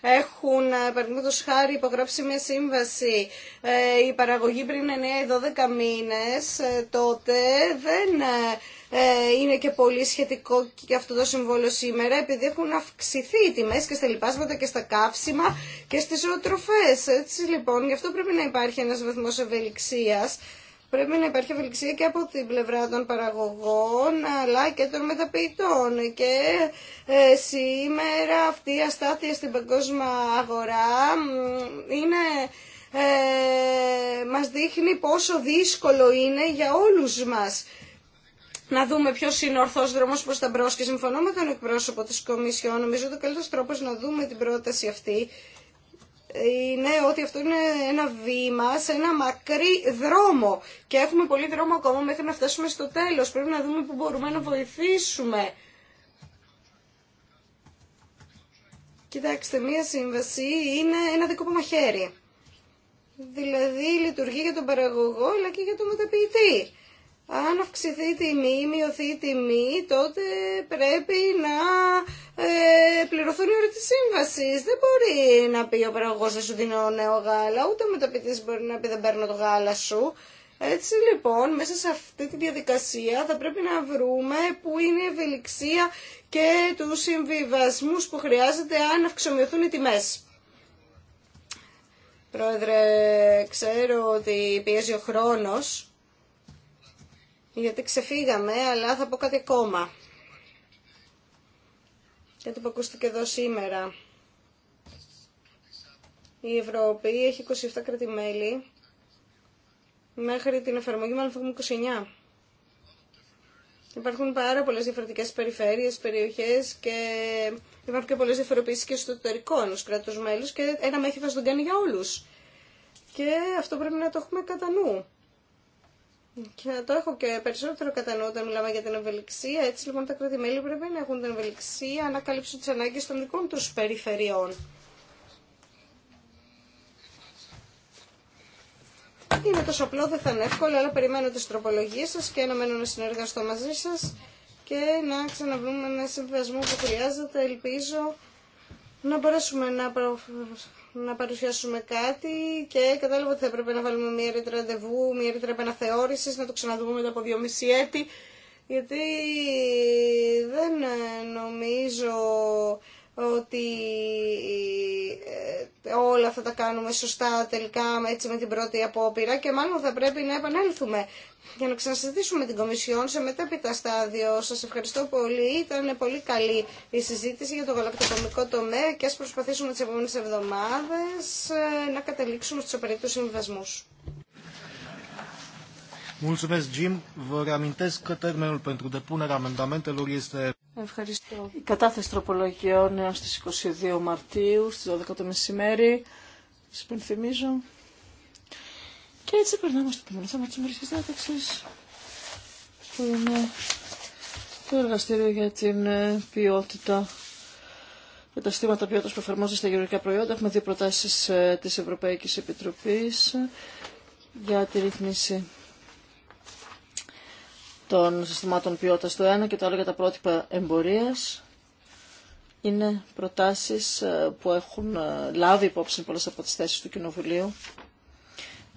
[SPEAKER 1] έχουν ε, παραδείγματο χάρη υπογράψει μια σύμβαση η παραγωγή πριν 9-12 μήνες, τότε δεν είναι και πολύ σχετικό και αυτό το συμβόλαιο σήμερα, επειδή έχουν αυξηθεί οι τιμές και στα λοιπάσματα και στα καύσιμα και στις ζωοτροφές. Έτσι λοιπόν, γι' αυτό πρέπει να υπάρχει ένα βαθμό ευελιξία. Πρέπει να υπάρχει ευελιξία και από την πλευρά των παραγωγών αλλά και των μεταποιητών. Και ε, σήμερα αυτή η αστάθεια στην παγκόσμια αγορά είναι, ε, μας δείχνει πόσο δύσκολο είναι για όλους μας να δούμε ποιο είναι ο ορθό δρόμο προ τα μπρο. Και συμφωνώ με τον εκπρόσωπο τη Κομισιόν. Νομίζω ότι ο καλύτερο τρόπο να δούμε την πρόταση αυτή είναι ότι αυτό είναι ένα βήμα σε ένα μακρύ δρόμο και έχουμε πολύ δρόμο ακόμα μέχρι να φτάσουμε στο τέλος. Πρέπει να δούμε πού μπορούμε να βοηθήσουμε. Κοιτάξτε, μία σύμβαση είναι ένα που μαχαίρι Δηλαδή λειτουργεί για τον παραγωγό αλλά και για τον μεταποιητή. Αν αυξηθεί η τιμή ή μειωθεί η τιμή, τότε πρέπει να ε, πληρωθούν οι ώρες της σύμβασης. Δεν μπορεί να πει ο παραγωγός να σου δίνω νέο γάλα, ούτε ο μεταπητής μπορεί να πει δεν παίρνω το γάλα σου. Έτσι λοιπόν, μέσα σε αυτή τη διαδικασία θα πρέπει να βρούμε που είναι η ευελιξία και του συμβιβασμούς που χρειάζεται αν αυξομοιωθούν οι τιμές. Πρόεδρε, ξέρω ότι πιέζει ο χρόνος γιατί ξεφύγαμε, αλλά θα πω κάτι ακόμα. το που ακούστηκε εδώ σήμερα. Η Ευρώπη έχει 27 κράτη-μέλη, μέχρι την εφαρμογή μάλλον θα 29. Υπάρχουν πάρα πολλές διαφορετικές περιφέρειες, περιοχές και υπάρχουν και πολλές διαφοροποιήσεις και στο εταιρικό ενός κράτους μέλους και ένα θα τον κάνει για όλους. Και αυτό πρέπει να το έχουμε κατά νου. Και το έχω και περισσότερο κατά νου όταν μιλάμε για την ευελιξία. Έτσι λοιπόν τα κρατημέλη πρέπει να έχουν την ευελιξία να καλύψουν τις ανάγκες των δικών τους περιφερειών. Είναι τόσο απλό, δεν θα είναι εύκολο, αλλά περιμένω τι τροπολογίε σας και αναμένω να συνεργαστώ μαζί σας και να ξαναβρούμε ένα συμβιβασμό που χρειάζεται. Ελπίζω να μπορέσουμε να να παρουσιάσουμε κάτι και κατάλαβα ότι θα έπρεπε να βάλουμε μία ρήτρα ραντεβού, μία ρήτρα επαναθεώρησης, να το ξαναδούμε μετά από δύο μισή έτη, γιατί δεν νομίζω ότι ε, όλα θα τα κάνουμε σωστά τελικά έτσι με την πρώτη απόπειρα και μάλλον θα πρέπει να επανέλθουμε για να ξανασυζητήσουμε την Κομισιόν σε μετέπειτα στάδιο. Σας ευχαριστώ πολύ. Ήταν πολύ καλή η συζήτηση για το γαλακτοκομικό τομέα και ας προσπαθήσουμε τις επόμενες εβδομάδες ε, να καταλήξουμε στους απαραίτητους συμβιβασμούς.
[SPEAKER 3] Ευχαριστώ. Η κατάθεση τροπολογιών έως τι 22 Μαρτίου στις 12 το μεσημέρι. Σας υπενθυμίζω. Και έτσι περνάμε στο επόμενο θέμα της ημερικής διάταξης που είναι το εργαστήριο για την ε, ποιότητα για τα στήματα ποιότητας που εφαρμόζονται στα γεωργικά προϊόντα. Έχουμε δύο προτάσει ε, της Ευρωπαϊκής Επιτροπής ε, για τη ρυθμίση των συστημάτων ποιότητας το ένα και το άλλο για τα πρότυπα εμπορίας. Είναι προτάσεις ε, που έχουν ε, λάβει υπόψη πολλές από τις θέσεις του Κοινοβουλίου.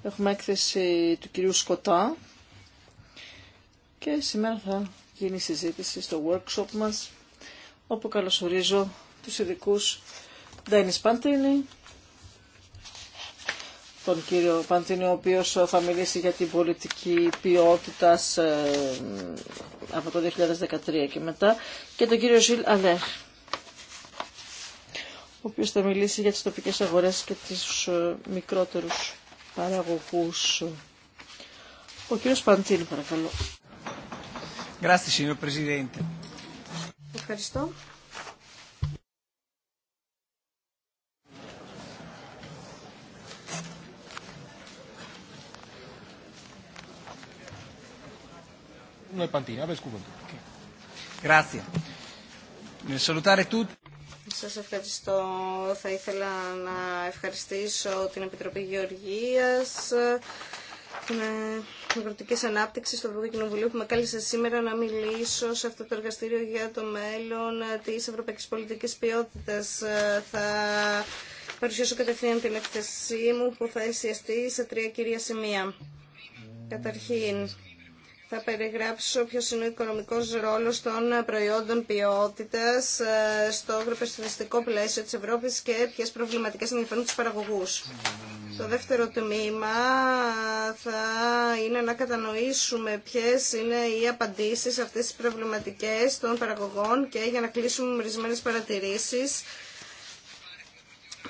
[SPEAKER 3] Έχουμε έκθεση του κυρίου Σκοτά και σήμερα θα γίνει συζήτηση στο workshop μας όπου καλωσορίζω τους ειδικούς Ντένις Παντίνη, τον κύριο Παντίνη, ο οποίος θα μιλήσει για την πολιτική ποιότητα ε, από το 2013 και μετά, και τον κύριο Ζιλ Αλέχ, ο οποίος θα μιλήσει για τις τοπικές αγορές και τις ε, μικρότερους παραγωγούς. Ο κύριος Παντίνη, παρακαλώ. Ευχαριστώ.
[SPEAKER 4] Noi eh,
[SPEAKER 1] Σας ευχαριστώ. Θα ήθελα να ευχαριστήσω την Επιτροπή Γεωργίας ε, Αγροτική Ανάπτυξη του Ευρωπαϊκό Κοινοβουλίου που με κάλεσε σήμερα να μιλήσω σε αυτό το εργαστήριο για το μέλλον ε, της ευρωπαϊκής πολιτικής Ποιότητα. Ε, θα παρουσιάσω κατευθείαν την εκθεσή μου που θα εστιαστεί σε τρία κυρία σημεία. Καταρχήν, θα περιγράψω ποιος είναι ο οικονομικός ρόλος των προϊόντων ποιότητας ε, στο αγροπεριστατιστικό πλαίσιο της Ευρώπης και ποιες προβληματικές ενδιαφέρουν τους παραγωγούς. Το δεύτερο τμήμα ε, θα είναι να κατανοήσουμε ποιες είναι οι απαντήσεις σε αυτές τις προβληματικές των παραγωγών και για να κλείσουμε ορισμένε παρατηρήσεις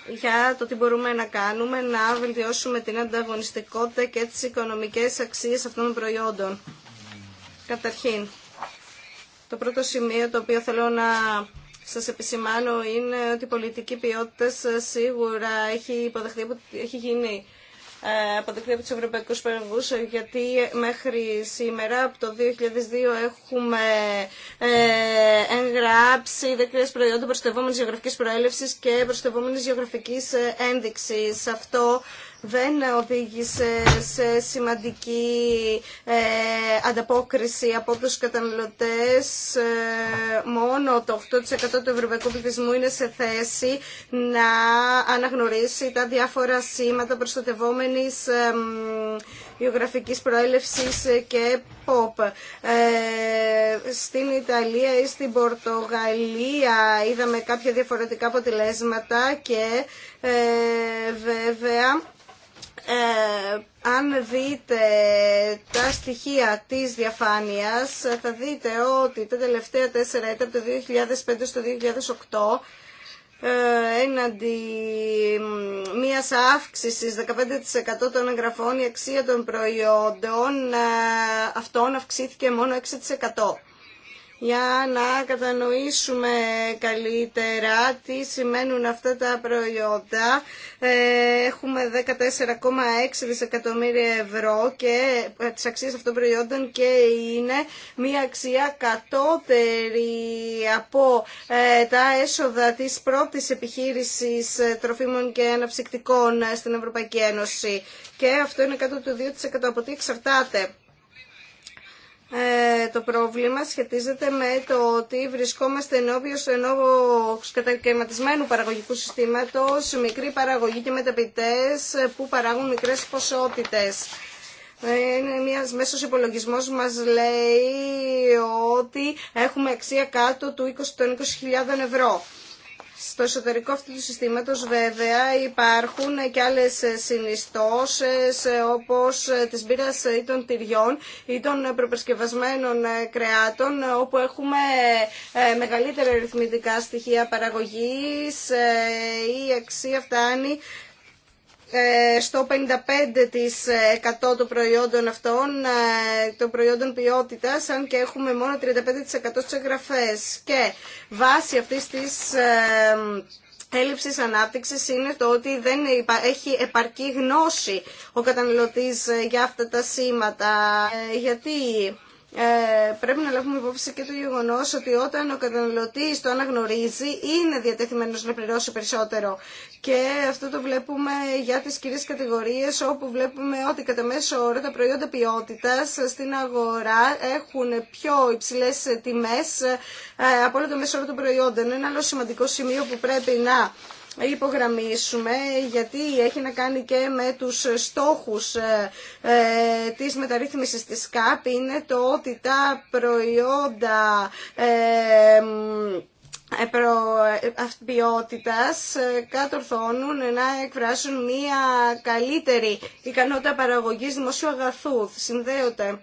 [SPEAKER 1] για το τι μπορούμε να κάνουμε, να βελτιώσουμε την ανταγωνιστικότητα και τις οικονομικές αξίες αυτών των προϊόντων. Καταρχήν, το πρώτο σημείο το οποίο θέλω να σας επισημάνω είναι ότι η πολιτική ποιότητα σίγουρα έχει, υποδεχθεί, έχει γίνει ε, αποδεκτή από τους ευρωπαϊκούς παραγωγούς γιατί μέχρι σήμερα από το 2002 έχουμε ε, εγγράψει δεκτές προϊόντα προστευόμενης γεωγραφικής προέλευσης και προστευόμενης γεωγραφικής ε, ένδειξης. Αυτό δεν οδήγησε σε σημαντική ε, ανταπόκριση από τους καταναλωτές. Ε, μόνο το 8% του ευρωπαϊκού πληθυσμού είναι σε θέση να αναγνωρίσει τα διάφορα σήματα προστατευόμενης γεωγραφικής προέλευσης και pop. Ε, στην Ιταλία ή στην Πορτογαλία είδαμε κάποια διαφορετικά αποτελέσματα και βέβαια ε, αν δείτε τα στοιχεία της διαφάνειας θα δείτε ότι τα τελευταία τέσσερα έτη από το 2005 στο 2008 ε, έναντι μίας αύξησης 15% των εγγραφών η αξία των προϊόντων ε, αυτών αυξήθηκε μόνο 6% για να κατανοήσουμε καλύτερα τι σημαίνουν αυτά τα προϊόντα. Ε, έχουμε 14,6 δισεκατομμύρια ευρώ και ε, τις αξίες αυτών των προϊόντων και είναι μια αξία κατώτερη από ε, τα έσοδα της πρώτης επιχείρησης τροφίμων και αναψυκτικών στην Ευρωπαϊκή Ένωση. Και αυτό είναι κάτω του 2% από τι εξαρτάται ε, το πρόβλημα σχετίζεται με το ότι βρισκόμαστε ενώπιον ενός κατακαιρματισμένου παραγωγικού συστήματος, μικρή παραγωγή και μεταπιτές που παράγουν μικρές ποσότητες. Ε, είναι μιας μέσος υπολογισμός μας λέει ότι έχουμε αξία κάτω του 20, 20.000 ευρώ. Στο εσωτερικό αυτού του συστήματος βέβαια υπάρχουν και άλλες συνιστώσεις όπως της μπύρας ή των τυριών ή των προπερσκευασμένων κρεάτων όπου έχουμε ε, μεγαλύτερα αριθμητικά στοιχεία παραγωγής ε, η αξία μεγαλυτερα ρυθμιτικά στοιχεια παραγωγης η αξια φτανει ε, στο 55% ε, των προϊόντων αυτών, ε, των προϊόντων ποιότητας, αν και έχουμε μόνο 35% στις εγγραφές. Και βάση αυτής της έλλειψης ανάπτυξης είναι το ότι δεν έχει επαρκή γνώση ο καταναλωτής για αυτά τα σήματα. Γιατί ε, πρέπει να λάβουμε υπόψη και το γεγονό ότι όταν ο καταναλωτή το αναγνωρίζει, είναι διατεθειμένος να πληρώσει περισσότερο. Και αυτό το βλέπουμε για τι κυρίε κατηγορίε, όπου βλέπουμε ότι κατά μέσο όρο τα προϊόντα ποιότητα στην αγορά έχουν πιο υψηλέ τιμέ ε, από όλο το μέσο όρο των προϊόντων. Ένα άλλο σημαντικό σημείο που πρέπει να υπογραμμίσουμε γιατί έχει να κάνει και με τους στόχους ε, ε, της μεταρρύθμισης της ΚΑΠ είναι το ότι τα προϊόντα ε, ποιότητας κατορθώνουν να εκφράσουν μια καλύτερη ικανότητα παραγωγής δημοσίου αγαθού. Συνδέονται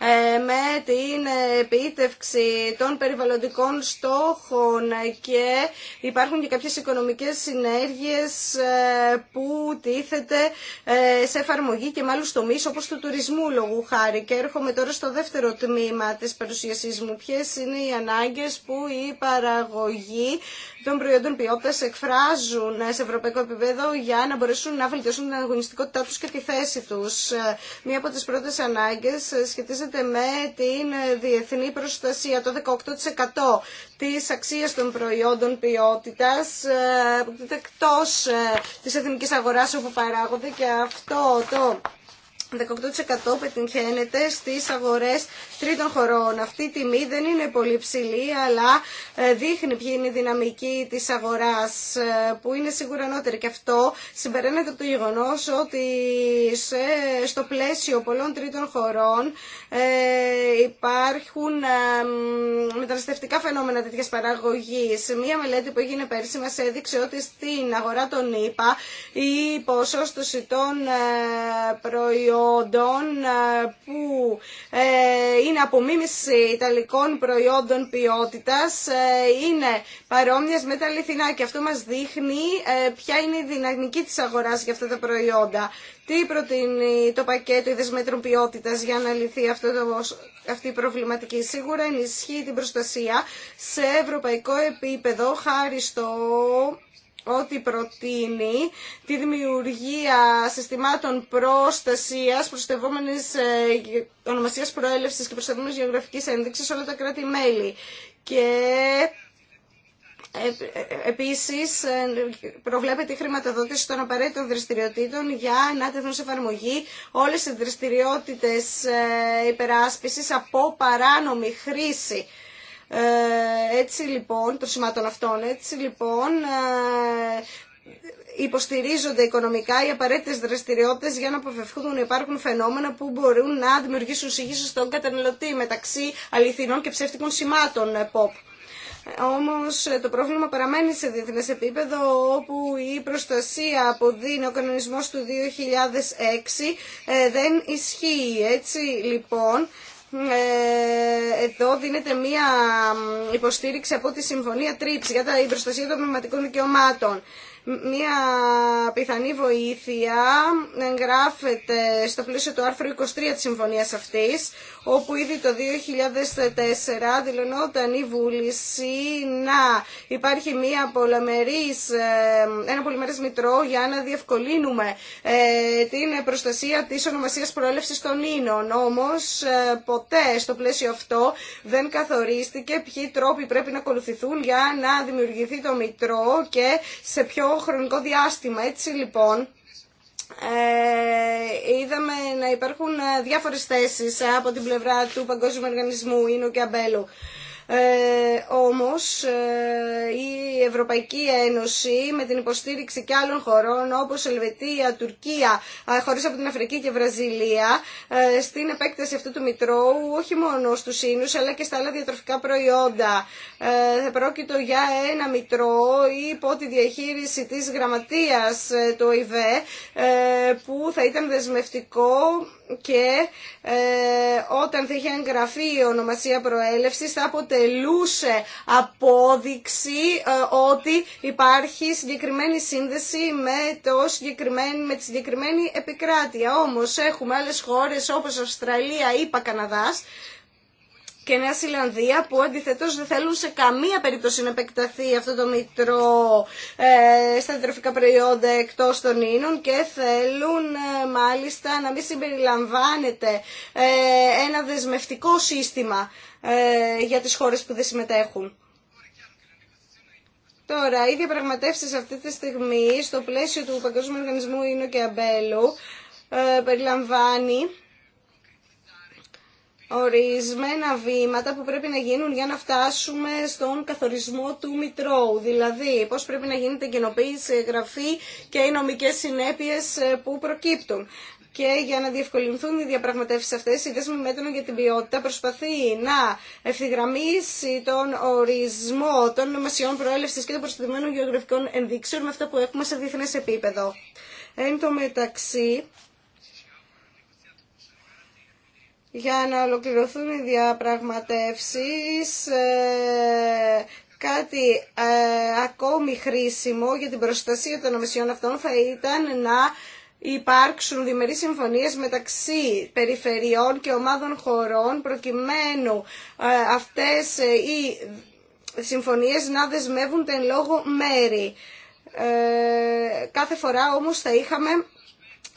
[SPEAKER 1] ε, με την επίτευξη των περιβαλλοντικών στόχων και υπάρχουν και κάποιες οικονομικές συνέργειες ε, που τίθεται ε, σε εφαρμογή και μάλλον μίσο όπως του τουρισμού λόγου χάρη. Και έρχομαι τώρα στο δεύτερο τμήμα της παρουσίασής μου. Ποιες είναι οι ανάγκες που η παραγωγή των προϊόντων ποιότητα εκφράζουν σε ευρωπαϊκό επίπεδο για να μπορέσουν να βελτιώσουν την αγωνιστικότητά του και τη θέση του. Μία από τι πρώτε ανάγκε σχετίζεται με την διεθνή προστασία. Το 18% τη αξία των προϊόντων ποιότητα ε, εκτό ε, τη εθνική αγορά όπου παράγονται και αυτό το 18% πετυχαίνεται στις αγορές τρίτων χωρών. Αυτή η τιμή δεν είναι πολύ ψηλή, αλλά ε, δείχνει ποια είναι η δυναμική της αγοράς, ε, που είναι σίγουρα ανώτερη. Και αυτό συμπεραίνεται από το γεγονός ότι στο πλαίσιο πολλών τρίτων χωρών ε, υπάρχουν μεταναστευτικά φαινόμενα τέτοια παραγωγή. Μία μελέτη που έγινε πέρσι μα έδειξε ότι στην αγορά των ΗΠΑ η ποσόστοση των προϊόντων προϊόντων ε, που ε, είναι απομίμηση ιταλικών προϊόντων ποιότητας ε, είναι παρόμοιες με τα αληθινά και αυτό μας δείχνει ποια είναι η δυναμική της αγοράς για αυτά τα προϊόντα. Τι προτείνει το πακέτο είδες μέτρων ποιότητα για να λυθεί αυτό το, αυτή η προβληματική. Σίγουρα ενισχύει την προστασία σε ευρωπαϊκό επίπεδο χάρη στο ότι προτείνει τη δημιουργία συστημάτων προστασίας, προστευόμενης ε, ονομασία πρόελευση και προστευόμενης γεωγραφική ένδειξη σε όλα τα κράτη-μέλη. Και ε, ε, Επίσης, προβλέπεται η χρηματοδότηση των απαραίτητων δραστηριοτήτων για να τεθούν σε εφαρμογή όλες οι δραστηριότητες υπεράσπισης από παράνομη χρήση ε, έτσι λοιπόν, των σημάτων αυτών, έτσι λοιπόν ε, υποστηρίζονται οικονομικά οι απαραίτητε δραστηριότητε για να αποφευχθούν να υπάρχουν φαινόμενα που μπορούν να δημιουργήσουν σύγχυση στον καταναλωτή μεταξύ αληθινών και ψεύτικων σημάτων ε, POP. Όμως το πρόβλημα παραμένει σε διεθνές επίπεδο όπου η προστασία που δίνει ο κανονισμός του 2006 δεν ισχύει. Έτσι λοιπόν ε, εδώ δίνεται μία υποστήριξη από τη Συμφωνία Τρίψη για την προστασία των πνευματικών δικαιωμάτων. Μια πιθανή βοήθεια εγγράφεται στο πλαίσιο του άρθρου 23 της συμφωνίας αυτής, όπου ήδη το 2004 δηλωνόταν η βούληση να υπάρχει μια πολυμερής, ε, ένα πολυμερές μητρό για να διευκολύνουμε ε, την προστασία της ονομασίας προέλευσης των ίνων. Όμως ε, ποτέ στο πλαίσιο αυτό δεν καθορίστηκε ποιοι τρόποι πρέπει να ακολουθηθούν για να δημιουργηθεί το μητρό και σε ποιο χρονικό διάστημα. Έτσι λοιπόν, ε, είδαμε να υπάρχουν ε, διάφορες θέσεις ε, από την πλευρά του Παγκόσμιου Οργανισμού Ίνου και Αμπέλου. Ε, όμως ε, η Ευρωπαϊκή Ένωση με την υποστήριξη και άλλων χωρών όπως Ελβετία, Τουρκία, ε, χωρίς από την Αφρική και Βραζιλία στην επέκταση αυτού του μητρώου όχι μόνο στους ίνους αλλά και στα άλλα διατροφικά προϊόντα. Θα πρόκειται για ένα μητρό υπό τη διαχείριση της γραμματείας του ΟΗΒΕ που θα ήταν δεσμευτικό και ε, όταν θα είχε εγγραφεί η ονομασία προέλευσης θα αποτελούσε απόδειξη ε, ότι υπάρχει συγκεκριμένη σύνδεση με, το συγκεκριμένη, με τη συγκεκριμένη επικράτεια. Όμως έχουμε άλλες χώρες όπως Αυστραλία ή Πακαναδάς και Νέα Ζηλανδία που αντιθέτως δεν θέλουν σε καμία περίπτωση να επεκταθεί αυτό το μητρό ε, στα τροφικά προϊόντα εκτός των ίνων και θέλουν ε, μάλιστα να μην συμπεριλαμβάνεται ε, ένα δεσμευτικό σύστημα ε, για τις χώρες που δεν συμμετέχουν. Τώρα, οι διαπραγματεύσεις αυτή τη στιγμή στο πλαίσιο του Παγκόσμιου Οργανισμού Ίνου και Αμπέλου περιλαμβάνει ορισμένα βήματα που πρέπει να γίνουν για να φτάσουμε στον καθορισμό του Μητρώου. Δηλαδή, πώς πρέπει να γίνεται η κοινοποίηση, γραφή και οι νομικές συνέπειες ε, που προκύπτουν. Και για να διευκολυνθούν οι διαπραγματεύσει αυτέ, η δέσμη μέτρων για την ποιότητα προσπαθεί να ευθυγραμμίσει τον ορισμό των νομασιών προέλευση και των προστατευμένων γεωγραφικών ενδείξεων με αυτά που έχουμε σε διεθνέ επίπεδο. Εν τω μεταξύ, για να ολοκληρωθούν οι διαπραγματεύσεις ε, κάτι ε, ακόμη χρήσιμο για την προστασία των ομισιών αυτών θα ήταν να υπάρξουν διμερείς συμφωνίες μεταξύ περιφερειών και ομάδων χωρών προκειμένου ε, αυτές οι συμφωνίες να δεσμεύουν εν λόγω μέρη. κάθε φορά όμως θα είχαμε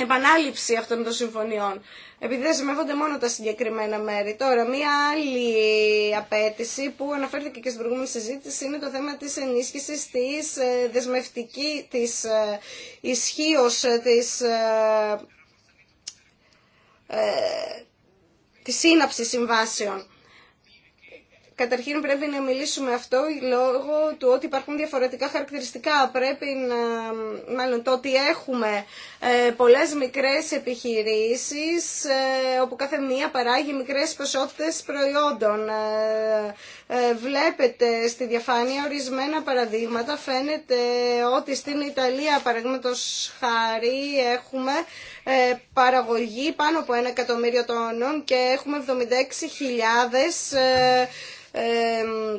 [SPEAKER 1] επανάληψη αυτών των συμφωνιών. Επειδή δεσμεύονται μόνο τα συγκεκριμένα μέρη. Τώρα, μία άλλη απέτηση που αναφέρθηκε και στην προηγούμενη συζήτηση είναι το θέμα της ενίσχυσης της ε, δεσμευτική, της ε, ισχύω ε, της, της σύναψης συμβάσεων. Καταρχήν πρέπει να μιλήσουμε αυτό λόγω του ότι υπάρχουν διαφορετικά χαρακτηριστικά. Πρέπει να, μάλλον το ότι έχουμε ε, πολλές μικρές επιχειρήσεις ε, όπου κάθε μία παράγει μικρές ποσότητες προϊόντων. Ε, ε, βλέπετε στη διαφάνεια ορισμένα παραδείγματα. Φαίνεται ότι στην Ιταλία, παραδείγματο χάρη, έχουμε ε, παραγωγή πάνω από ένα εκατομμύριο τόνων και έχουμε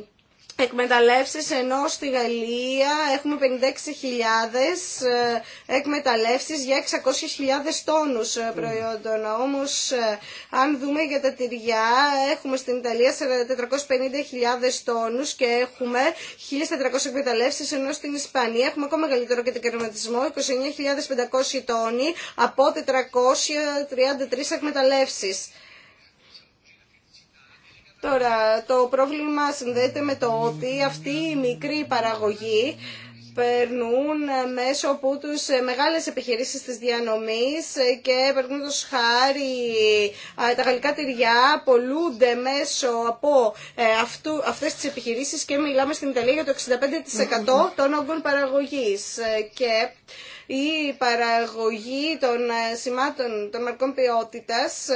[SPEAKER 1] 76.000 εκμεταλλεύσεις, ενώ στη Γαλλία έχουμε 56.000 ε, εκμεταλλεύσεις για 600.000 τόνους ε, προϊόντων. Mm. Όμως, ε, αν δούμε για τα τυριά, έχουμε στην Ιταλία 450.000 τόνους και έχουμε 1.400 εκμεταλλεύσεις, ενώ στην Ισπανία έχουμε ακόμα μεγαλύτερο κερματισμό. 29.500 τόνοι από 433 εκμεταλλεύσεις. Τώρα, το πρόβλημα συνδέεται με το ότι αυτή η μικρή παραγωγή περνούν μέσω από τους μεγάλες επιχειρήσεις της διανομής και περνούν το σχάρι τα γαλλικά τυριά πολλούνται μέσω από ε, αυτού, αυτές τις επιχειρήσεις και μιλάμε στην Ιταλία για το 65% των όγκων παραγωγής ε, και η παραγωγή των ε, σημάτων των μαρκών ποιότητας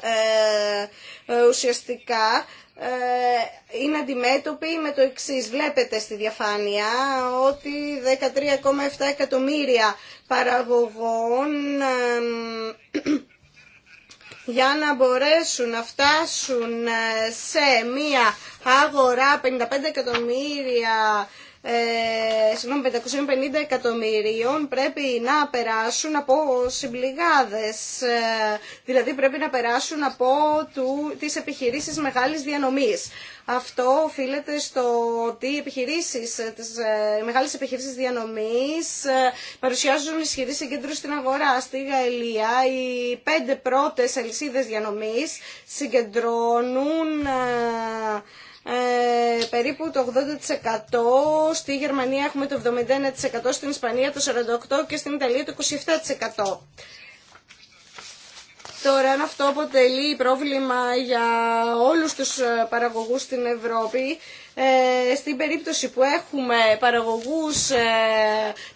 [SPEAKER 1] ε, ε, ουσιαστικά ε, είναι αντιμέτωποι με το εξή. Βλέπετε στη διαφάνεια ότι 13,7 εκατομμύρια παραγωγών για να μπορέσουν να φτάσουν σε μία αγορά 55 εκατομμύρια ε, συγγνώμη, 550 εκατομμυρίων πρέπει να περάσουν από συμπληγάδες, ε, δηλαδή πρέπει να περάσουν από του, τις επιχειρήσεις μεγάλης διανομής. Αυτό οφείλεται στο ότι οι επιχειρήσεις, ε, τις μεγάλες επιχειρήσεις διανομής παρουσιάζουν ισχυρή συγκέντρωση στην αγορά. Στη Γαλλία οι πέντε πρώτες αλυσίδες διανομής συγκεντρώνουν ε, περίπου το 80%, στη Γερμανία έχουμε το 71%, στην Ισπανία το 48% και στην Ιταλία το 27%. Τώρα, αν αυτό αποτελεί πρόβλημα για όλους τους παραγωγούς στην Ευρώπη, ε, στην περίπτωση που έχουμε παραγωγούς ε,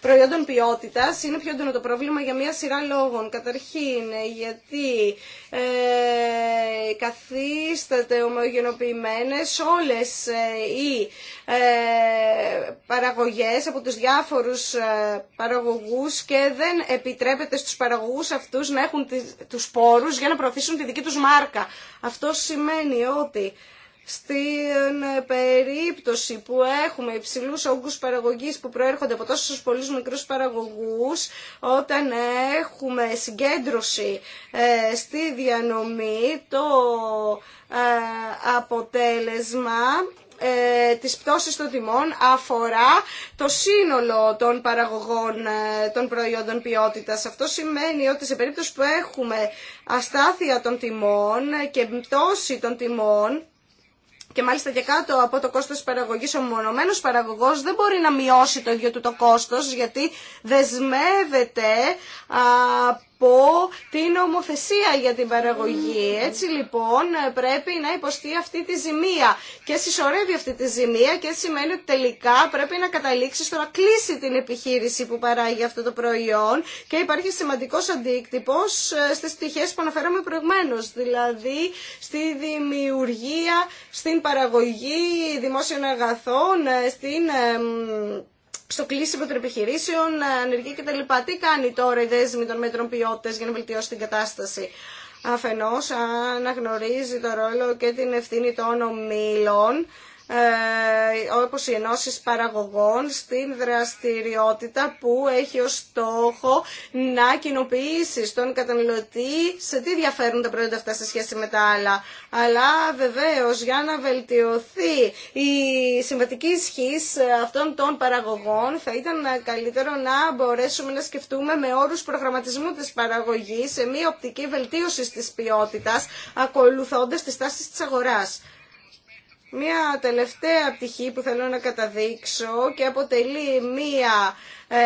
[SPEAKER 1] προϊόντων ποιότητας είναι πιο έντονο το πρόβλημα για μια σειρά λόγων. Καταρχήν γιατί ε, καθίσταται ομογενοποιημένες όλες οι παραγωγές από τους διάφορους παραγωγούς και δεν επιτρέπεται στους παραγωγούς αυτούς να έχουν τους πόρους για να προωθήσουν τη δική τους μάρκα. Αυτό σημαίνει ότι στην ε, περίπτωση που έχουμε υψηλούς όγκους παραγωγής που προέρχονται από τόσους πολλούς μικρούς παραγωγούς, όταν έχουμε συγκέντρωση ε, στη διανομή, το ε, αποτέλεσμα της πτώσης των τιμών αφορά το σύνολο των παραγωγών των προϊόντων ποιότητας. Αυτό σημαίνει ότι σε περίπτωση που έχουμε αστάθεια των τιμών και πτώση των τιμών, και μάλιστα και κάτω από το κόστος παραγωγής ο μονομένος παραγωγός δεν μπορεί να μειώσει το ίδιο του το κόστος γιατί δεσμεύεται πω την ομοθεσία για την παραγωγή. Έτσι λοιπόν πρέπει να υποστεί αυτή τη ζημία και συσσωρεύει αυτή τη ζημία και σημαίνει ότι τελικά πρέπει να καταλήξει στο να κλείσει την επιχείρηση που παράγει αυτό το προϊόν και υπάρχει σημαντικός αντίκτυπος ε, στις πτυχές που αναφέραμε προηγουμένω, δηλαδή στη δημιουργία, στην παραγωγή δημόσιων αγαθών, ε, στην ε, στο κλείσιμο των επιχειρήσεων, ε, ανεργία κτλ. Τι κάνει τώρα η δέσμη των μέτρων ποιότητα για να βελτιώσει την κατάσταση. Αφενός αναγνωρίζει το ρόλο και την ευθύνη των ομίλων ε, όπως οι ενώσει παραγωγών στην δραστηριότητα που έχει ως στόχο να κοινοποιήσει στον καταναλωτή σε τι διαφέρουν τα προϊόντα αυτά σε σχέση με τα άλλα. Αλλά βεβαίως για να βελτιωθεί η συμβατική ισχύ αυτών των παραγωγών θα ήταν καλύτερο να μπορέσουμε να σκεφτούμε με όρους προγραμματισμού της παραγωγής σε μια οπτική βελτίωση της ποιότητας ακολουθώντας τις τάσεις της αγοράς. Μία τελευταία πτυχή που θέλω να καταδείξω και αποτελεί μία ε,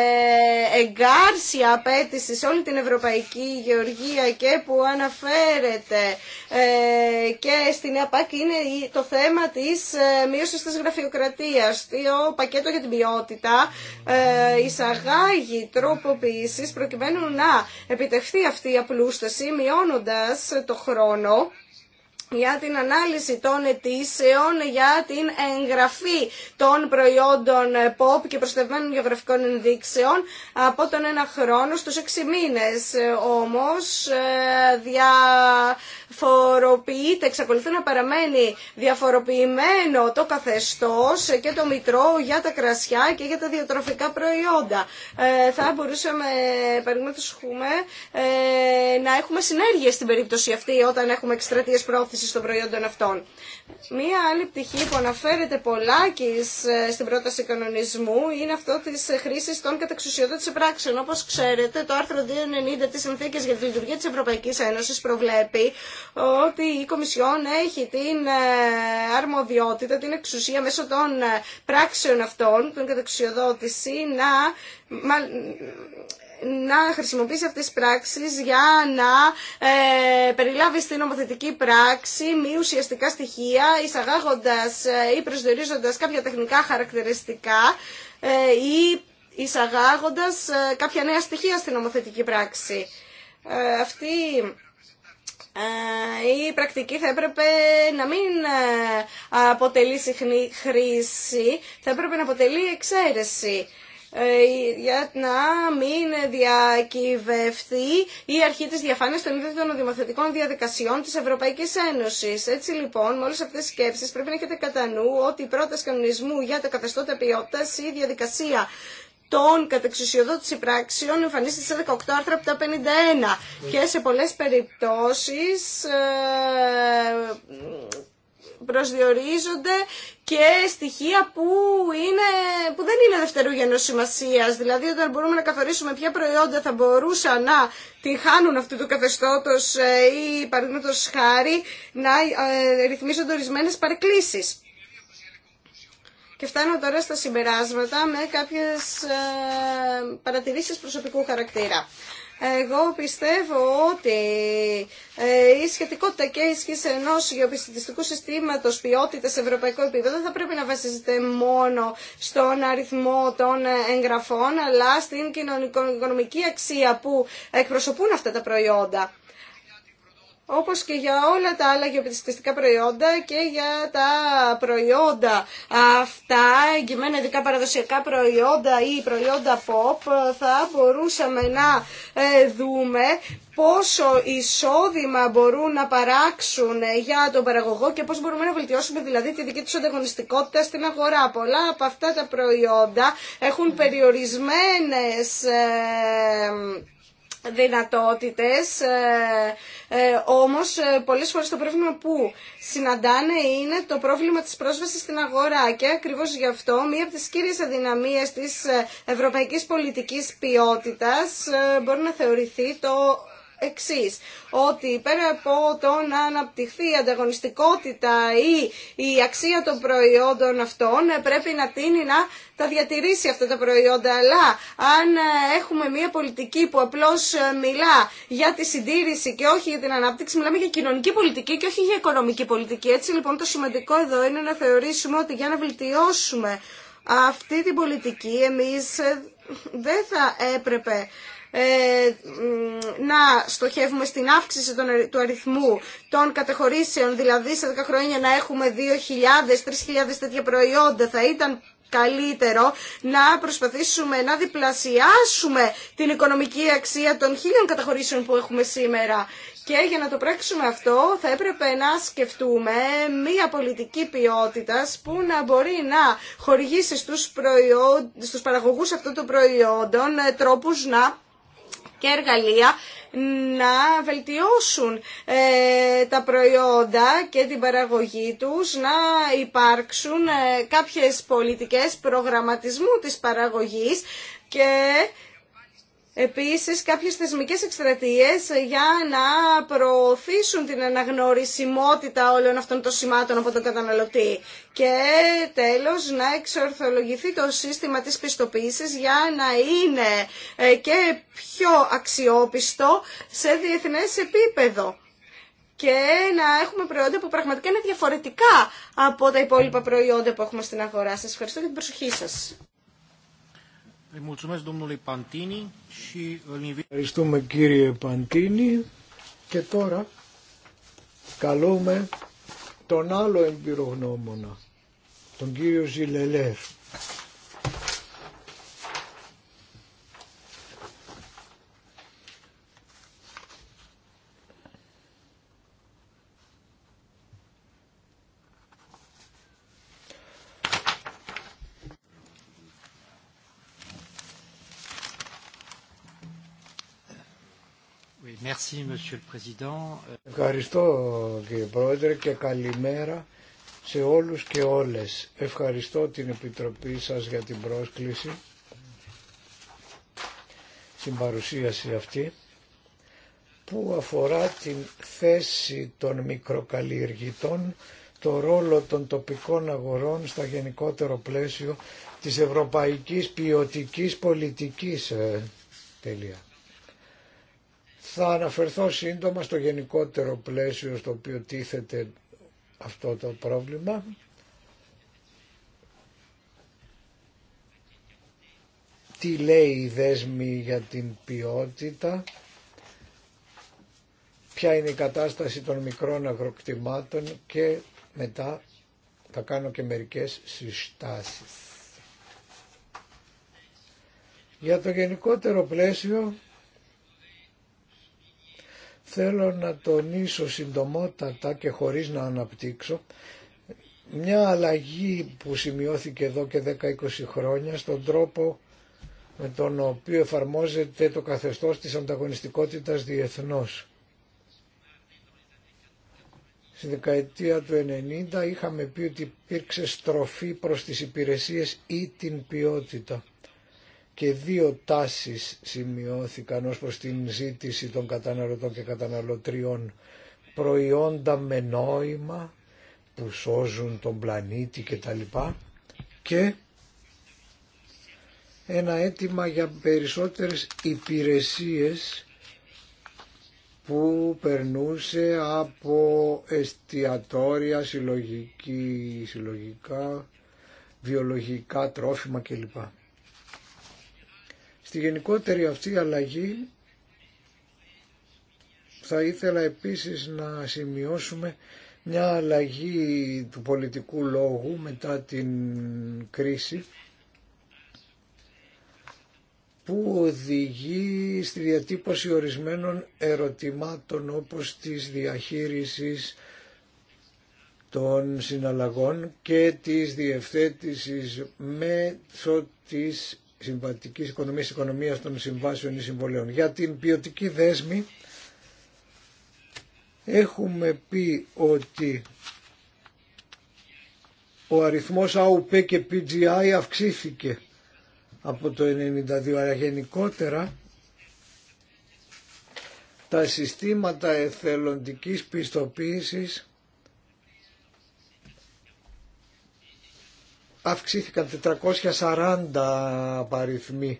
[SPEAKER 1] εγκάρσια απέτηση σε όλη την Ευρωπαϊκή Γεωργία και που αναφέρεται ε, και στην ΕΑΠΑΚ είναι το θέμα της ε, μείωσης της γραφειοκρατίας. Το πακέτο για την ποιότητα εισαγάγει τρόποποίησης προκειμένου να επιτευχθεί αυτή η απλούσταση μειώνοντας το χρόνο για την ανάλυση των αιτήσεων, για την εγγραφή των προϊόντων POP και προστευμένων γεωγραφικών ενδείξεων από τον ένα χρόνο στους 6 μήνες. Όμως, ε, δια διαφοροποιείται, εξακολουθεί να παραμένει διαφοροποιημένο το καθεστώς και το μητρό για τα κρασιά και για τα διατροφικά προϊόντα. Ε, θα μπορούσαμε, παραδείγματο χούμε, ε, να έχουμε συνέργειες στην περίπτωση αυτή όταν έχουμε εκστρατείες πρόθεση των προϊόντων αυτών. Μία άλλη πτυχή που αναφέρεται πολλάκι ε, στην πρόταση κανονισμού είναι αυτό της χρήσης των καταξουσιώτων της πράξεων. Όπως ξέρετε, το άρθρο 290 της Συνθήκης για τη Λειτουργία της Ευρωπαϊκής Ένωσης προβλέπει ότι η Κομισιόν έχει την ε, αρμοδιότητα, την εξουσία μέσω των ε, πράξεων αυτών, την καταξιοδότηση να να χρησιμοποιήσει αυτές τις πράξεις για να ε, περιλάβει στην νομοθετική πράξη μη ουσιαστικά στοιχεία εισαγάγοντας ή προσδιορίζοντας κάποια τεχνικά χαρακτηριστικά ή εισαγάγοντας κάποια νέα στοιχεία στην νομοθετική πράξη. αυτή ε, η πρακτική θα έπρεπε να μην ε, αποτελεί συχνή χρήση, θα έπρεπε να αποτελεί εξαίρεση ε, για να μην διακυβευτεί η αρχή της διαφάνειας των ίδιων των δημοθετικών διαδικασιών της Ευρωπαϊκής Ένωσης. Έτσι λοιπόν, με όλες αυτές τις σκέψεις πρέπει να έχετε κατά νου ότι η πρόταση κανονισμού για τα καθεστώτα ποιότητας, η διαδικασία των κατεξουσιοδότηση πράξεων εμφανίστηκε σε 18 άρθρα από τα 51 mm. και σε πολλές περιπτώσεις ε, προσδιορίζονται και στοιχεία που, είναι, που δεν είναι δευτερού σημασία. Δηλαδή, όταν μπορούμε να καθορίσουμε ποια προϊόντα θα μπορούσαν να τη χάνουν αυτού του καθεστώτο ε, ή παραδείγματο χάρη να ε, ρυθμίζονται ορισμένε παρεκκλήσει. Και φτάνω τώρα στα συμπεράσματα με κάποιες ε, παρατηρήσεις προσωπικού χαρακτήρα. Εγώ πιστεύω ότι ε, η σχετικότητα και η ισχύ ενό γεωπιστητιστικού συστήματο ποιότητα σε ευρωπαϊκό επίπεδο δεν θα πρέπει να βασίζεται μόνο στον αριθμό των εγγραφών, αλλά στην κοινωνικο-οικονομική αξία που εκπροσωπούν αυτά τα προϊόντα όπως και για όλα τα άλλα γεωπιτιστικά προϊόντα και για τα προϊόντα αυτά, εγκυμένα ειδικά παραδοσιακά προϊόντα ή προϊόντα pop, θα μπορούσαμε να ε, δούμε πόσο εισόδημα μπορούν να παράξουν για τον παραγωγό και πώς μπορούμε να βελτιώσουμε δηλαδή τη δική τους ανταγωνιστικότητα στην αγορά. Πολλά από αυτά τα προϊόντα έχουν περιορισμένες ε, δυνατότητες, ε, ε, όμως ε, πολλές φορές το πρόβλημα που συναντάνε είναι το πρόβλημα της πρόσβασης στην αγορά και ακριβώς γι' αυτό μία από τις κύριες αδυναμίες της ευρωπαϊκής πολιτικής ποιότητας μπορεί να θεωρηθεί το εξή. Ότι πέρα από το να αναπτυχθεί η ανταγωνιστικότητα ή η αξία των προϊόντων αυτών, ε, πρέπει να τίνει να τα διατηρήσει αυτά τα προϊόντα. Αλλά αν ε, έχουμε μια πολιτική που απλώ ε, μιλά για τη συντήρηση και όχι για την ανάπτυξη, μιλάμε για κοινωνική πολιτική και όχι για οικονομική πολιτική. Έτσι λοιπόν το σημαντικό εδώ είναι να θεωρήσουμε ότι για να βελτιώσουμε αυτή την πολιτική εμείς δεν θα έπρεπε ε, να στοχεύουμε στην αύξηση του αριθμού των κατεχωρήσεων, δηλαδή σε 10 χρόνια να έχουμε 2.000, 3.000 τέτοια προϊόντα θα ήταν καλύτερο να προσπαθήσουμε να διπλασιάσουμε την οικονομική αξία των χίλιων καταχωρήσεων που έχουμε σήμερα. Και για να το πράξουμε αυτό θα έπρεπε να σκεφτούμε μία πολιτική ποιότητας που να μπορεί να χορηγήσει στους, στους παραγωγούς αυτών των προϊόντων ε, τρόπους να και εργαλεία να βελτιώσουν ε, τα προϊόντα και την παραγωγή τους, να υπάρξουν ε, κάποιες πολιτικές προγραμματισμού της παραγωγής και Επίσης κάποιες θεσμικές εκστρατείε για να προωθήσουν την αναγνωρισιμότητα όλων αυτών των σημάτων από τον καταναλωτή. Και τέλος να εξορθολογηθεί το σύστημα της πιστοποίησης για να είναι ε, και πιο αξιόπιστο σε διεθνές επίπεδο και να έχουμε προϊόντα που πραγματικά είναι διαφορετικά από τα υπόλοιπα προϊόντα που έχουμε στην αγορά. Σας ευχαριστώ για την προσοχή σας.
[SPEAKER 4] Ευχαριστούμε κύριε Παντίνη και τώρα
[SPEAKER 2] καλούμε τον άλλο εμπειρογνώμονα, τον κύριο Ζιλελέφ. Ευχαριστώ κύριε Πρόεδρε και καλημέρα σε όλους και όλες. Ευχαριστώ την Επιτροπή σας για την πρόσκληση στην παρουσίαση αυτή που αφορά την θέση των μικροκαλλιεργητών, το ρόλο των τοπικών αγορών στα γενικότερο πλαίσιο της ευρωπαϊκής ποιοτικής πολιτικής. Ε, θα αναφερθώ σύντομα στο γενικότερο πλαίσιο στο οποίο τίθεται αυτό το πρόβλημα. Τι λέει η δέσμη για την ποιότητα, ποια είναι η κατάσταση των μικρών αγροκτημάτων και μετά θα κάνω και μερικές συστάσεις. Για το γενικότερο πλαίσιο Θέλω να τονίσω συντομότατα και χωρίς να αναπτύξω μια αλλαγή που σημειώθηκε εδώ και 10-20 χρόνια στον τρόπο με τον οποίο εφαρμόζεται το καθεστώς της ανταγωνιστικότητας διεθνώς. Στη δεκαετία του 90 είχαμε πει ότι υπήρξε στροφή προς τις υπηρεσίες ή την ποιότητα και δύο τάσεις σημειώθηκαν ως προς την ζήτηση των καταναλωτών και καταναλωτριών προϊόντα με νόημα που σώζουν τον πλανήτη κτλ. και ένα αίτημα για περισσότερες υπηρεσίες που περνούσε από εστιατόρια, συλλογική, συλλογικά, βιολογικά τρόφιμα κλπ. Στη γενικότερη αυτή αλλαγή θα ήθελα επίσης να σημειώσουμε μια αλλαγή του πολιτικού λόγου μετά την κρίση που οδηγεί στη διατύπωση ορισμένων ερωτημάτων όπως της διαχείρισης των συναλλαγών και της διευθέτησης μέσω της συμβατική οικονομία, οικονομία των συμβάσεων ή συμβολέων. Για την ποιοτική δέσμη έχουμε πει ότι ο αριθμός AUP και PGI αυξήθηκε από το 92, αλλά γενικότερα τα συστήματα εθελοντικής πιστοποίησης αυξήθηκαν 440 παριθμοί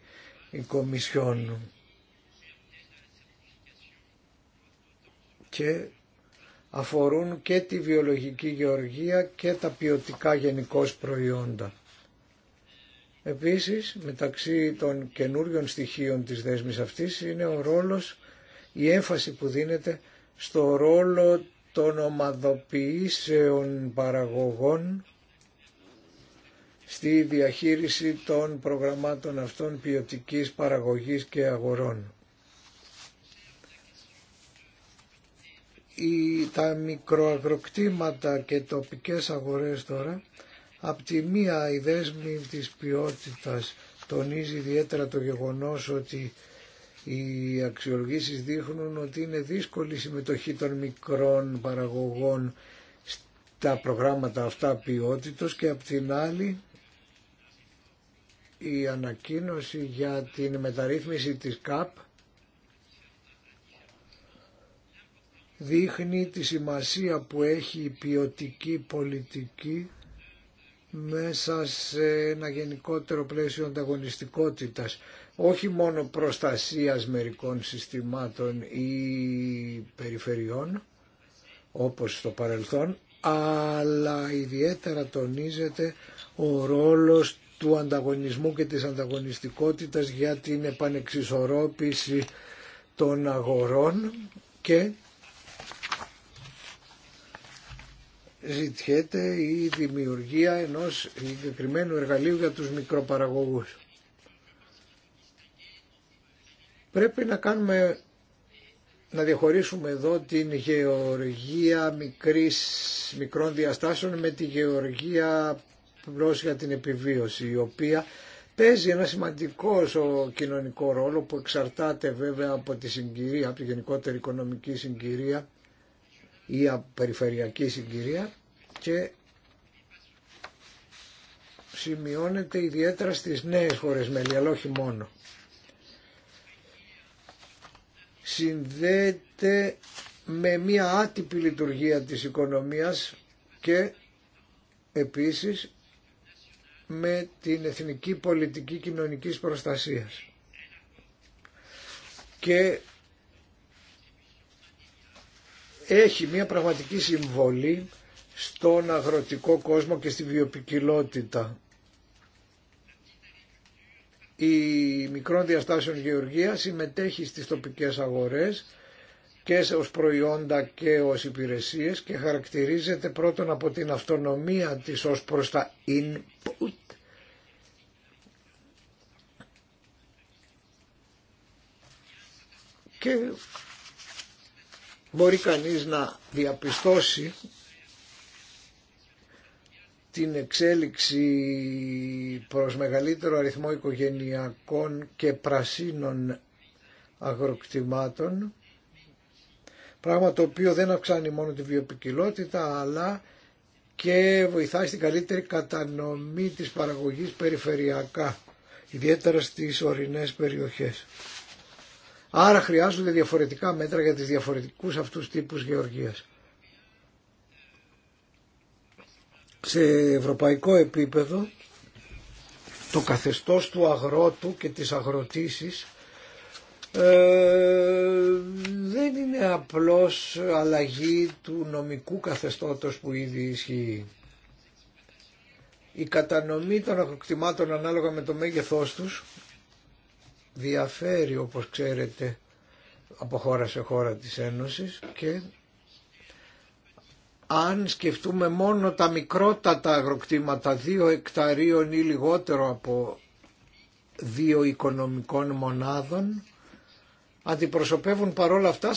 [SPEAKER 2] Κομισιόν και αφορούν και τη βιολογική γεωργία και τα ποιοτικά γενικώ προϊόντα. Επίσης, μεταξύ των καινούριων στοιχείων της δέσμης αυτής είναι ο ρόλος, η έμφαση που δίνεται στο ρόλο των ομαδοποιήσεων παραγωγών στη διαχείριση των προγραμμάτων αυτών ποιοτική παραγωγής και αγορών. Η, τα μικροαγροκτήματα και τοπικές αγορές τώρα, από τη μία η δέσμη της ποιότητας τονίζει ιδιαίτερα το γεγονός ότι οι αξιολογήσεις δείχνουν ότι είναι δύσκολη η συμμετοχή των μικρών παραγωγών στα προγράμματα αυτά ποιότητος και από την άλλη η ανακοίνωση για την μεταρρύθμιση της ΚΑΠ δείχνει τη σημασία που έχει η ποιοτική πολιτική μέσα σε ένα γενικότερο πλαίσιο ανταγωνιστικότητας όχι μόνο προστασίας μερικών συστημάτων ή περιφερειών όπως στο παρελθόν αλλά ιδιαίτερα τονίζεται ο ρόλος του ανταγωνισμού και της ανταγωνιστικότητας για την επανεξισορρόπηση των αγορών και ζητιέται η δημιουργία ενός συγκεκριμένου εργαλείου για τους μικροπαραγωγούς. Πρέπει να κάνουμε να διαχωρίσουμε εδώ την γεωργία μικρής, μικρών διαστάσεων με τη γεωργία για την επιβίωση η οποία παίζει ένα σημαντικό κοινωνικό ρόλο που εξαρτάται βέβαια από τη συγκυρία, από τη γενικότερη οικονομική συγκυρία ή από περιφερειακή συγκυρία και σημειώνεται ιδιαίτερα στις νέες χώρες μέλη, μόνο. Συνδέεται με μια άτυπη λειτουργία της οικονομίας και επίσης με την Εθνική Πολιτική Κοινωνικής Προστασίας. Και έχει μια πραγματική συμβολή στον αγροτικό κόσμο και στη βιοπικιλότητα. Η μικρών διαστάσεων γεωργία συμμετέχει στις τοπικές αγορές και ως προϊόντα και ως υπηρεσίες και χαρακτηρίζεται πρώτον από την αυτονομία της ως προς τα input και μπορεί κανείς να διαπιστώσει την εξέλιξη προς μεγαλύτερο αριθμό οικογενειακών και πρασίνων αγροκτημάτων Πράγμα το οποίο δεν αυξάνει μόνο τη βιοπικιλότητα αλλά και βοηθάει στην καλύτερη κατανομή της παραγωγής περιφερειακά, ιδιαίτερα στις ορεινές περιοχές. Άρα χρειάζονται διαφορετικά μέτρα για τις διαφορετικούς αυτούς τύπους γεωργίας. Σε ευρωπαϊκό επίπεδο το καθεστώς του αγρότου και της αγροτήσης ε, δεν είναι απλώς αλλαγή του νομικού καθεστώτος που ήδη ισχύει. Η κατανομή των αγροκτημάτων ανάλογα με το μέγεθός τους διαφέρει όπως ξέρετε από χώρα σε χώρα της Ένωσης και αν σκεφτούμε μόνο τα μικρότατα αγροκτήματα δύο εκταρίων ή λιγότερο από δύο οικονομικών μονάδων αντιπροσωπεύουν παρόλα αυτά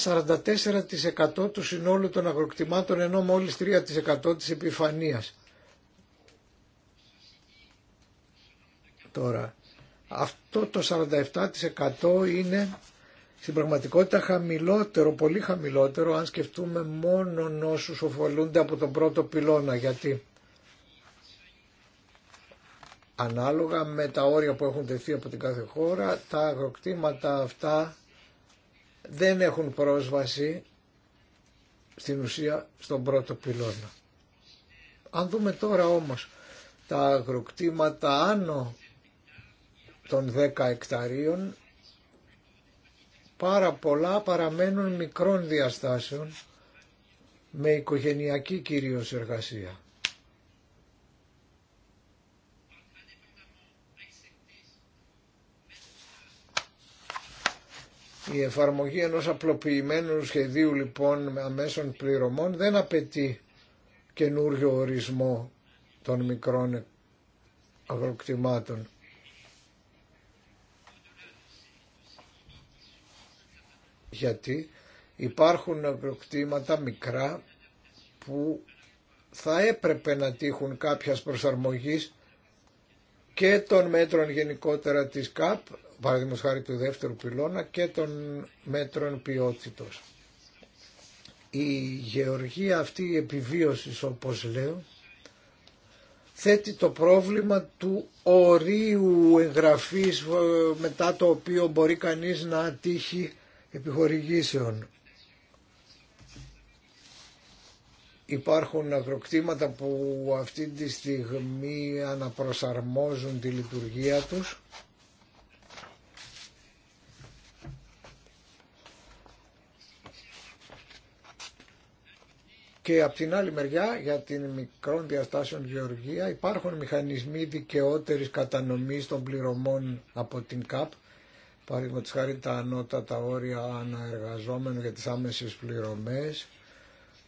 [SPEAKER 2] 44% του συνόλου των αγροκτημάτων ενώ μόλις 3% της επιφανίας. Τώρα, αυτό το 47% είναι στην πραγματικότητα χαμηλότερο, πολύ χαμηλότερο αν σκεφτούμε μόνο όσους ωφελούνται από τον πρώτο πυλώνα γιατί ανάλογα με τα όρια που έχουν τεθεί από την κάθε χώρα τα αγροκτήματα αυτά δεν έχουν πρόσβαση στην ουσία στον πρώτο πυλώνα. Αν δούμε τώρα όμως τα αγροκτήματα άνω των 10 εκταρίων πάρα πολλά παραμένουν μικρών διαστάσεων με οικογενειακή κυρίως εργασία. Η εφαρμογή ενός απλοποιημένου σχεδίου λοιπόν με αμέσων πληρωμών δεν απαιτεί καινούριο ορισμό των μικρών αγροκτημάτων. Γιατί υπάρχουν αγροκτήματα μικρά που θα έπρεπε να τύχουν κάποιας προσαρμογής και των μέτρων γενικότερα της ΚΑΠ παραδείγματος χάρη του δεύτερου πυλώνα και των μέτρων ποιότητος. Η γεωργία αυτή η επιβίωσης όπως λέω θέτει το πρόβλημα του ορίου εγγραφής ε, μετά το οποίο μπορεί κανείς να τύχει επιχορηγήσεων. Υπάρχουν αγροκτήματα που αυτή τη στιγμή αναπροσαρμόζουν τη λειτουργία τους Και από την άλλη μεριά για την μικρών διαστάσεων γεωργία υπάρχουν μηχανισμοί δικαιότερης κατανομής των πληρωμών από την ΚΑΠ παραδείγματο χάρη τα ανώτατα όρια αναεργαζόμενων για τις άμεσες πληρωμές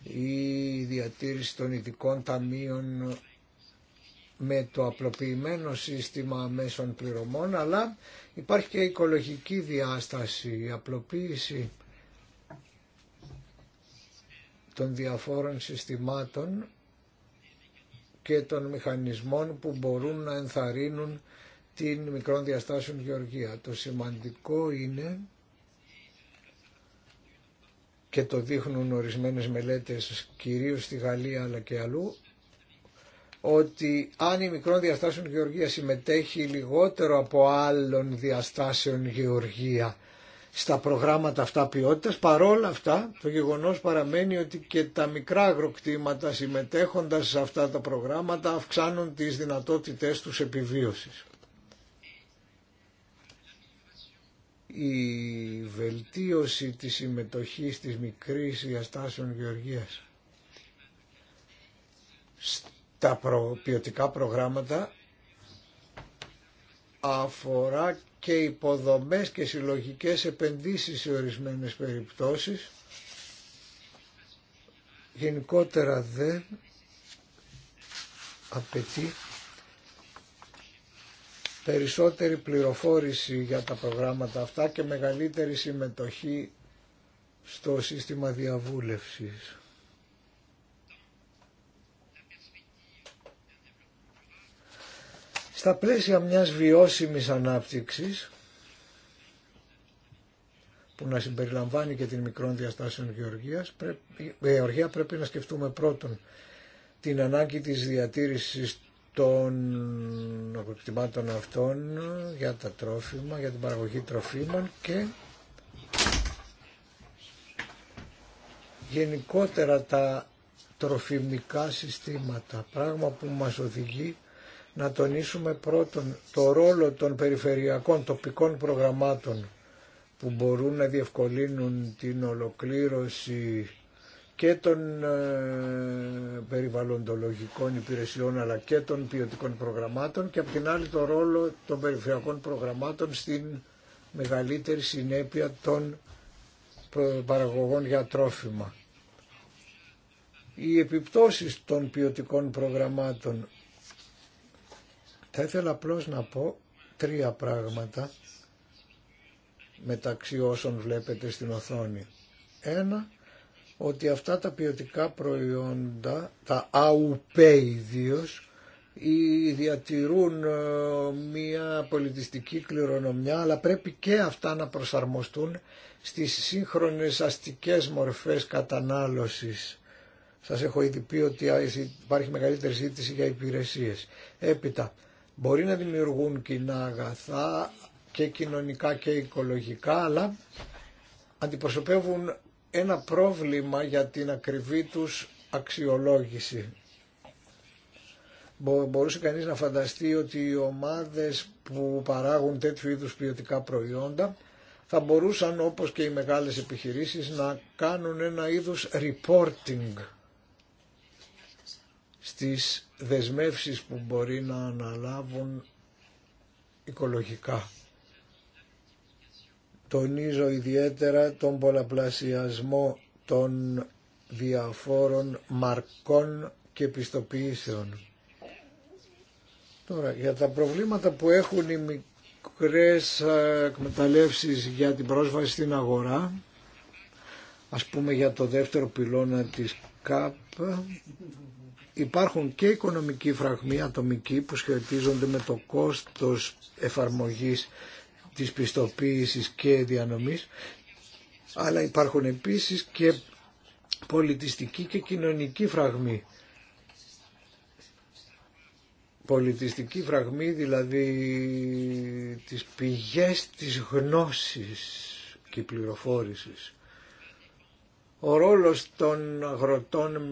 [SPEAKER 2] ή η διατήρηση των ειδικών ταμείων με το απλοποιημένο σύστημα αμέσων πληρωμών αλλά υπάρχει και οικολογική διάσταση, η απλοποίηση των διαφόρων συστημάτων και των μηχανισμών που μπορούν να ενθαρρύνουν την μικρών διαστάσεων γεωργία. Το σημαντικό είναι και το δείχνουν ορισμένες μελέτες κυρίως στη Γαλλία αλλά και αλλού ότι αν η μικρών διαστάσεων γεωργία συμμετέχει λιγότερο από άλλων διαστάσεων γεωργία στα προγράμματα αυτά ποιότητας. Παρόλα αυτά το γεγονός παραμένει ότι και τα μικρά αγροκτήματα συμμετέχοντας σε αυτά τα προγράμματα αυξάνουν τις δυνατότητές τους επιβίωσης. Η βελτίωση της συμμετοχής της μικρής διαστάσεων γεωργίας στα ποιοτικά προγράμματα αφορά και υποδομές και συλλογικές επενδύσεις σε ορισμένες περιπτώσεις. Γενικότερα δεν απαιτεί περισσότερη πληροφόρηση για τα προγράμματα αυτά και μεγαλύτερη συμμετοχή στο σύστημα διαβούλευσης. Στα πλαίσια μιας βιώσιμης ανάπτυξης, που να συμπεριλαμβάνει και την μικρών διαστάσεων γεωργίας, πρέπει, ε, γεωργία πρέπει να σκεφτούμε πρώτον την ανάγκη της διατήρησης των αποκτημάτων αυτών για τα τρόφιμα, για την παραγωγή τροφίμων και γενικότερα τα τροφιμικά συστήματα, πράγμα που μας οδηγεί να τονίσουμε πρώτον το ρόλο των περιφερειακών τοπικών προγραμμάτων που μπορούν να διευκολύνουν την ολοκλήρωση και των ε, περιβαλλοντολογικών υπηρεσιών αλλά και των ποιοτικών προγραμμάτων και από την άλλη το ρόλο των περιφερειακών προγραμμάτων στην μεγαλύτερη συνέπεια των παραγωγών για τρόφιμα. Οι επιπτώσεις των ποιοτικών προγραμμάτων θα ήθελα απλώ να πω τρία πράγματα μεταξύ όσων βλέπετε στην οθόνη. Ένα, ότι αυτά τα ποιοτικά προϊόντα, τα AUP ιδίως, διατηρούν ε, μια πολιτιστική κληρονομιά αλλά πρέπει και αυτά να προσαρμοστούν στις σύγχρονες αστικές μορφές κατανάλωσης. Σας έχω ήδη πει ότι υπάρχει μεγαλύτερη ζήτηση για υπηρεσίες. Έπειτα, Μπορεί να δημιουργούν κοινά αγαθά και κοινωνικά και οικολογικά, αλλά αντιπροσωπεύουν ένα πρόβλημα για την ακριβή τους αξιολόγηση. Μπορούσε κανείς να φανταστεί ότι οι ομάδες που παράγουν τέτοιου είδους ποιοτικά προϊόντα θα μπορούσαν όπως και οι μεγάλες επιχειρήσεις να κάνουν ένα είδους reporting στις δεσμεύσεις που μπορεί να αναλάβουν οικολογικά. Τονίζω ιδιαίτερα τον πολλαπλασιασμό των διαφόρων μαρκών και πιστοποιήσεων. Τώρα, για τα προβλήματα που έχουν οι μικρές εκμεταλλεύσεις για την πρόσβαση στην αγορά, ας πούμε για το δεύτερο πυλώνα της ΚΑΠ, Υπάρχουν και οικονομικοί φραγμοί ατομικοί που σχετίζονται με το κόστος εφαρμογής της πιστοποίησης και διανομής, αλλά υπάρχουν επίσης και πολιτιστικοί και κοινωνικοί φραγμοί. Πολιτιστικοί φραγμοί, δηλαδή τις πηγές της γνώσης και πληροφόρησης. Ο ρόλος των αγροτών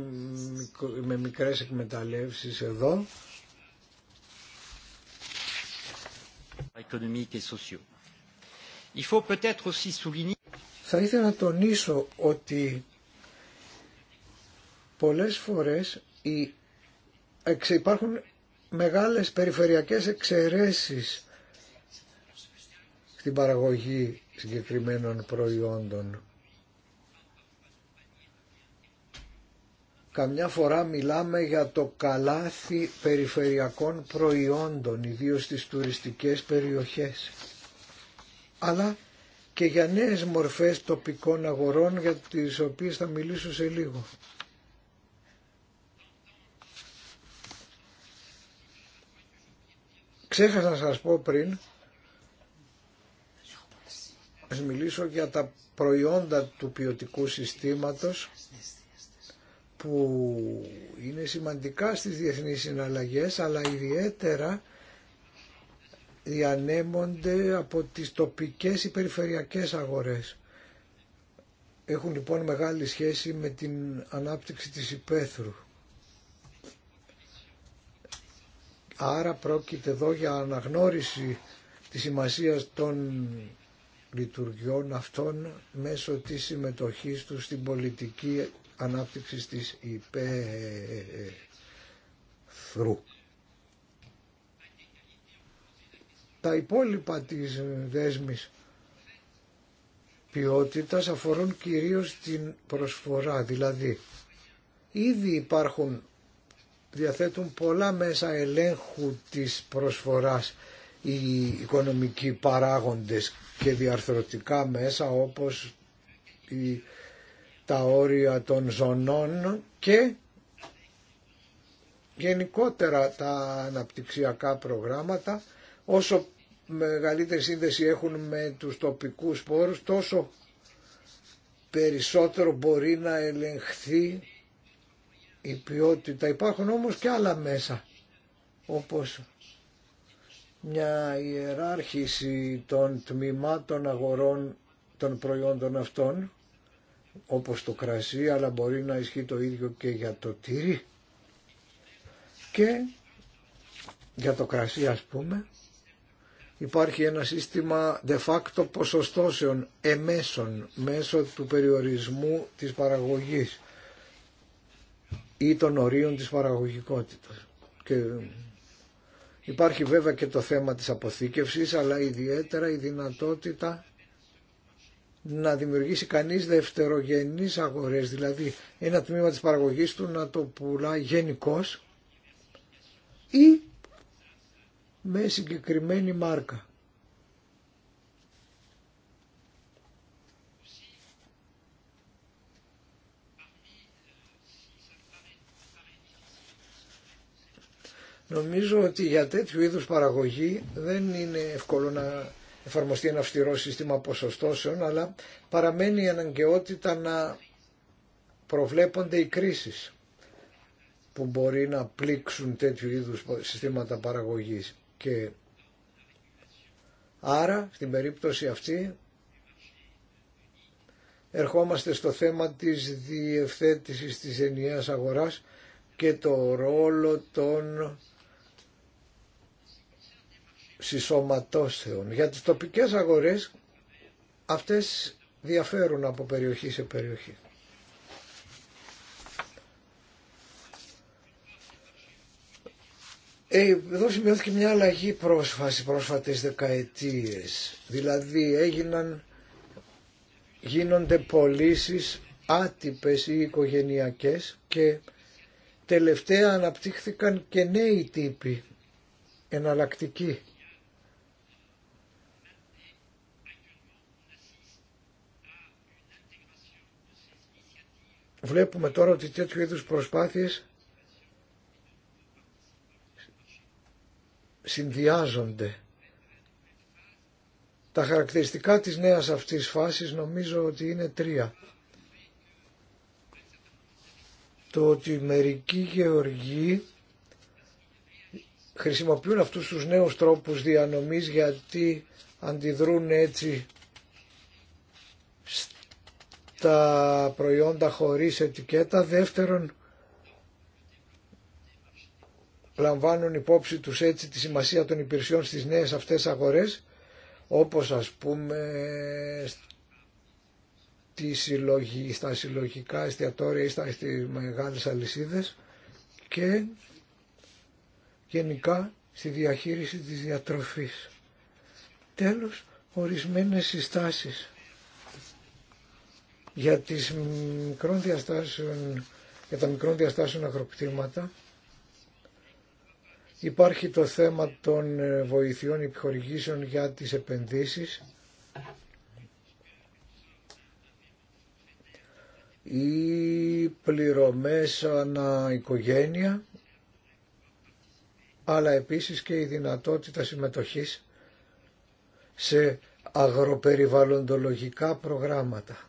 [SPEAKER 2] με μικρές εκμεταλλεύσεις εδώ θα ήθελα να τονίσω ότι πολλές φορές οι... υπάρχουν μεγάλες περιφερειακές εξαιρέσεις στην παραγωγή συγκεκριμένων προϊόντων. Καμιά φορά μιλάμε για το καλάθι περιφερειακών προϊόντων, ιδίως στις τουριστικές περιοχές. Αλλά και για νέες μορφές τοπικών αγορών για τις οποίες θα μιλήσω σε λίγο. Ξέχασα να σας πω πριν, να μιλήσω για τα προϊόντα του ποιοτικού συστήματος που είναι σημαντικά στις διεθνείς συναλλαγές αλλά ιδιαίτερα διανέμονται από τις τοπικές ή περιφερειακές αγορές. Έχουν λοιπόν μεγάλη σχέση με την ανάπτυξη της υπαίθρου. Άρα πρόκειται εδώ για αναγνώριση της σημασίας των λειτουργιών αυτών μέσω της συμμετοχής τους στην πολιτική ανάπτυξης της υπαίθρου. Τα υπόλοιπα της δέσμης ποιότητας αφορούν κυρίως την προσφορά, δηλαδή ήδη υπάρχουν, διαθέτουν πολλά μέσα ελέγχου της προσφοράς οι οικονομικοί παράγοντες και διαρθρωτικά μέσα όπως η τα όρια των ζωνών και γενικότερα τα αναπτυξιακά προγράμματα όσο μεγαλύτερη σύνδεση έχουν με τους τοπικούς πόρους τόσο περισσότερο μπορεί να ελεγχθεί η ποιότητα. Υπάρχουν όμως και άλλα μέσα όπως μια ιεράρχηση των τμήματων αγορών των προϊόντων αυτών όπως το κρασί αλλά μπορεί να ισχύει το ίδιο και για το τυρί και για το κρασί ας πούμε υπάρχει ένα σύστημα de facto ποσοστώσεων εμέσων μέσω του περιορισμού της παραγωγής ή των ορίων της παραγωγικότητας. Και υπάρχει βέβαια και το θέμα της αποθήκευσης αλλά ιδιαίτερα η δυνατότητα να δημιουργήσει κανείς δευτερογενείς αγορές, δηλαδή ένα τμήμα της παραγωγής του να το πουλά γενικώ ή με συγκεκριμένη μάρκα. Νομίζω ότι για τέτοιου είδους παραγωγή δεν είναι εύκολο να εφαρμοστεί ένα αυστηρό σύστημα ποσοστώσεων, αλλά παραμένει η αναγκαιότητα να προβλέπονται οι κρίσεις που μπορεί να πλήξουν τέτοιου είδους συστήματα παραγωγής. Και άρα, στην περίπτωση αυτή, ερχόμαστε στο θέμα της διευθέτησης της ενιαίας αγοράς και το ρόλο των συσσωματώσεων. Για τις τοπικές αγορές αυτές διαφέρουν από περιοχή σε περιοχή. Ε, εδώ σημειώθηκε μια αλλαγή πρόσφαση πρόσφατες δεκαετίες. Δηλαδή έγιναν, γίνονται πωλήσει άτυπες ή οικογενειακές και τελευταία αναπτύχθηκαν και νέοι τύποι εναλλακτικοί Βλέπουμε τώρα ότι τέτοιου είδους προσπάθειες συνδυάζονται. Τα χαρακτηριστικά της νέας αυτής φάσης νομίζω ότι είναι τρία. Το ότι μερικοί γεωργοί χρησιμοποιούν αυτούς τους νέους τρόπους διανομής γιατί αντιδρούν έτσι τα προϊόντα χωρίς ετικέτα. Δεύτερον, λαμβάνουν υπόψη τους έτσι τη σημασία των υπηρεσιών στις νέες αυτές αγορές, όπως ας πούμε στη συλλογή, στα συλλογικά εστιατόρια ή στα μεγάλες αλυσίδες και γενικά στη διαχείριση της διατροφής. Τέλος, ορισμένες συστάσεις για, τις μικρών διαστάσεων, για τα μικρών διαστάσεων αγροκτήματα υπάρχει το θέμα των ε, βοηθειών επιχορηγήσεων για τις επενδύσεις ή πληρωμές ανά οικογένεια αλλά επίσης και η δυνατότητα συμμετοχής σε αγροπεριβαλλοντολογικά προγράμματα.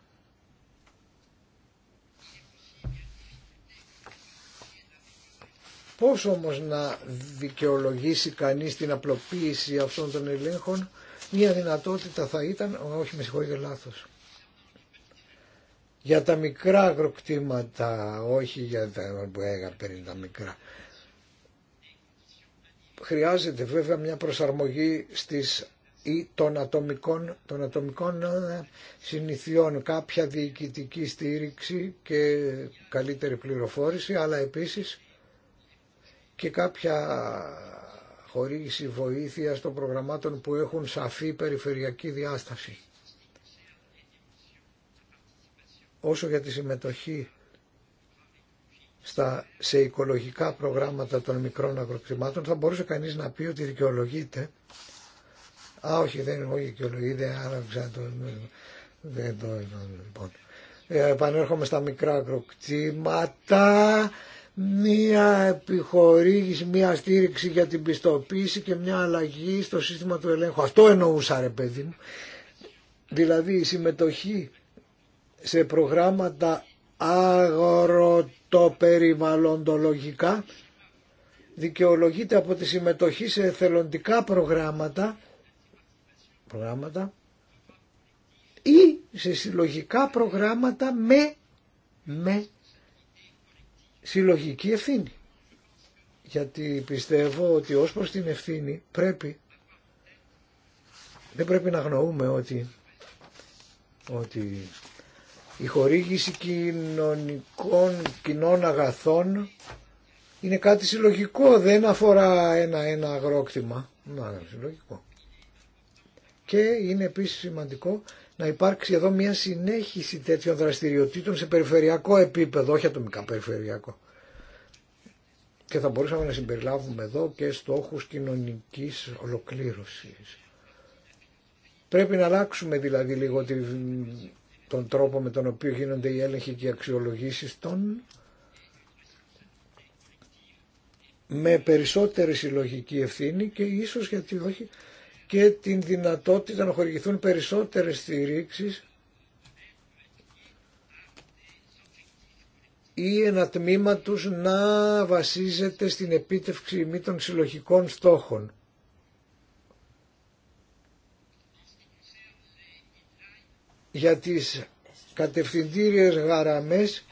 [SPEAKER 2] Πώς όμως να δικαιολογήσει κανείς την απλοποίηση αυτών των ελέγχων, μία δυνατότητα θα ήταν, όχι με συγχωρείτε λάθος, για τα μικρά αγροκτήματα, όχι για τα που περι τα μικρά. Χρειάζεται βέβαια μια προσαρμογή στις ή των ατομικών, των ατομικών ε, συνηθιών, κάποια διοικητική στήριξη και καλύτερη πληροφόρηση, αλλά επίσης και κάποια χορήγηση βοήθειας των προγραμμάτων που έχουν σαφή περιφερειακή διάσταση. Όσο για τη συμμετοχή στα, σε οικολογικά προγράμματα των μικρών αγροκτημάτων θα μπορούσε κανείς να πει ότι δικαιολογείται Α, όχι, δεν εγώ δικαιολογείται, άραξα το... Δεν το... Λοιπόν. Ε, επανέρχομαι στα μικρά αγροκτήματα μία επιχορήγηση, μία στήριξη για την πιστοποίηση και μια αλλαγή στο σύστημα του ελέγχου. Αυτό εννοούσα ρε παιδί μου. Δηλαδή η συμμετοχή σε προγράμματα αγροτοπεριβαλλοντολογικά δικαιολογείται από τη συμμετοχή σε εθελοντικά προγράμματα, προγράμματα ή σε συλλογικά προγράμματα με, με συλλογική ευθύνη. Γιατί πιστεύω ότι ως προς την ευθύνη πρέπει, δεν πρέπει να γνωρούμε ότι, ότι η χορήγηση κοινωνικών, κοινών αγαθών είναι κάτι συλλογικό, δεν αφορά ένα, ένα αγρόκτημα. Να, συλλογικό. Και είναι επίσης σημαντικό να υπάρξει εδώ μια συνέχιση τέτοιων δραστηριοτήτων σε περιφερειακό επίπεδο, όχι ατομικά περιφερειακό. Και θα μπορούσαμε να συμπεριλάβουμε εδώ και στόχους κοινωνικής ολοκλήρωσης. Πρέπει να αλλάξουμε δηλαδή λίγο τον τρόπο με τον οποίο γίνονται οι έλεγχοι και οι αξιολογήσεις των με περισσότερη συλλογική ευθύνη και ίσως γιατί όχι και την δυνατότητα να χορηγηθούν περισσότερες στηρίξεις ή ένα τμήμα τους να βασίζεται στην επίτευξη μη των συλλογικών στόχων. Για τις κατευθυντήριες γαραμές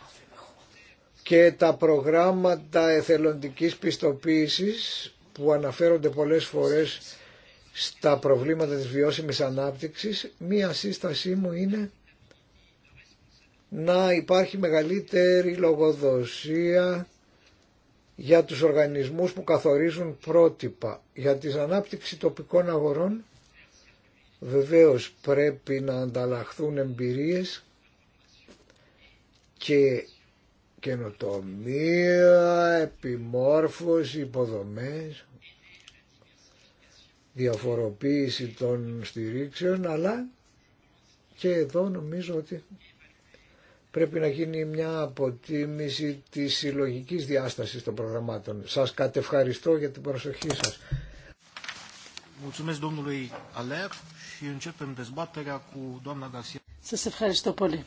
[SPEAKER 2] και τα προγράμματα εθελοντικής πιστοποίησης που αναφέρονται πολλές φορές στα προβλήματα της βιώσιμης ανάπτυξης, μία σύστασή μου είναι να υπάρχει μεγαλύτερη λογοδοσία για τους οργανισμούς που καθορίζουν πρότυπα. Για την ανάπτυξη τοπικών αγορών βεβαίως πρέπει να ανταλλαχθούν εμπειρίες και καινοτομία, επιμόρφωση, υποδομές διαφοροποίηση των στηρίξεων αλλά και εδώ νομίζω ότι πρέπει να γίνει μια αποτίμηση της συλλογική διάστασης των προγραμμάτων. Σας κατευχαριστώ για την προσοχή σας.
[SPEAKER 3] Σας ευχαριστώ πολύ.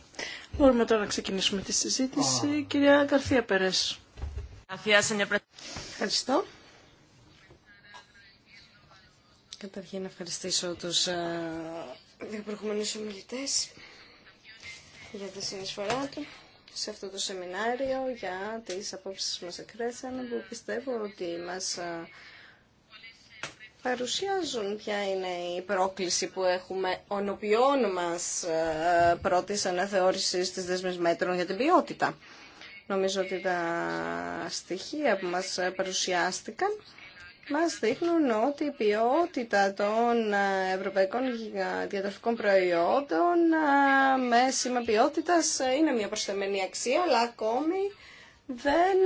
[SPEAKER 3] Μπορούμε τώρα να ξεκινήσουμε τη συζήτηση. Κυρία Καρθία Περές. Ευχαριστώ.
[SPEAKER 1] Καταρχήν να ευχαριστήσω τους ε, δύο προηγούμενους ομιλητές για τη συνεισφορά του σε αυτό το σεμινάριο, για τις απόψεις που μας εκθέσανε που πιστεύω ότι μας ε, παρουσιάζουν ποια είναι η πρόκληση που έχουμε ονοποιών μας ε, πρώτης αναθεώρησης της δεσμής μέτρων για την ποιότητα. Νομίζω ότι τα στοιχεία που μας παρουσιάστηκαν μας δείχνουν ότι η ποιότητα των ε, ευρωπαϊκών διατροφικών προϊόντων ε, με σήμα ποιότητας ε, είναι μια προσθεμένη αξία, αλλά ακόμη δεν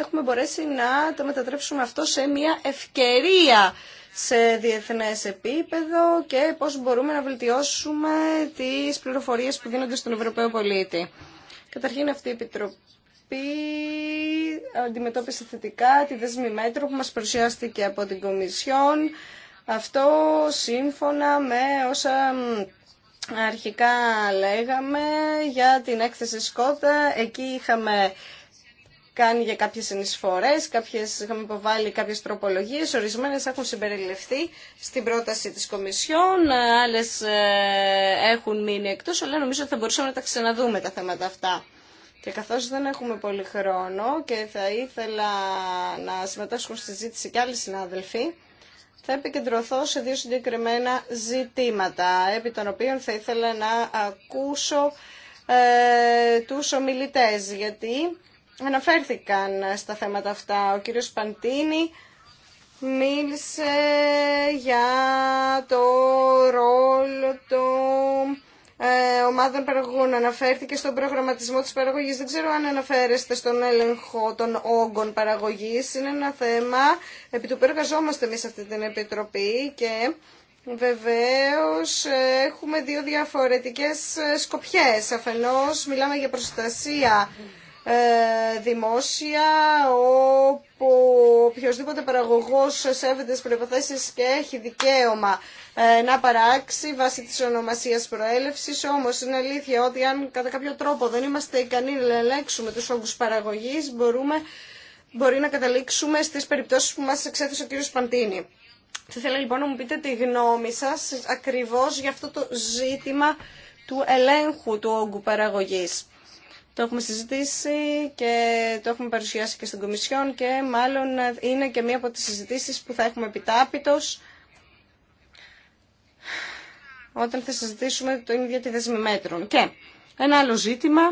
[SPEAKER 1] έχουμε μπορέσει να το μετατρέψουμε αυτό σε μια ευκαιρία σε διεθνές επίπεδο και πώς μπορούμε να βελτιώσουμε τις πληροφορίες που δίνονται στον Ευρωπαίο πολίτη. Καταρχήν αυτή η Επιτροπή αντιμετώπισε θετικά τη δεσμή μέτρου που μας παρουσιάστηκε από την Κομισιόν. Αυτό σύμφωνα με όσα αρχικά λέγαμε για την έκθεση Σκότα. Εκεί είχαμε κάνει για κάποιες ενισφορές, κάποιες, είχαμε υποβάλει κάποιες τροπολογίες, ορισμένες έχουν συμπεριληφθεί στην πρόταση της Κομισιόν, άλλες ε, έχουν μείνει εκτός, αλλά νομίζω ότι θα μπορούσαμε να τα ξαναδούμε τα θέματα αυτά. Και καθώς δεν έχουμε πολύ χρόνο και θα ήθελα να συμμετάσχουν στη ζήτηση και άλλοι συνάδελφοι, θα επικεντρωθώ σε δύο συγκεκριμένα ζητήματα, επί των οποίων θα ήθελα να ακούσω ε, τους ομιλητές, γιατί αναφέρθηκαν στα θέματα αυτά. Ο κύριος Παντίνη μίλησε για το ρόλο του. Ε, ομάδων παραγωγών, αναφέρθηκε στον προγραμματισμό της παραγωγής. Δεν ξέρω αν αναφέρεστε στον έλεγχο των όγκων παραγωγής. Είναι ένα θέμα επί του που εργαζόμαστε εμείς αυτή την Επιτροπή και βεβαίως ε, έχουμε δύο διαφορετικές ε, σκοπιές. Αφενός μιλάμε για προστασία δημόσια όπου οποιοδήποτε παραγωγός σέβεται τις προϋποθέσεις και έχει δικαίωμα ε, να παράξει βάσει της ονομασίας προέλευσης. Όμως είναι αλήθεια ότι αν κατά κάποιο τρόπο δεν είμαστε ικανοί να ελέγξουμε τους όγκους παραγωγής, μπορούμε, μπορεί να καταλήξουμε στις περιπτώσεις που μας εξέθεσε ο κ. Παντίνη. Θα ήθελα λοιπόν να μου πείτε τη γνώμη σας ακριβώς για αυτό το ζήτημα του ελέγχου του όγκου παραγωγής. Το έχουμε συζητήσει και το έχουμε παρουσιάσει και στην Κομισιόν και μάλλον είναι και μία από τις συζητήσεις που θα έχουμε επιτάπητος όταν θα συζητήσουμε το ίδιο τη δεσμή μέτρων. Και ένα άλλο ζήτημα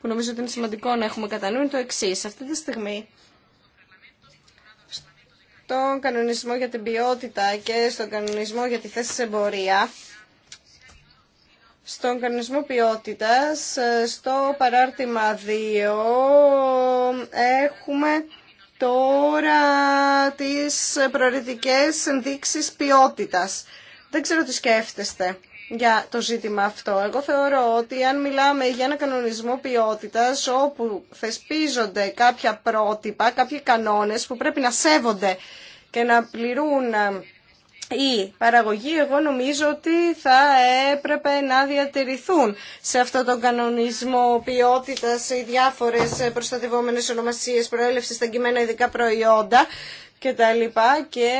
[SPEAKER 1] που νομίζω ότι είναι σημαντικό να έχουμε κατά νου είναι το εξή. Αυτή τη στιγμή στον κανονισμό για την ποιότητα και στον κανονισμό για τη θέση σε εμπορία στον κανονισμό ποιότητας, στο παράρτημα 2, έχουμε τώρα τις προαιρετικές ενδείξεις ποιότητας. Δεν ξέρω τι σκέφτεστε για το ζήτημα αυτό. Εγώ θεωρώ ότι αν μιλάμε για ένα κανονισμό ποιότητας όπου θεσπίζονται κάποια πρότυπα, κάποιοι κανόνες που πρέπει να σέβονται και να πληρούν ε, η παραγωγή εγώ νομίζω ότι θα έπρεπε να διατηρηθούν σε αυτό τον κανονισμό ποιότητας οι διάφορες προστατευόμενες ονομασίες προέλευσης στα κειμένα ειδικά προϊόντα και τα λοιπά και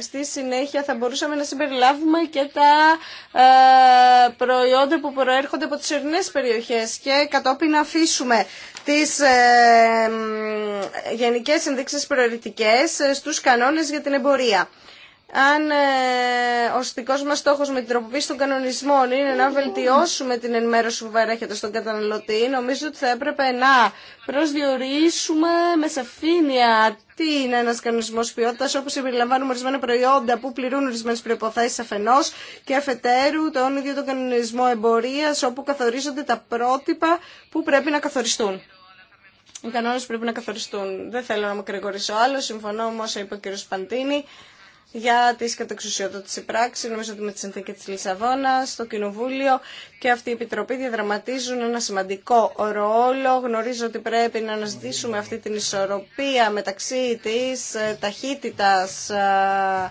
[SPEAKER 1] στη συνέχεια θα μπορούσαμε να συμπεριλάβουμε και τα ε, προϊόντα που προέρχονται από τις ειρηνές περιοχές και κατόπιν να αφήσουμε τις ε, γενικές ενδείξεις προαιρετικές ε, στους κανόνες για την εμπορία αν ε, ο στικό μα στόχο με την τροποποίηση των κανονισμών είναι να βελτιώσουμε την ενημέρωση που παρέχεται στον καταναλωτή, νομίζω ότι θα έπρεπε να προσδιορίσουμε με σαφήνεια τι είναι ένα κανονισμό ποιότητα, όπω επιλαμβάνουμε ορισμένα προϊόντα που πληρούν ορισμένε προποθέσει αφενό και αφετέρου τον ίδιο τον κανονισμό εμπορία, όπου καθορίζονται τα πρότυπα που πρέπει να καθοριστούν. Οι κανόνε πρέπει να καθοριστούν. Δεν θέλω να με κρυγορήσω άλλο, συμφωνώ όμω, είπε ο κ. Παντίνη για τις κατεξουσιοδότηση πράξη. Νομίζω ότι με τη συνθήκη τη Λισαβόνα, το Κοινοβούλιο και αυτή η Επιτροπή διαδραματίζουν ένα σημαντικό ρόλο. Γνωρίζω ότι πρέπει να αναζητήσουμε αυτή την ισορροπία μεταξύ της ε, ταχύτητα. Ε,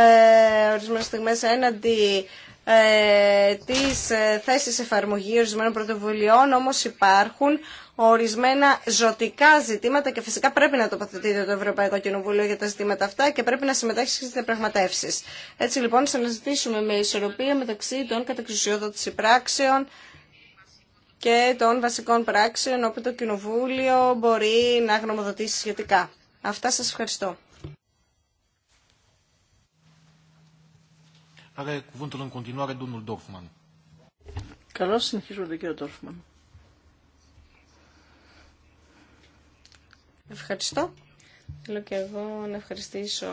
[SPEAKER 1] ε, ορισμένες έναντι ε, τις ε, θέσεις εφαρμογή ορισμένων πρωτοβουλειών, όμως υπάρχουν ορισμένα ζωτικά ζητήματα και φυσικά πρέπει να τοποθετείτε το Ευρωπαϊκό Κοινοβούλιο για τα ζητήματα αυτά και πρέπει να συμμετάσχει στις διαπραγματεύσει. Έτσι λοιπόν θα αναζητήσουμε με ισορροπία μεταξύ των κατεξουσιοδότηση πράξεων και των βασικών πράξεων όπου το Κοινοβούλιο μπορεί να γνωμοδοτήσει σχετικά.
[SPEAKER 3] Αυτά σας ευχαριστώ.
[SPEAKER 4] Are cuvântul în continuare domnul Dorfman.
[SPEAKER 3] Καλώς συνεχίζονται κύριο Τόρφμαν. Ευχαριστώ.
[SPEAKER 1] Θέλω και εγώ να ευχαριστήσω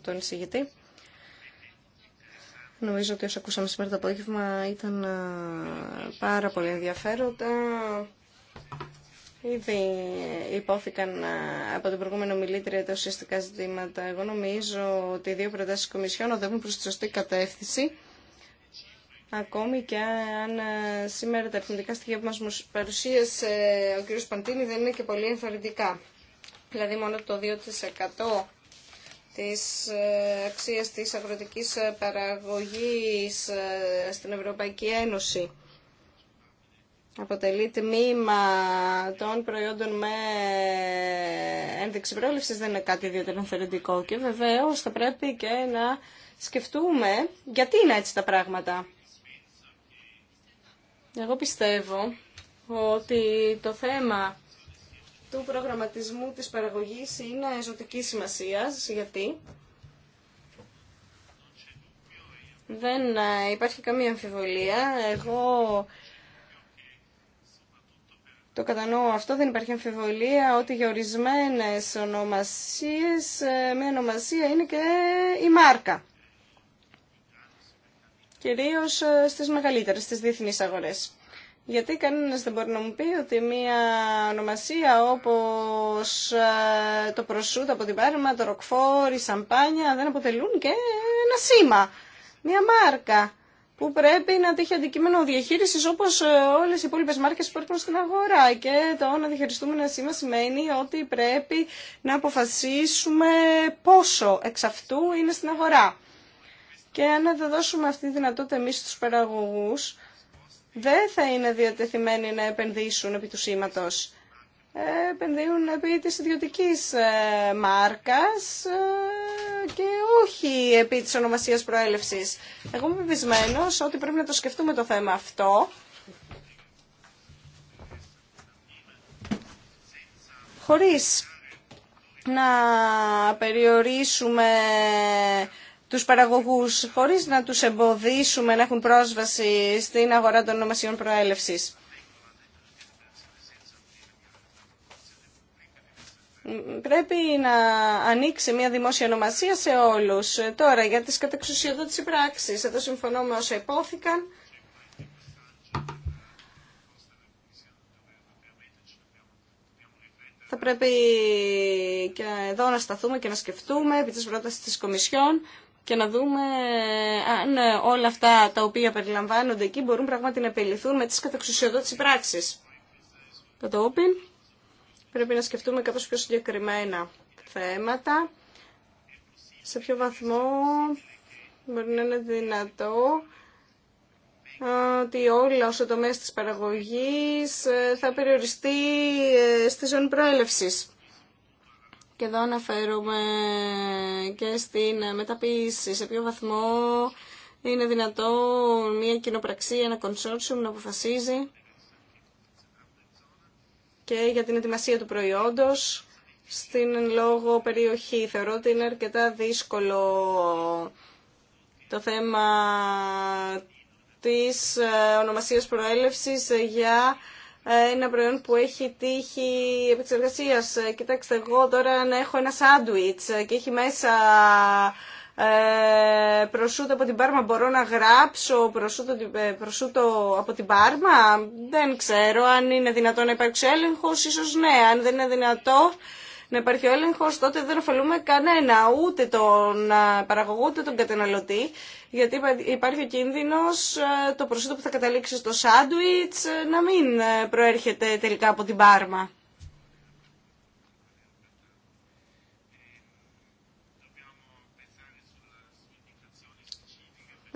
[SPEAKER 1] τον εισηγητή. Νομίζω ότι όσα ακούσαμε σήμερα το απόγευμα ήταν ε, πάρα πολύ ενδιαφέροντα Ήδη υπόθηκαν ε, από την προηγούμενο ομιλήτρια τα ουσιαστικά ζητήματα. Εγώ νομίζω ότι οι δύο προτάσεις Κομισιόν οδεύουν προς τη σωστή κατεύθυνση. Ακόμη και αν ε, σήμερα τα αριθμητικά στοιχεία που μας παρουσίασε ο κ. Παντίνη δεν είναι και πολύ ενθαρρυντικά. Δηλαδή μόνο το 2% της ε, αξίας της αγροτικής παραγωγής στην Ευρωπαϊκή Ένωση αποτελεί τμήμα των προϊόντων με ένδειξη πρόληψης δεν είναι κάτι ιδιαίτερα ενθαρρυντικό και βεβαίως θα πρέπει και να σκεφτούμε γιατί είναι έτσι τα πράγματα. Εγώ πιστεύω ότι το θέμα του προγραμματισμού της παραγωγής είναι ζωτική σημασία. γιατί δεν υπάρχει καμία αμφιβολία. Εγώ το κατανοώ αυτό, δεν υπάρχει αμφιβολία ότι για ορισμένε ονομασίε ε, μια ονομασία είναι και η μάρκα. Κυρίω ε, στι μεγαλύτερε, στι διεθνεί αγορέ. Γιατί κανένας δεν μπορεί να μου πει ότι μια ονομασία όπως ε, το προσούτο από την Πάρμα, το ροκφόρ, η σαμπάνια δεν αποτελούν και ένα σήμα, μια μάρκα που πρέπει να τύχει αντικείμενο διαχείριση όπω ε, όλε οι υπόλοιπε μάρκε που έρχονται στην αγορά. Και το να διαχειριστούμε ένα σήμα σημαίνει ότι πρέπει να αποφασίσουμε πόσο εξ αυτού είναι στην αγορά. Και αν δεν δώσουμε αυτή τη δυνατότητα εμεί στου παραγωγού, δεν θα είναι διατεθειμένοι να επενδύσουν επί του σήματο. Ε, επενδύουν επί της ιδιωτικής ε, μάρκας και όχι επί της ονομασίας προέλευσης. Εγώ είμαι ότι πρέπει να το σκεφτούμε το θέμα αυτό. Χωρίς να περιορίσουμε τους παραγωγούς, χωρίς να τους εμποδίσουμε να έχουν πρόσβαση στην αγορά των ονομασιών προέλευσης. πρέπει να ανοίξει μια δημόσια ονομασία σε όλους. Τώρα, για τις κατεξουσιοδότηση πράξεις, εδώ συμφωνώ με όσα υπόθηκαν. Θα πρέπει και εδώ να σταθούμε και να σκεφτούμε επί της πρότασης της Κομισιόν και να δούμε αν όλα αυτά τα οποία περιλαμβάνονται εκεί μπορούν πράγματι να επιληθούν με τις κατεξουσιοδότηση πράξεις. open πρέπει να σκεφτούμε κάπως πιο συγκεκριμένα θέματα. Σε ποιο βαθμό μπορεί να είναι δυνατό ότι όλα όσο το μέσο της παραγωγής ε, θα περιοριστεί ε, στη ζώνη προέλευσης. Και εδώ αναφέρουμε και στην μεταποίηση, σε ποιο βαθμό είναι δυνατό μια κοινοπραξία, ένα consortium να αποφασίζει και για την ετοιμασία του προϊόντος στην λόγο περιοχή. Θεωρώ ότι είναι αρκετά δύσκολο το θέμα της ε, ονομασίας προέλευσης για ε, ένα προϊόν που έχει τύχη επεξεργασίας. Ε, κοιτάξτε, εγώ τώρα να έχω ένα σάντουιτς και έχει μέσα ε, προσούτο από την Πάρμα μπορώ να γράψω προσούτο, ε, προσούτο από την Πάρμα δεν ξέρω αν είναι δυνατό να υπάρξει έλεγχος ίσως ναι αν δεν είναι δυνατό να υπάρχει ο έλεγχο, τότε δεν ωφελούμε κανένα, ούτε τον ε, παραγωγό, ούτε τον καταναλωτή, γιατί υπάρχει ο κίνδυνο ε, το προσούτο που θα καταλήξει στο σάντουιτς να μην προέρχεται τελικά από την πάρμα.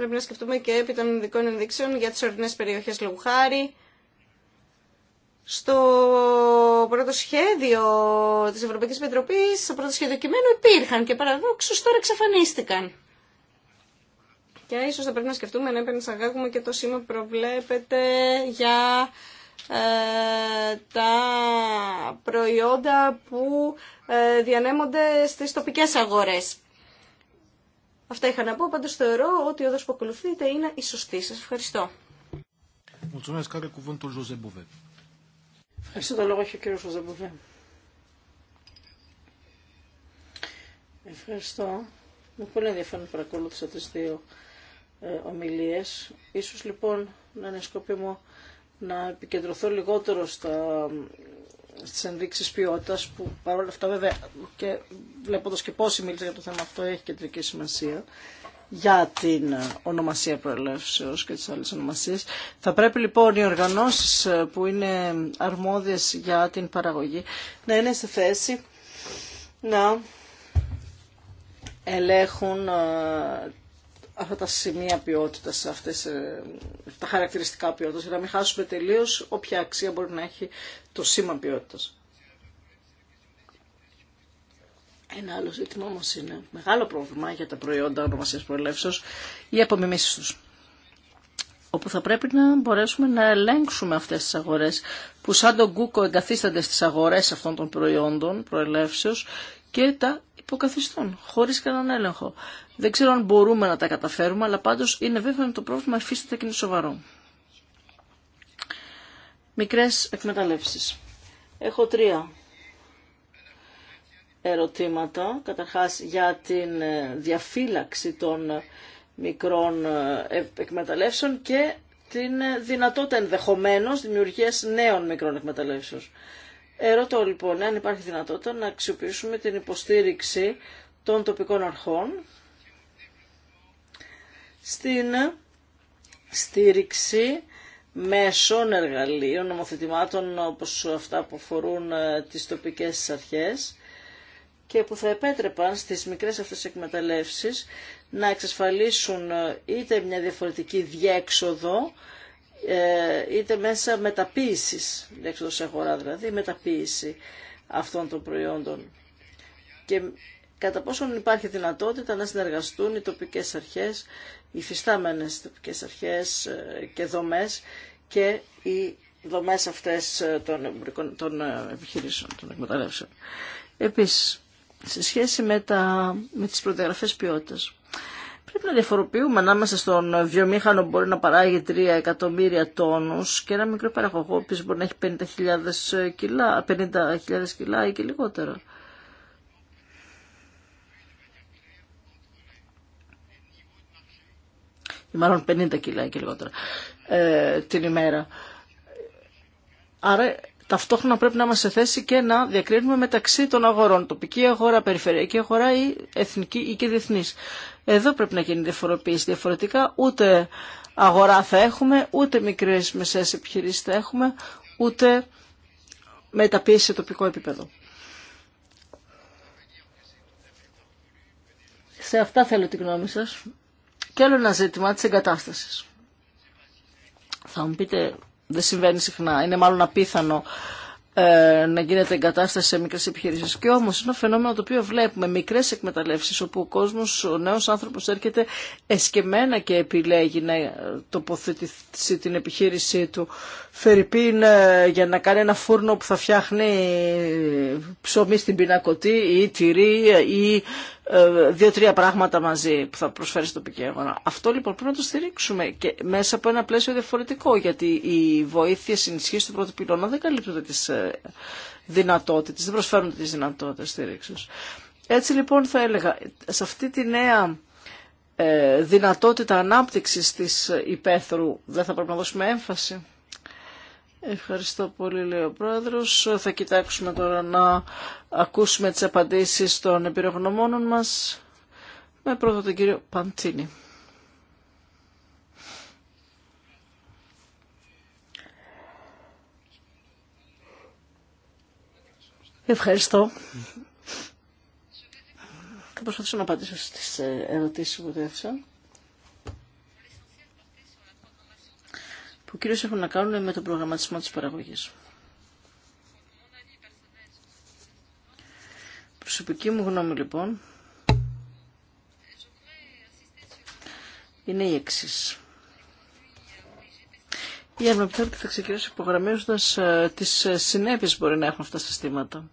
[SPEAKER 1] πρέπει να σκεφτούμε και επί των ειδικών ενδείξεων για τις ορεινές περιοχές λόγου χάρη. Στο πρώτο σχέδιο της Ευρωπαϊκής Επιτροπής, στο πρώτο σχέδιο κειμένου υπήρχαν και παραδόξως τώρα εξαφανίστηκαν. Και ίσως θα πρέπει να σκεφτούμε να επενεισαγάγουμε και το σήμα που προβλέπεται για ε, τα προϊόντα που ε, διανέμονται στις τοπικές αγορές. Αυτά είχα να πω, Πάντω θεωρώ ότι η δρόμο που ακολουθείτε είναι η σωστή. σα. ευχαριστώ.
[SPEAKER 3] Ευχαριστώ το λόγο έχει ο Ευχαριστώ. Με πολύ ενδιαφέρον παρακολούθησα τις δύο ε, ομιλίες. Ίσως λοιπόν να είναι μου να επικεντρωθώ λιγότερο στα στις ενδείξεις ποιότητας που παρόλα αυτά βέβαια και βλέποντας και πόσοι μίλησαν για το θέμα αυτό έχει κεντρική σημασία για την ε, ονομασία προελεύσεως και τις άλλες ονομασίες. Θα πρέπει λοιπόν οι οργανώσεις ε, που είναι αρμόδιες για την παραγωγή να είναι σε θέση να ελέγχουν ε, αυτά τα σημεία ποιότητας, αυτές, ε, τα χαρακτηριστικά ποιότητα για να μην χάσουμε τελείω όποια αξία μπορεί να έχει το σήμα ποιότητα. Ένα άλλο ζήτημα όμω είναι μεγάλο πρόβλημα για τα προϊόντα ονομασία προελεύσεω, οι απομιμήσει του. Όπου θα πρέπει να μπορέσουμε να ελέγξουμε αυτέ τι αγορέ, που σαν τον κούκο εγκαθίστανται στι αγορέ αυτών των προϊόντων προελεύσεω και τα που χωρίς κανέναν έλεγχο. Δεν ξέρω αν μπορούμε να τα καταφέρουμε, αλλά πάντως είναι βέβαιο ότι το πρόβλημα αφήσεται και είναι σοβαρό. Μικρές εκμεταλλεύσεις. Έχω τρία ερωτήματα. Καταρχάς για την ε, διαφύλαξη των ε, μικρών ε, εκμεταλλεύσεων και την δυνατότητα ενδεχομένως δημιουργίας νέων μικρών εκμεταλλεύσεων. Ερωτώ λοιπόν αν υπάρχει δυνατότητα να αξιοποιήσουμε την υποστήριξη των τοπικών αρχών στην στήριξη μέσων εργαλείων, νομοθετημάτων όπως αυτά που αφορούν ε, τις τοπικές αρχές και που θα επέτρεπαν στις μικρές αυτές εκμεταλλεύσεις να εξασφαλίσουν ε, είτε μια διαφορετική διέξοδο ε, είτε μέσα μεταποίησης, σε αγορά δηλαδή, μεταποίηση αυτών των προϊόντων. Και κατά πόσον υπάρχει δυνατότητα να συνεργαστούν οι τοπικές αρχές, οι φυστάμενες τοπικές αρχές ε, και δομές και οι δομές αυτές ε, των, των επιχειρήσεων, των εκμεταλλεύσεων. Επίσης, σε σχέση με, τα, με τις προδιαγραφές ποιότητας, Πρέπει να διαφοροποιούμε ανάμεσα στον βιομήχανο που μπορεί να παράγει 3 εκατομμύρια τόνους και ένα μικρό παραγωγό που μπορεί να έχει 50.000 κιλά, κιλά ή και λιγότερα. Ή μάλλον 50 κιλά ή και λιγότερα ε, την ημέρα. Άρα ταυτόχρονα πρέπει να είμαστε σε θέση και να διακρίνουμε μεταξύ των αγορών, τοπική αγορά, περιφερειακή αγορά ή εθνική ή και διεθνής. Εδώ πρέπει να γίνει διαφοροποίηση. Διαφορετικά ούτε αγορά θα έχουμε, ούτε μικρές μεσές επιχειρήσεις θα έχουμε, ούτε μεταπίεση σε τοπικό επίπεδο. Σε αυτά θέλω τη γνώμη σας. Και άλλο ένα ζήτημα της εγκατάστασης. Θα μου πείτε, δεν συμβαίνει συχνά, είναι μάλλον απίθανο ε, να γίνεται εγκατάσταση σε μικρές επιχειρήσεις. Και όμως είναι ένα φαινόμενο το οποίο βλέπουμε μικρές εκμεταλλεύσεις όπου ο κόσμος, ο νέος άνθρωπος έρχεται εσκεμμένα και επιλέγει να τοποθετήσει την επιχείρησή του. Φερρυπίν ε, για να κάνει ένα φούρνο που θα φτιάχνει ψωμί στην πινακωτή ή τυρί ή δύο-τρία πράγματα μαζί που θα προσφέρει στο πικέγωνα. Αυτό λοιπόν πρέπει να το στηρίξουμε και μέσα από ένα πλαίσιο διαφορετικό, γιατί οι βοήθειε ενισχύσει του πρώτου πυλώνα δεν καλύπτονται τι ε, δυνατότητε, δεν προσφέρουν τι δυνατότητε στήριξη. Έτσι λοιπόν θα έλεγα, σε αυτή τη νέα ε, δυνατότητα ανάπτυξης της υπαίθρου δεν θα πρέπει να δώσουμε έμφαση. Ευχαριστώ πολύ, λέει ο Πρόεδρος. Θα κοιτάξουμε τώρα να ακούσουμε τις απαντήσεις των επιρρογνωμόνων μας με πρώτο τον κύριο Παντίνη. Ευχαριστώ. Θα προσπαθήσω να απαντήσω στις ερωτήσεις που τέθησαν. που κυρίως έχουν να κάνουν με τον προγραμματισμό της παραγωγής. Προσωπική μου γνώμη λοιπόν είναι η εξή. Η αρμοπιθότητα θα ξεκινήσει υπογραμμίζοντα ε, τι ε, συνέπειε που μπορεί να έχουν αυτά τα συστήματα.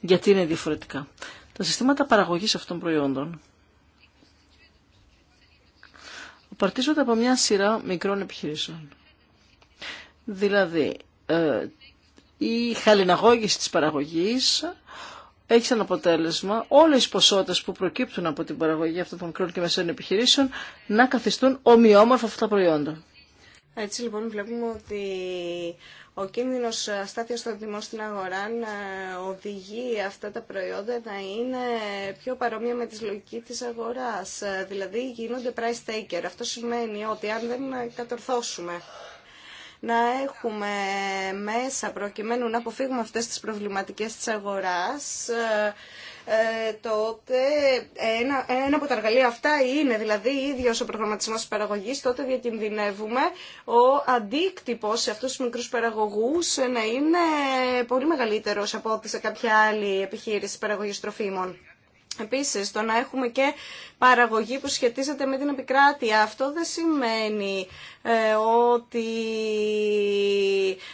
[SPEAKER 3] Γιατί είναι διαφορετικά. Τα συστήματα παραγωγή αυτών προϊόντων απαρτίζονται από μια σειρά μικρών επιχειρήσεων. Δηλαδή, ε, η χαλιναγώγηση της παραγωγής έχει σαν αποτέλεσμα όλες οι ποσότητες που προκύπτουν από την παραγωγή αυτών των μικρών και μεσαίων επιχειρήσεων να καθιστούν ομοιόμορφα αυτά τα προϊόντα.
[SPEAKER 1] Έτσι λοιπόν βλέπουμε ότι ο κίνδυνος αστάθειας των τιμών στην αγορά οδηγεί αυτά τα προϊόντα να είναι πιο παρόμοια με τη λογική της αγοράς. Δηλαδή γίνονται price taker. Αυτό σημαίνει ότι αν δεν κατορθώσουμε να έχουμε μέσα προκειμένου να αποφύγουμε αυτές τις προβληματικές της αγοράς, ε, ε, τότε ένα, ένα από τα εργαλεία αυτά είναι δηλαδή ίδιος ο προγραμματισμός της παραγωγής, τότε διακινδυνεύουμε ο αντίκτυπος σε αυτούς τους μικρούς παραγωγούς να είναι πολύ μεγαλύτερος από ό,τι σε κάποια άλλη επιχείρηση παραγωγής τροφίμων. Επίσης, το να έχουμε και παραγωγή που σχετίζεται με την επικράτεια, αυτό δεν σημαίνει ε, ότι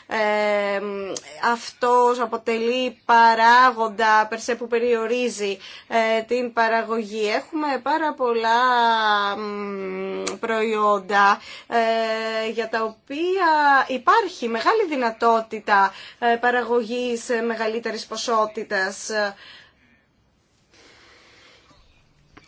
[SPEAKER 1] ε, αυτός αποτελεί παράγοντα περσέ που περιορίζει ε, την παραγωγή. Έχουμε πάρα πολλά προϊόντα ε, για τα οποία υπάρχει μεγάλη δυνατότητα παραγωγής μεγαλύτερης ποσότητας.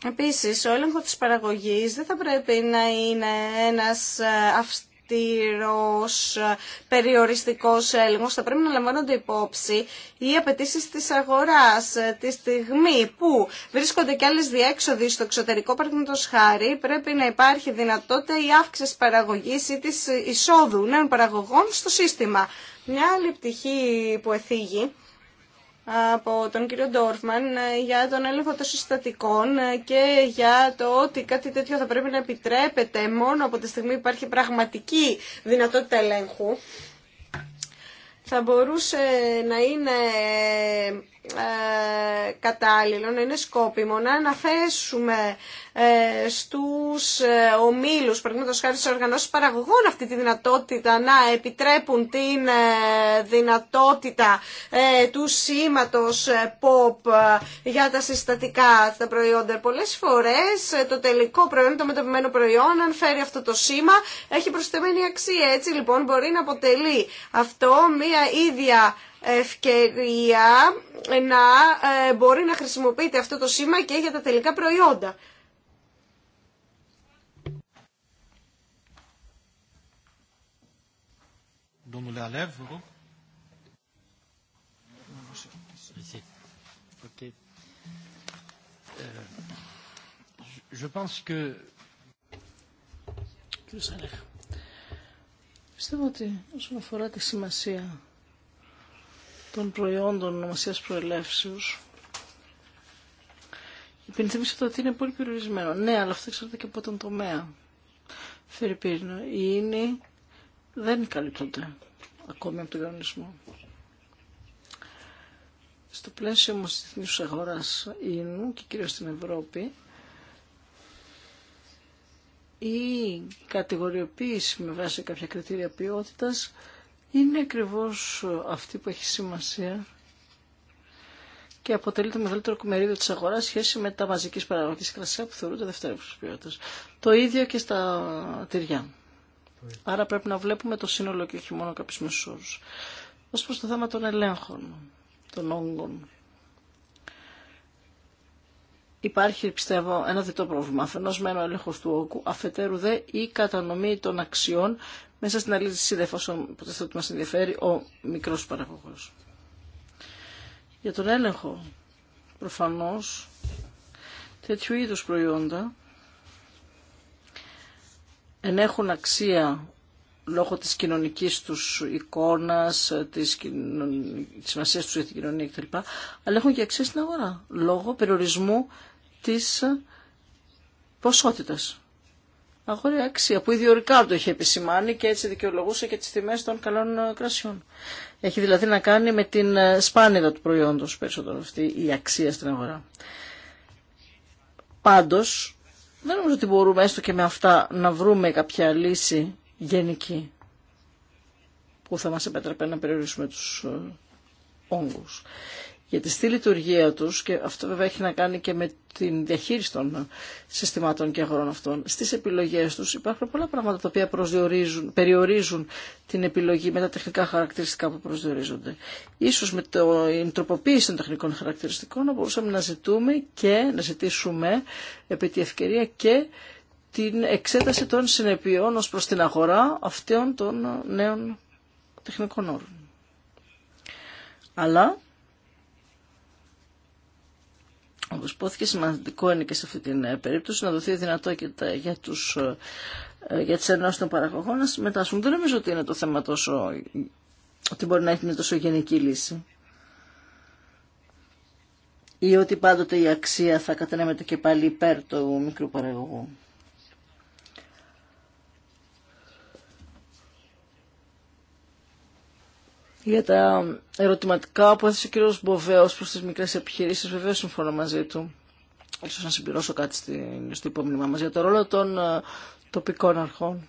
[SPEAKER 1] Επίσης, ο έλεγχο της παραγωγής δεν θα πρέπει να είναι ένας ε, αυστηρός, ε, περιοριστικός έλεγχος. Θα πρέπει να λαμβάνονται υπόψη οι απαιτήσει της αγοράς. Ε, τη στιγμή που βρίσκονται και άλλες διέξοδοι στο εξωτερικό παραδείγματος χάρη, πρέπει να υπάρχει δυνατότητα η αύξηση παραγωγής ή της εισόδου νέων παραγωγών στο σύστημα. Μια άλλη πτυχή που εθίγει από τον κύριο Ντόρφμαν ε, για τον έλεγχο των συστατικών ε, και για το ότι κάτι τέτοιο θα πρέπει να επιτρέπεται μόνο από τη στιγμή που υπάρχει πραγματική δυνατότητα ελέγχου. Θα μπορούσε να είναι ε, κατάλληλο, να είναι σκόπιμο να αναθέσουμε ε, στους ε, ομίλους, παραδείγματο χάρη στις οργανώσεις παραγωγών αυτή τη δυνατότητα να επιτρέπουν την δυνατότητα του σήματος POP για τα συστατικά τα προϊόντα. Πολλές φορές το τελικό προϊόν, το μεταπημένο προϊόν, αν φέρει αυτό το σήμα, έχει προσθεμένη αξία. Έτσι λοιπόν μπορεί να αποτελεί αυτό μια ίδια ευκαιρία να ε, μπορεί να χρησιμοποιείται αυτό το σήμα και για τα τελικά προϊόντα.
[SPEAKER 4] Euh,
[SPEAKER 3] πιστεύω ότι όσον αφορά τη σημασία των προϊόντων ονομασία προελεύσεως. το ότι είναι πολύ περιορισμένο. Ναι, αλλά αυτό εξαρτάται και από τον τομέα. Φερρυπίνο, οι ίνοι δεν καλύπτονται ακόμη από τον κανονισμό. Στο πλαίσιο όμω της διεθνής αγοράς ίνου και κυρίως στην Ευρώπη, η κατηγοριοποίηση με βάση κάποια κριτήρια ποιότητας είναι ακριβώς αυτή που έχει σημασία και αποτελεί το μεγαλύτερο κουμερίδιο της αγοράς σχέση με τα μαζικής παραγωγής κρασιά που θεωρούνται δευτερεύουσες ποιότητας. Το ίδιο και στα τυριά. Άρα πρέπει να βλέπουμε το σύνολο και όχι μόνο κάποιους μεσού. Ως προς το θέμα των ελέγχων, των όγκων. Υπάρχει, πιστεύω, ένα διτό πρόβλημα. Αφενό με ένα έλεγχο του όκου, αφετέρου δε η κατανομή των αξιών μέσα στην αλήθεια δε εφόσον ποτέ αυτό μα ενδιαφέρει, ο μικρό παραγωγό. Για τον έλεγχο, προφανώ τέτοιου είδου προϊόντα ενέχουν αξία λόγω της κοινωνικής τους εικόνας, της, σημασία του σημασίας τους για την κοινωνία κτλ. Αλλά έχουν και αξία στην αγορά, λόγω περιορισμού της ποσότητας. Αγόρια αξία που ιδιορικά το είχε επισημάνει και έτσι δικαιολογούσε και τις τιμές των καλών ε, κρασιών. Έχει δηλαδή να κάνει με την ε, σπάνιδα του προϊόντος περισσότερο αυτή η αξία στην αγορά. Πάντως δεν νομίζω ότι μπορούμε έστω και με αυτά να βρούμε κάποια λύση γενική που θα μας επέτρεπε να περιορίσουμε τους ε, όγκους για τη στη λειτουργία τους και αυτό βέβαια έχει να κάνει και με την διαχείριση των συστημάτων και αγορών αυτών. Στις επιλογές τους υπάρχουν πολλά πράγματα τα οποία περιορίζουν την επιλογή με τα τεχνικά χαρακτηριστικά που προσδιορίζονται. Ίσως με την τροποποίηση των τεχνικών χαρακτηριστικών να μπορούσαμε να ζητούμε και να ζητήσουμε επί τη ευκαιρία και την εξέταση των συνεπειών ως προς την αγορά αυτών των νέων τεχνικών όρων. Αλλά όπως υπόθηκε σημαντικό είναι και σε αυτή την ε, περίπτωση να δοθεί δυνατότητα για, τους, ε, ε, για τις ενώσεις των παραγωγών να συμμετάσχουν. Δεν νομίζω ότι είναι το θέμα τόσο, ότι μπορεί να έχει μια τόσο γενική λύση. Ή ότι πάντοτε η αξία θα κατανέμεται και πάλι υπέρ του μικρού παραγωγού. για τα ερωτηματικά που έθεσε ο κύριος Μποβέος προς τις μικρές επιχειρήσεις. Βεβαίως συμφωνώ μαζί του. Ίσως να συμπληρώσω κάτι στο υπόμνημά μας για το ρόλο των ε, τοπικών αρχών.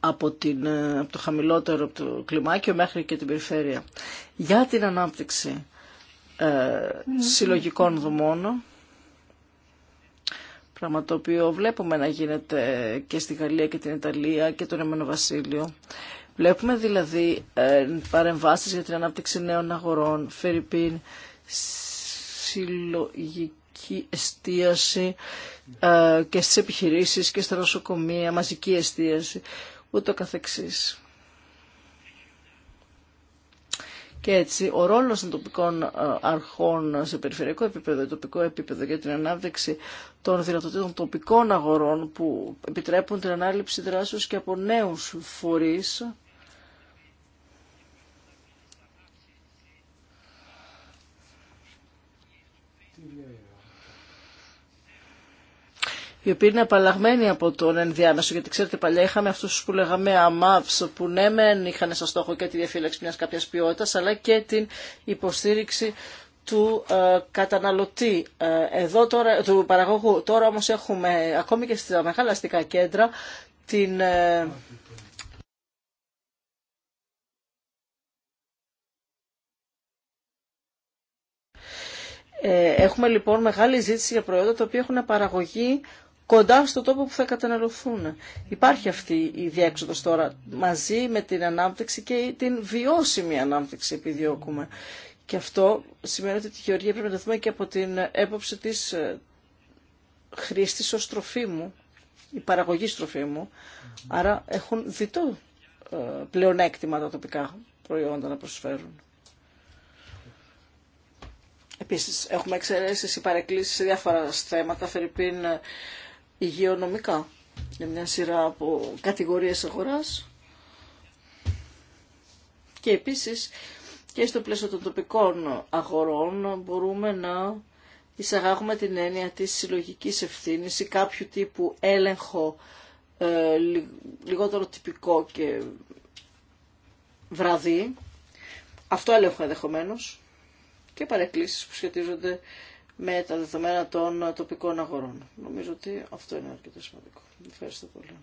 [SPEAKER 3] Από, την, ε, από το χαμηλότερο από το κλιμάκιο μέχρι και την περιφέρεια. Για την ανάπτυξη ε, συλλογικών δομών, πράγμα το οποίο βλέπουμε να γίνεται και στη Γαλλία και την Ιταλία και τον Εμένο Βασίλειο. Βλέπουμε δηλαδή ε, παρεμβάσεις για την ανάπτυξη νέων αγορών, φερρυπίν, συλλογική εστίαση ε, και στις επιχειρήσεις και στα νοσοκομεία, μαζική εστίαση, ούτω καθεξής. Και έτσι ο ρόλος των τοπικών ε, αρχών σε περιφερειακό επίπεδο, τοπικό επίπεδο για την ανάπτυξη των δυνατοτήτων τοπικών αγορών που επιτρέπουν την ανάληψη δράσεως και από νέους φορείς οι οποίοι είναι απαλλαγμένοι από τον ενδιάμεσο. Γιατί ξέρετε, παλιά είχαμε αυτού που λέγαμε αμαύς, που ναι, μεν είχαν σαν στόχο και τη διαφύλαξη μια κάποια ποιότητα, αλλά και την υποστήριξη του ε, καταναλωτή, ε, εδώ τώρα, του παραγωγού. Τώρα όμως έχουμε, ακόμη και στα μεγάλα αστικά κέντρα, την, ε, έχουμε λοιπόν μεγάλη ζήτηση για προϊόντα τα οποία έχουν παραγωγή κοντά στο τόπο που θα καταναλωθούν. Υπάρχει αυτή η διέξοδος τώρα μαζί με την ανάπτυξη και την βιώσιμη ανάπτυξη επιδιώκουμε. Και αυτό σημαίνει ότι τη γεωργία πρέπει να δούμε και από την έποψη της ε, χρήστης ως μου, η παραγωγή μου. Άρα έχουν διτό ε, πλεονέκτημα τα τοπικά προϊόντα να προσφέρουν. Επίσης, έχουμε εξαιρέσεις ή παρεκκλήσεις σε διάφορα θέματα, ε, υγειονομικά για μια σειρά από κατηγορίες αγοράς και επίσης και στο πλαίσιο των τοπικών αγορών μπορούμε να εισαγάγουμε την έννοια της συλλογικής ευθύνης ή κάποιου τύπου έλεγχο ε, λιγότερο τυπικό και βραδύ, αυτό έλεγχο ενδεχομένω και παρεκκλήσεις που σχετίζονται με τα δεδομένα των τοπικών αγορών. Νομίζω ότι αυτό είναι αρκετά σημαντικό. Ευχαριστώ πολύ.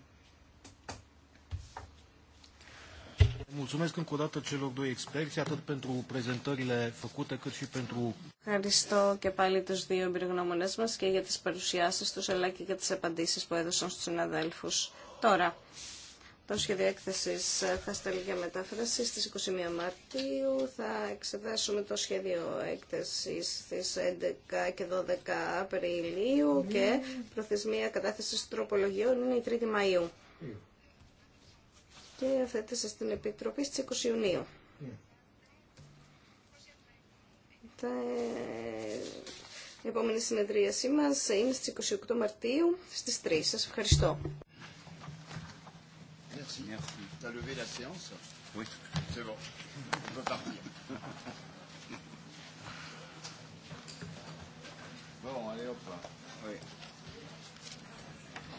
[SPEAKER 1] Ευχαριστώ και πάλι τους δύο εμπειρογνώμονες μας και για τις παρουσιάσεις τους αλλά και για τις απαντήσεις που έδωσαν στους συναδέλφους. Τώρα, το σχέδιο έκθεση θα σταλεί για μετάφραση στις 21 Μαρτίου. Θα εξετάσουμε το σχέδιο έκθεση στις 11 και 12 Απριλίου και προθεσμία κατάθεσης τροπολογιών είναι η 3η Μαΐου. Mm. Και θέτησε στην Επιτροπή στις 20 Ιουνίου. Ε, η επόμενη συνεδρίασή μας είναι στις 28 Μαρτίου στις 3. Σας ευχαριστώ.
[SPEAKER 2] Merci. Merci. Tu as levé la séance Oui. C'est bon. On peut partir.
[SPEAKER 4] bon, allez, hop. Oui.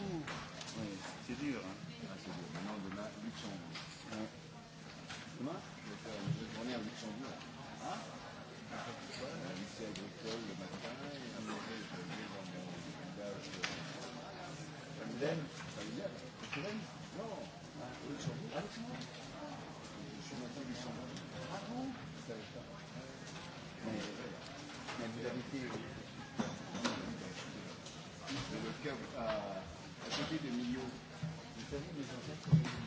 [SPEAKER 4] Oui, c'est dur. Hein. Ah, c'est dur. Maintenant, demain, Luxembourg. Oui. Demain, je vais faire une journée à Luxembourg. Hein Un lycée agricole le matin. Mais vous habitez le club à côté de Millau. Vous savez, mes ancêtres.